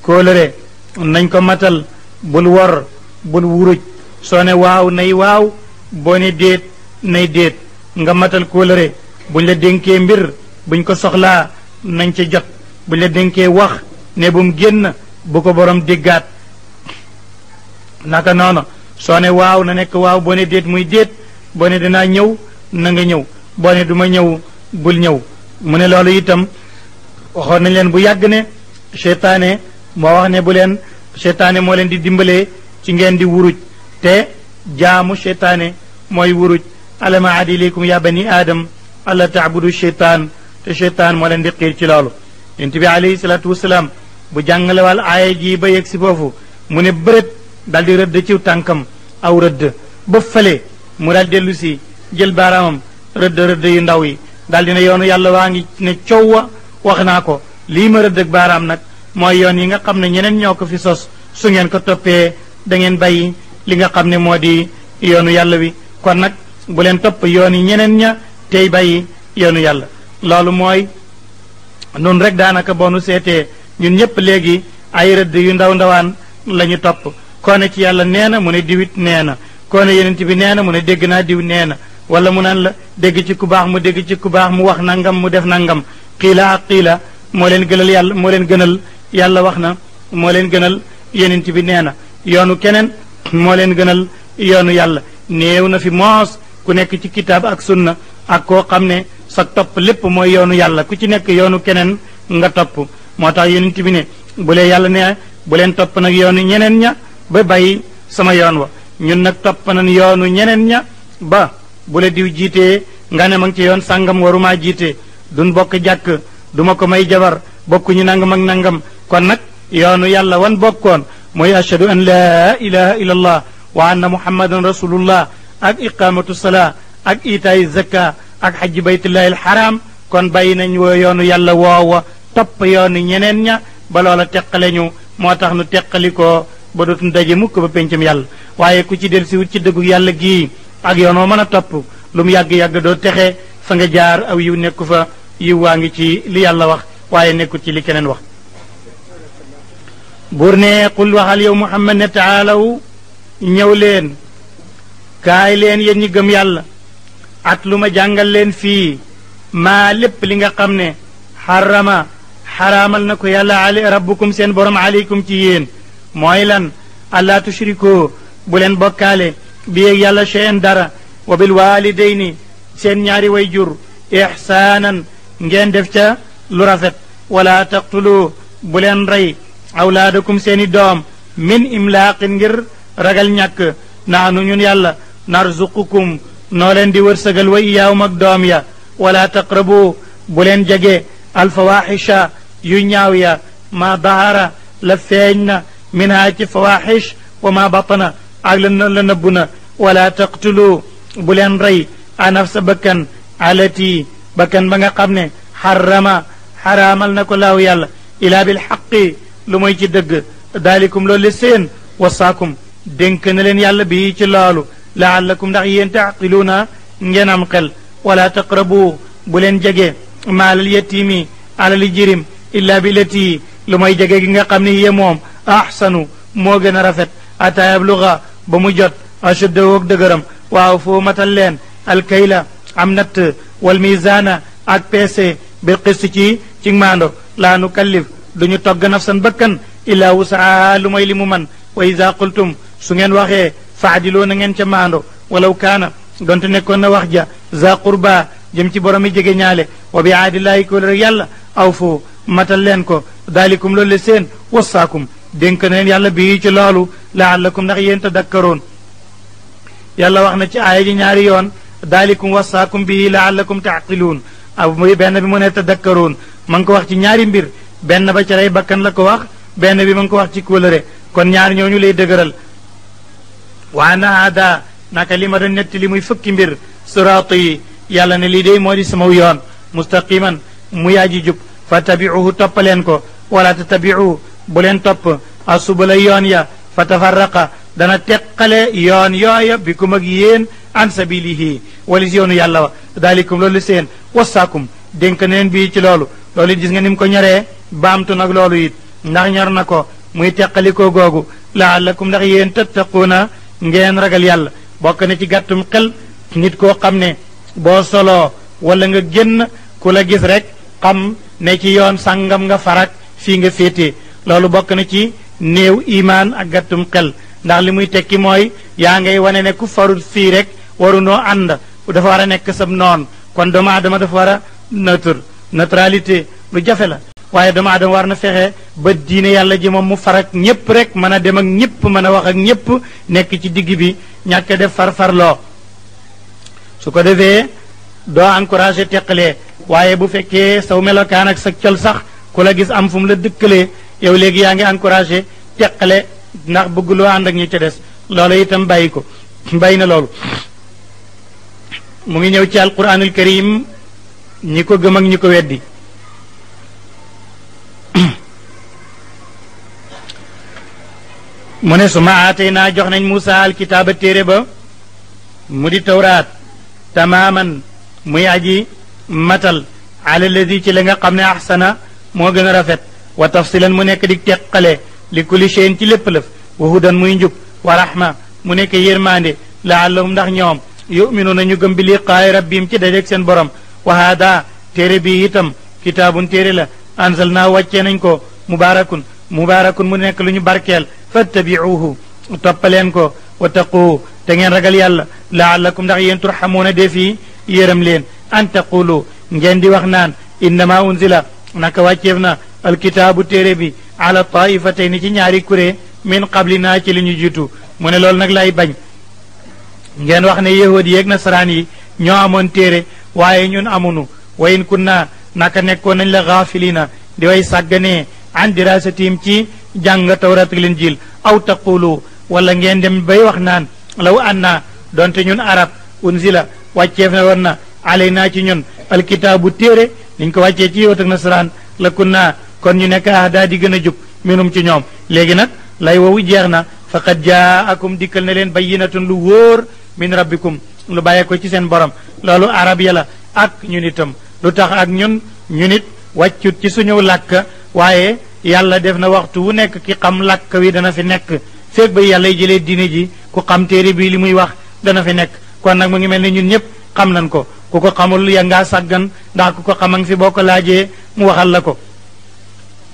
A: ko lere nañ ko matal bul wor bul wuruj sone waw nay waw boni det nay det nga matal lere buñ la denké mbir buñ ko soxla nañ ci jot buñ la denké wax ne bu mu génn bu ko boroom déggaat naka noonu soo ne waaw na nekk waaw boone déet muy déet boo ne dinaa ñëw na nga ñëw boone ne du ma ñëw bul ñëw mu ne loolu itam waxoon nañ leen bu yàgg ne seytaane moo wax ne bu leen seytaane moo leen di dimbalee ci ngeen di wuruj te jaamu seytaane mooy wuruj alama adilikum ya bani aadam bu taabudu seytaan te seytaan moo leen di xiir ci loolu yonent bi alayhi salaatu bu jàngalewal aaya jii ba yegg si foofu mu ne bërét dal di rëdd ci tànkam aw rëdd ba fële mu daal dellu jël baaraamam rëdd rëdd yu ndaw yi daal di yoonu yàlla waa ngi ne cowwa wax naa ko lii ma rëdd ak baaraam nag mooy yoon yi nga xam ne ñeneen ñoo ko fi sos su ngeen ko toppee da ngeen bàyyi li nga xam ne moo di yoonu yàlla wi kon nag bu leen topp yoon yi ñeneen ña tey bàyyi yoonu yàlla loolu mooy nun rek daanaka boo seetee ñun ñëpp léegi ay rëdd yu ndaw ndawaan la ñu topp koone ci yàlla nee na mu ne diwit nee na koone yenent bi nee na mu ne dégg naa diw neena na wala mu naan la dégg ci ku baax mu dégg ci ku baax mu wax nangam mu def nangam xiila ak xiila moo leen gënal yàlla moo leen gënal yàlla wax na moo leen gënal yenent bi nee na yoonu keneen moo leen gënal yoonu yàlla néew na fi moos ku nekk ci kitaab ak sunna ak koo xam ne sa topp lépp mooy yoonu yàlla ku ci nekk yoonu keneen nga topp moo tax yonent bi ne bu leen yàlla ne bu leen topp nag yoonu ñeneen ña ba bàyyi sama yoon wa ñun nag topp nañ yoonu ñeneen ña ba bu diw jiitee nga ne ma ngi ci yoon sàngam warumaa jiite duñ bokk jàkk du ko may jabar bokkuñu nangam ak nangam kon nag yoonu yàlla wan bokkoon mooy ashhadu an laa ilaha illa allah wa anna muhammadan rasulullah ak iqamatu salaa ak itaayi zakka ak xajji baytullahi alxaram kon bàyyi nañ woo yoonu yàlla woow topp yoonu ñeneen ña ba loola teqale ñu moo tax nu teqali ko ba dootuñu daje mukk ba pencam yàlla waaye ku ci del si wut ci dëggu yàlla gii ak yoon woo mën a topp lu mu yàgg-yàgg doo texe fa nga jaar aw yiw nekku fa yiw waa ngi ci li yàlla wax waaye nekkul ci li keneen wax buur ne qul waxal yow muhammad ne taalaw ñëw leen kaay leen yéen ñi gëm yàlla at lu ma jàngal leen fii maa lépp li nga xam ne xarama xaraamal na ko yàlla ali rabbukum seen borom aleykum ci yéen mooy lan allah tushriko bu leen bokkaale bi yéeg yàlla cheyan dara wa bil walidayni seen ñaari way jur ixsaanan ngeen def ca lu rafet wala taqtulu bu leen rey awlaadakum seeni doom min imlaaqin ngir ragal ñàkk naanu ñun yàlla narzuqukum noo leen di wërsëgal wa iyaawum ak doom ya wala taqrabu bu leen jege alfawaxisha ينياويا ما ظهر لفينا منها فواحش وما بطن أغلن لنبنا ولا تقتلوا بلان ري نفس بكن التي بكن بغا قمنا حرم حرامل نكلاو يلا إلا بالحق لمي دق ذلكم لو لسين وصاكم دنكن لن يال بي لالو لعلكم دعين تعقلون نجنام قل ولا تقربوا بلن جگه مال اليتيمي على الجرم illa billati lu may gi nga xam ne hiya ahsanu moo gën a rafet ata yabluga ba mu jot ashudda woog dëgëram waaw foo matal leen alkayla am natt wal misana ak peese bil qist ci ci maando laa nu kallif duñu togg nafsan bakkan illa wusaa lu may man wa ida qultum su ngeen waxee faadiloo na ngeen ca maando walaw kaana donte nekkoon na wax ja za qurba jëm ci boromi jege ñaale wa bi aadillahi ko yàlla aw matal len ko dalikum lol sen wasakum dénk na leen yàlla bi ci loolu laallakum ndax yent tadakkaroon yàlla waxna ci aaya ji ñaari yoon daalikum wasaakum bii laallakum taaqiluun aw ben bi mo ne tadakkaroon ma ko wax ci ñaari mbir ben ba ci ray bakkan la ko wax ben bi man ko wax ci kóolëre kon ñoo ñu lay degeural wa na hada na kalima ma net li muy fukki mbir sirati yàlla ne li dey modi sama yoon mustaqiman mu yaaji jup fattabicuhu toppaleen ko wala tattabicu bu leen topp la yoon ya fa tafarraqa dana teqale yoon yooya bi kum ak yéen an sabilihi walis yoonu yàlla wa daalikum loolu seen wasaakum dénk neen bii ci loolu loolu it gis nga ni ko ñoree baamtu nag loolu it ndax ñor na ko muy teqalikoo googu laallakum ndax yéen tattaquuna ngeen ragal yàlla bokk na ci gàttum xel nit koo xam ne boo solo wala nga génn ku la gis rek xam ne ci yoon sàngam nga farak fii nga féete loolu bokk na ci néew imaan ak gàttum xel ndax li muy tekki mooy yaa ngay wane ne ku farut fii rek warunoo ànd dafa war nekk sam noon kon doomu aadama dafa war a neutre neutralité lu jafe la waaye doomu aadama war na fexe ba diine yàlla ji moom mu farak ñépp rek mën a dem ak ñépp mën a wax ak ñépp nekk ci digg bi ñàkk def farfarloo su ko defee doo encouragé teqalee waaye bu fekkee saw melokaan ak sa col sax ku la gis am fu mu la dëkkalee yow léegi yaa ngi encouragé teqale ndax bëgg loo ànd ak ñu ca des loolu itam bàyyi ko bàyyi na loolu mu ngi ñëw ci alquranul karim ñi ko gëm ak ñi ko weddi mu ne su ma aatey naa jox nañ Muusa alkitaaba téere ba mu di tawraat tamaaman muy aji matal ala ladi ci la nga xam ne ahsana moo gën a rafet wa tafsilan mu nekk di teqale li kulli shay'in ci lépp lëf wa hudan muy njub wa rahma mu nekk yërmande laallahum ndax ñoom yuminuuna ñu gëm bi liqaay rabbihim ci dajeeg seen borom wa hada téere bi itam kitaabun téere la anzalna naa wàccee nañ ko mubarakun mubarakun mu nekk lu ñu barkeel fattabiuhu toppaleen ko wa taquu te ngeen ragal yàlla laallakum ndax yéen turxamuuna def yi leen an taqulu ngeen di wax naan innama unzila naka wàcceef na alkitaabu téere bi ala taifatayni ci ñaari kuré min qablina ci li ñu jiitu mu ne lool nag lay bañ ngeen wax ne yahud na saraan yi ñoo amoon téere waaye ñun amunu wa in kunna naka nekkoon nañ la gaafilina di way sàgganee an dirasatihim ci jàng tawrat ak linjil aw taqulu walla ngeen dem bay wax naan law anna donte ñun arab unzila wàcceef na woon alay naa ci ñun alkitaabu téere niñ ko wàccee ci yowat na nasaraan la kun naa kon ñu nekk ah daa di gën a jub minum ci ñoom léegi nag lay wowu jeex na faqad jaakum dikkal na leen bayyinatun lu wóor min rabbikum lu bàyyee ko ci seen borom loolu arab ya la ak ñun itam lu tax ak ñun ñu nit wàccut ci suñu làkk waaye yàlla def na waxtu wu nekk ki xam làkk wi dana fi nekk feeg ba yàlla jëlee diine ji ku xam téere bii li muy wax dana fi nekk kon nag mu ngi mel ne ñun ñëpp xam nañ ko ku ko xamul ya ngaa sàggan ndax ku ko xamang fi boo ko laajee mu waxal la ko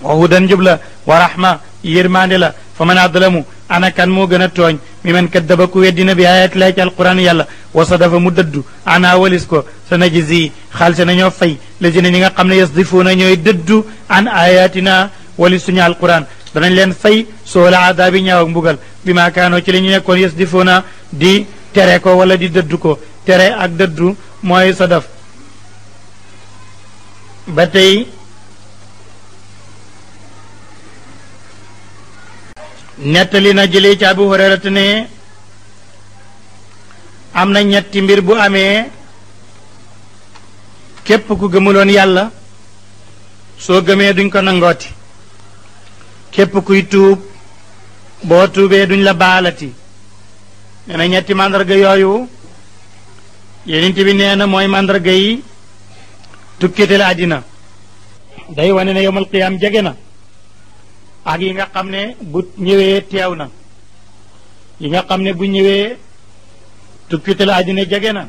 A: wa hudan jub la wa rahma yërmaande la fa man adlamu ana kan moo gën a tooñ mi man kaddaba ku weddina bi ayat laa ci alquran yàlla wa sadafa mu dëddu ana walis ko sa najzi xaalis nañoo fay lazina ñi nga xam ne yasdifuuna ñooy dëddu an ayatina walis suñu alquran danañ leen fay soo la adaabi ñaaw mbugal bi ma kaanoo ci la ñu nekkoon yasdifuuna di tere ko wala di dëddu ko tere ak dëddu mooy sadaf ba tey nettali na jëlee bu abu hurayrata ne am na ñetti mbir bu amee képp ku gëmuloon yàlla soo gëmee duñ ko nangooti képp kuy tuub boo tuubee duñ la baalati nee ñetti màndarga yooyu yonent bi nee na mooy màndarga yi tukkitel àddina day wane ne yowmal qiyaam jege na ak yi nga xam ne bu ñëwee teew na yi nga xam ne bu ñëwee tukkitel àddina jege na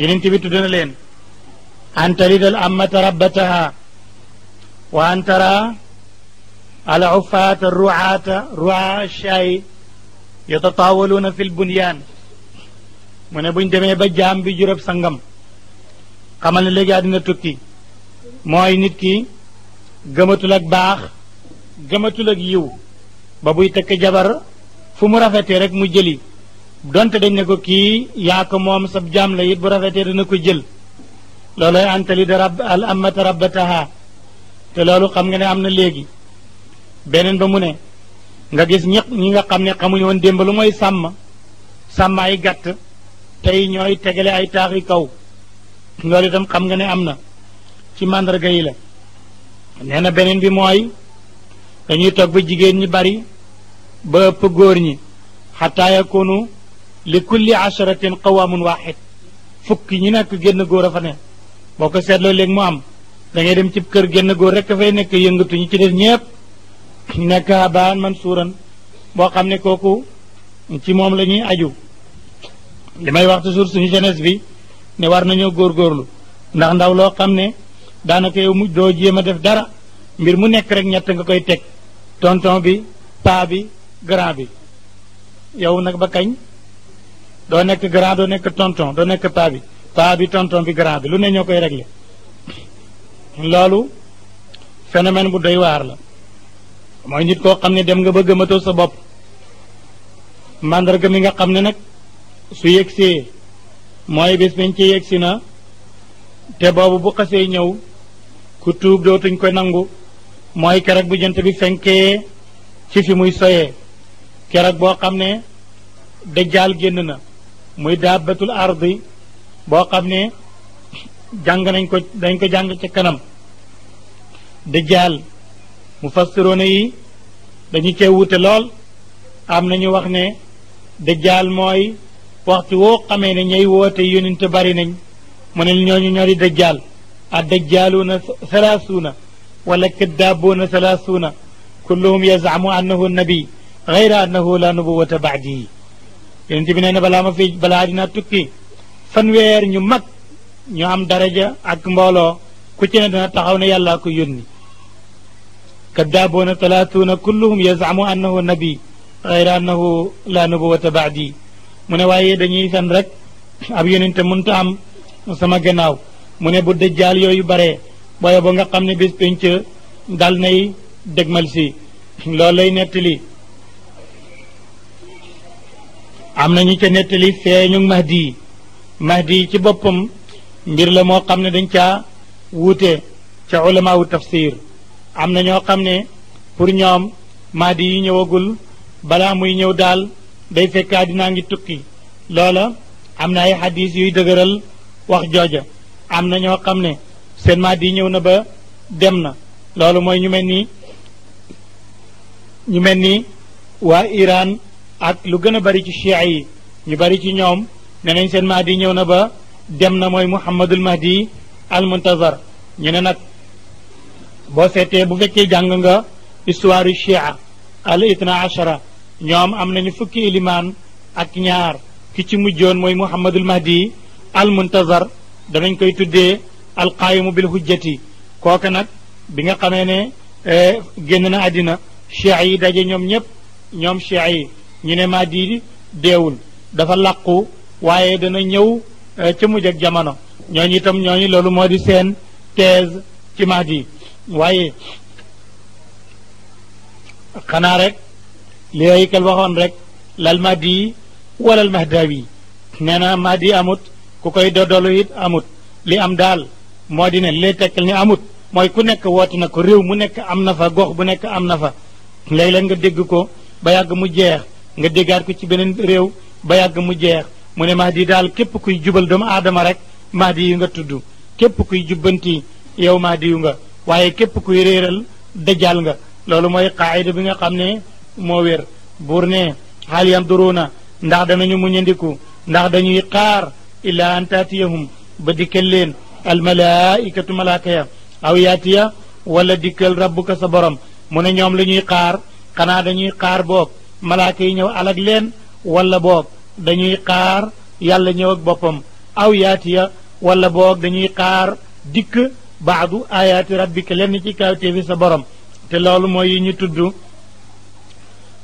A: yonent bi tudd na leen an talidal ammata rabbataha wa an tara al ufaata ruaata ruaa shaay yatataawaluuna fi lbunyaan mu ne buñ demee ba jaam bi juróom sangam xamal ne léegi àddina tukki mooy nit ki gëmatul ak baax gëmatul ak yiw ba buy tekk jabar fu mu rafetee rek mu jëli donte dañ ne ko kii yaa ko moom sab jaam la it bu rafetee dina ko jël loolu antali da rab al amata rabbataha te loolu xam nga ne am na léegi beneen ba mu ne nga gis ñi ñi nga xam ne xamuñu woon démb lu mooy sàmm sàmm ay gàtt tey ñooy tegale ay taaxi kaw loolu itam xam nga ne am na ci màndarga yi la nee na beneen bi mooy dañuy toog ba jigéen ñi bari ba ëpp góor ñi xataa yakunu li kulli asharatin qawaamun waaxid fukki ñu nekk génn góor a fa ne boo ko seetloo léegi mu am da dem ci kër génn góor rek fay nekk yëngatu ñi ci def ñépp nekk abaan man suuran boo xam ne kooku ci moom la ñuy aju li may wax toujours suñu jeunesse bi ne war nañoo góor góorlu ndax ndaw loo xam ne daanaka yow mu doo jéem a def dara mbir mu nekk rek ñett nga koy teg tonton bi paa bi grand bi yow nag ba kañ doo nekk grand doo nekk tonton doo nekk paa bi paa bi tonton bi grand bi lu ne ñoo koy réglé loolu phénomène bu doy waar la mooy nit koo xam ne dem nga bëgg a matoo sa bopp màndarga mi nga xam ne nag su yëgsee mooy bés bañ ci yëgsi na te boobu bu xasee ñëw ku tuub dootuñ ko nangu mooy keroog bu jant bi fenkee ci fi muy soyee keroog boo xam ne dajjaal génn na muy daabatul ardi boo xam ne jàng nañ ko dañ ko jàng ca kanam dajjaal mufassiroona yi dañu cee wute lool am nañu wax ne dajjaal mooy waxtu woo xamee ne ñay woote yonent bari nañ mu ne ñooñu ñoo di dajjaal a dajjaaluuna salaasuuna wala kaddaabuuna salaasuuna kulluhum yazamu annahu nabi gayra annahu la nubuwata baadihi yonent bi nee na balaa ma fi balaa dina tukki fanweer ñu mag ñu am daraja ak mbooloo ku ci ne dana taxaw ne yàllaa ko yónni kaddaabuuna salaasuuna kulluhum yazamu annahu nabi gayra annahu la nubuwata baadihi mu ne waaye dañuy fen rek ab yonente mënta am sama gannaaw mu ne bu dëjjaal yooyu bare booye ba nga xam ne bis pénc dal nay mal si lool lay nettali am na ñu ca nettali feeñu mahdi mahdi ci boppam mbir la moo xam ne dañ caa wuute ca ulamaawu tafsir am na ñoo xam ne pour ñoom mahdi yi ñëwagul balaa muy ñëw daal day fekk dinaa ngi tukki loola am na ay xadis yuy dëgëral wax jooja am na ñoo xam ne seen mahdi ñëw na ba dem na loolu mooy ñu mel ni ñu mel ni waa Iran ak lu gën a bari ci chia yi ñu bari ci ñoom ne nañ seen mahdi ñëw na ba dem na mooy muhammadul mahdi al muntazar ñu ne nag boo seetee bu fekkee jàng nga histoire yu a al itna achara ñoom am nañu fukki ilimaan ak ñaar ki ci mujjoon mooy muhammadul mahdi al muntazar danañ koy tuddee alqaayimu bil hujjati kooka nag bi nga xamee ne eh, génn na àddina cheikh yi daje ñoom ñëpp ñoom cheikh yi ñu ne mahdi deewul dafa làqu waaye dana ñëw eh, ca mujj ak jamono ñooñu itam ñooñu loolu moo di seen thèse ci mahdi waaye xanaa rek li ay kel waxoon rek lal mahdi yi walal mahdaawi nee na mahdi amut ku koy dodolu it amut li am daal moo di ne li lay tekkal ni amut mooy ku nekk woote na ko réew mu nekk am na fa gox bu nekk am na fa léeg leen nga dégg ko ba yàgg mu jeex nga déggaat ko ci beneen réew ba yàgg mu jeex mu ne mahdi daal képp kuy jubal doomu aadama rek mahdi yu nga tudd képp kuy jubbanti yow mahdi yu nga waaye képp kuy réeral dajal nga loolu mooy qaayida bi nga xam ne moo wér buur ne xaal na ndax danañu muñandiku ndax dañuy xaar illaa an taatiyahum ba dikkal leen almalaaikatu malaaka ya aw ya wala dikkal rabbuka sa borom mu ne ñoom la ñuy xaar xanaa dañuy xaar boog malaaka yi ñëw alag leen wala boog dañuy xaar yàlla ñëw ak boppam aw yaatiya wala boog dañuy xaar dikk baadu ayaati rabbika lenn ci kaw sa borom te loolu mooy yi ñu tudd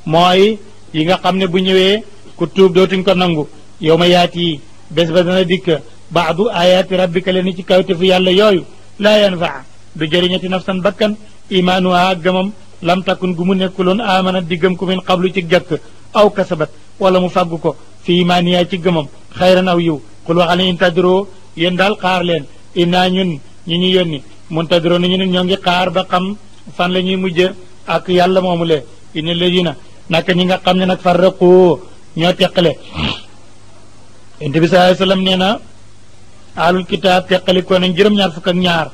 A: mooy yi nga xam ne bu ñëwee ku tuub dootuñ ko nangu yow ma yaat yi bés ba dana dikk baadu ayaati rabbika leen ci kawtefu yàlla yooyu laa yanfaa du jëriñati nafsan bakkan imaanuha gëmam lam takkun gu mu nekkuloon aamanat di gëm ku min xablu ci jëkk aw kasabat wala mu fàggu ko fi imaaniya ci gëmam xayran aw yiw xul waxal ne intadiroo yéen daal xaar leen innaa ñun ñi ñu yónni muntadiroo na ñu ne ñoo ngi xaar ba xam fan la ñuy mujj ak yàlla moomu le inna ladina naka ñi nga xam ne nag farraqu ñoo teqale yonent bi sallallahu alayhi nee na alul kitaab teqali ko nañ juróom-ñaar fukk ak ñaar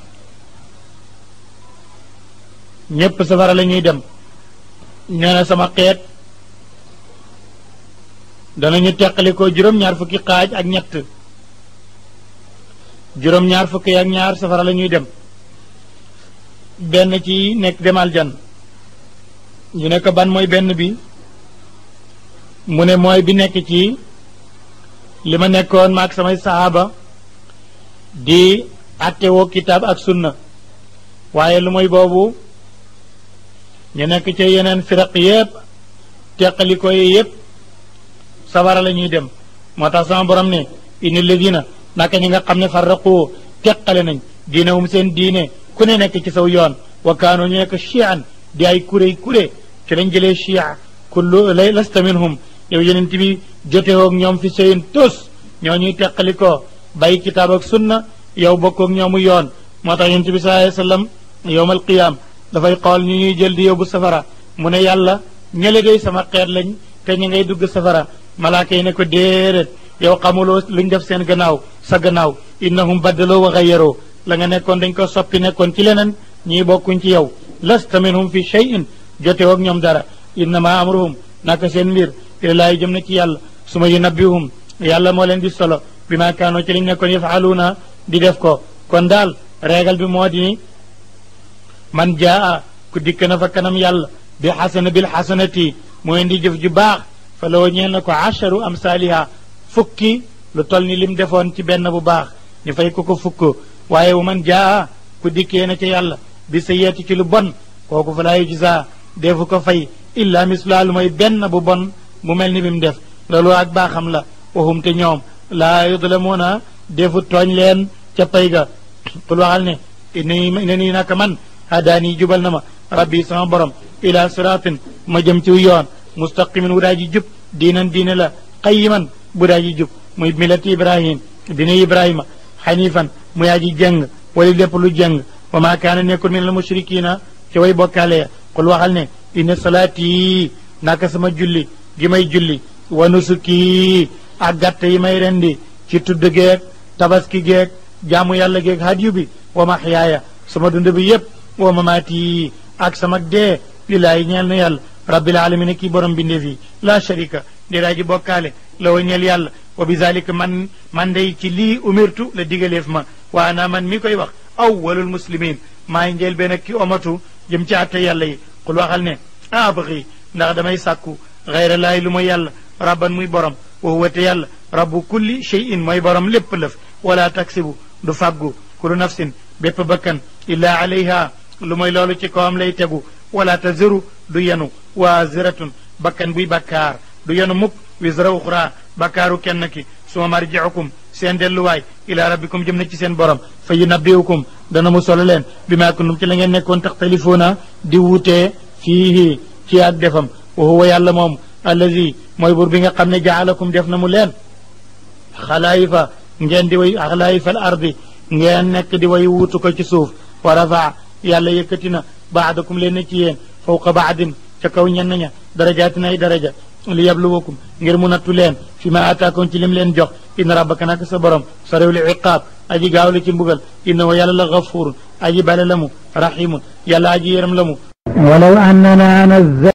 A: ñépp safara la dem nee na sama xeet danañu teqali ko juróom-ñaar fukki xaaj ak ñett juróom-ñaar fukki ak ñaar safara la ñuy dem benn ci nekk demal jan ñu ne ban mooy benn bi mu ne mooy bi nekk ci li ma nekkoon ak samay saaba di attewoo kitaab ak sunna waaye lu mooy boobu ñu nekk ca yeneen firaq yépp teqaliko yi yépp sawara la ñuy dem moo tax sama borom ne inna na naka ñi nga xam ne farraqu teqale nañ diinahum seen diine ku ne nekk ci saw yoon wa kaanu ñu nekk chian di ay kuré kuré ci lañ jëlee chia kullu lay lasta minhum yow yeneen bi jotewoog ñoom fi seyin tos ñoo ñuy teqalikoo bàyyi kitaab ak sunna yow bokkoog ñoomu yoon moo tax yenent bi sa alayhi wasallam yowmal qiyaam dafay xool ñu ñuy jël di yóbbu safara mu ne yàlla ñële day sama xeet lañ te ñu ngay dugg safara malaaka yi ne ko déedéet yow xamuloo lu ñu def seen gannaaw sa gannaaw innahum baddaloo wa xayyaroo la nga nekkoon dañ ko soppi nekkoon ci leneen ñii bokkuñ ci yow لست منهم في شيء جوتيوك نيوم دارا إنما أمرهم ناك سين مير إلى الله جمنك يالا ثم ينبيهم يالا مولين دي صلو بما كانوا تلين يكون يفعلونا دي دفكو كون دال ريغل بموديني من جاء كدك نفكنم يالا بحسن بالحسنة موين دي جف جباخ فلو نينكو عشر أمثالها فكي lu tol ni lim defoon ci benn bu baax ñu fay ko ko fukk waaye wu man jaa ku bi sayyiati ci lu bon kooku fa laa yujzaa defu ko fay illa mislaa lu may benn bu bon bu mel ni bi mu def loolu ak baaxam la waxum te ñoom laa yudlamuuna defu tooñ leen ca pay ga qul waxal ne inni nii naka man hadaani jubal na ma rabbi sama borom ila siraatin ma jëm ci yoon mustaqimin wu daa ji jub diinan diine la qayiman bu daa ji jub muy milati ibrahim dina ibrahima xanifan mu yaa ji jëng wala lépp lu jëng wa maa kaana nekkul min al mushrikiina ci way bokkaale qul waxal ne inna salaati naka sama julli gi may julli wa nusuki ak gàtt yi may rendi ci tudd geeg tabaski geeg jaamu yàlla geeg hadiyu bi wa mahyaaya sama dund bi yépp wa mamaati ak sama dee lillaahi ñeel na yàlla rabbil alamin kii borom bindee fi la sharika déraa bokkaale la wa ñeel yàlla wa bi zalika man man day ci lii umirtu la digaleef ma waa naa man mi koy wax أول المسلمين ما ينجيل بينك كي أمتو يمتع كي قل وخل ني أبغي نغدم يساكو غير الله لما يال ربا مي برم وهو تيال رب كل شيء مي برم لب لف ولا تكسبو دفاقو كل نفس بيب بكن إلا عليها لما يلالو كي قوام لي ولا تزرو دوينو وازرة بكن بي بكار دوينو مك وزر أخرى بكارو كنكي سوما رجعكم seen delluwaay ila rabbikum jëm na ci seen borom fa yu nabbiukum dana mu solo leen bi maa kuntum ci la ngeen nekkoon tax talifoona di wutee fii ci ak defam wa huwa yàlla moom allazi mooy buur bi nga xam jaalakum def mu leen xalaayifa ngeen di way xalaayifal ardi ngeen nekk di way wuutu ko ci suuf wa rafa yàlla yëkkati na baadakum ci yéen fawqa baadin ca kaw ñenn ña darajaatin ay daraja li yabluwakum ngir mu nattu leen fi ma ataakum ci lim leen jox inna rabbaka nak sa borom sariw li iqaab aji gaaw li ci mbugal innahu yàlla la gafuurun aji bale la mu rahimun yàlla aji yërëm la mu walaw annana nazzal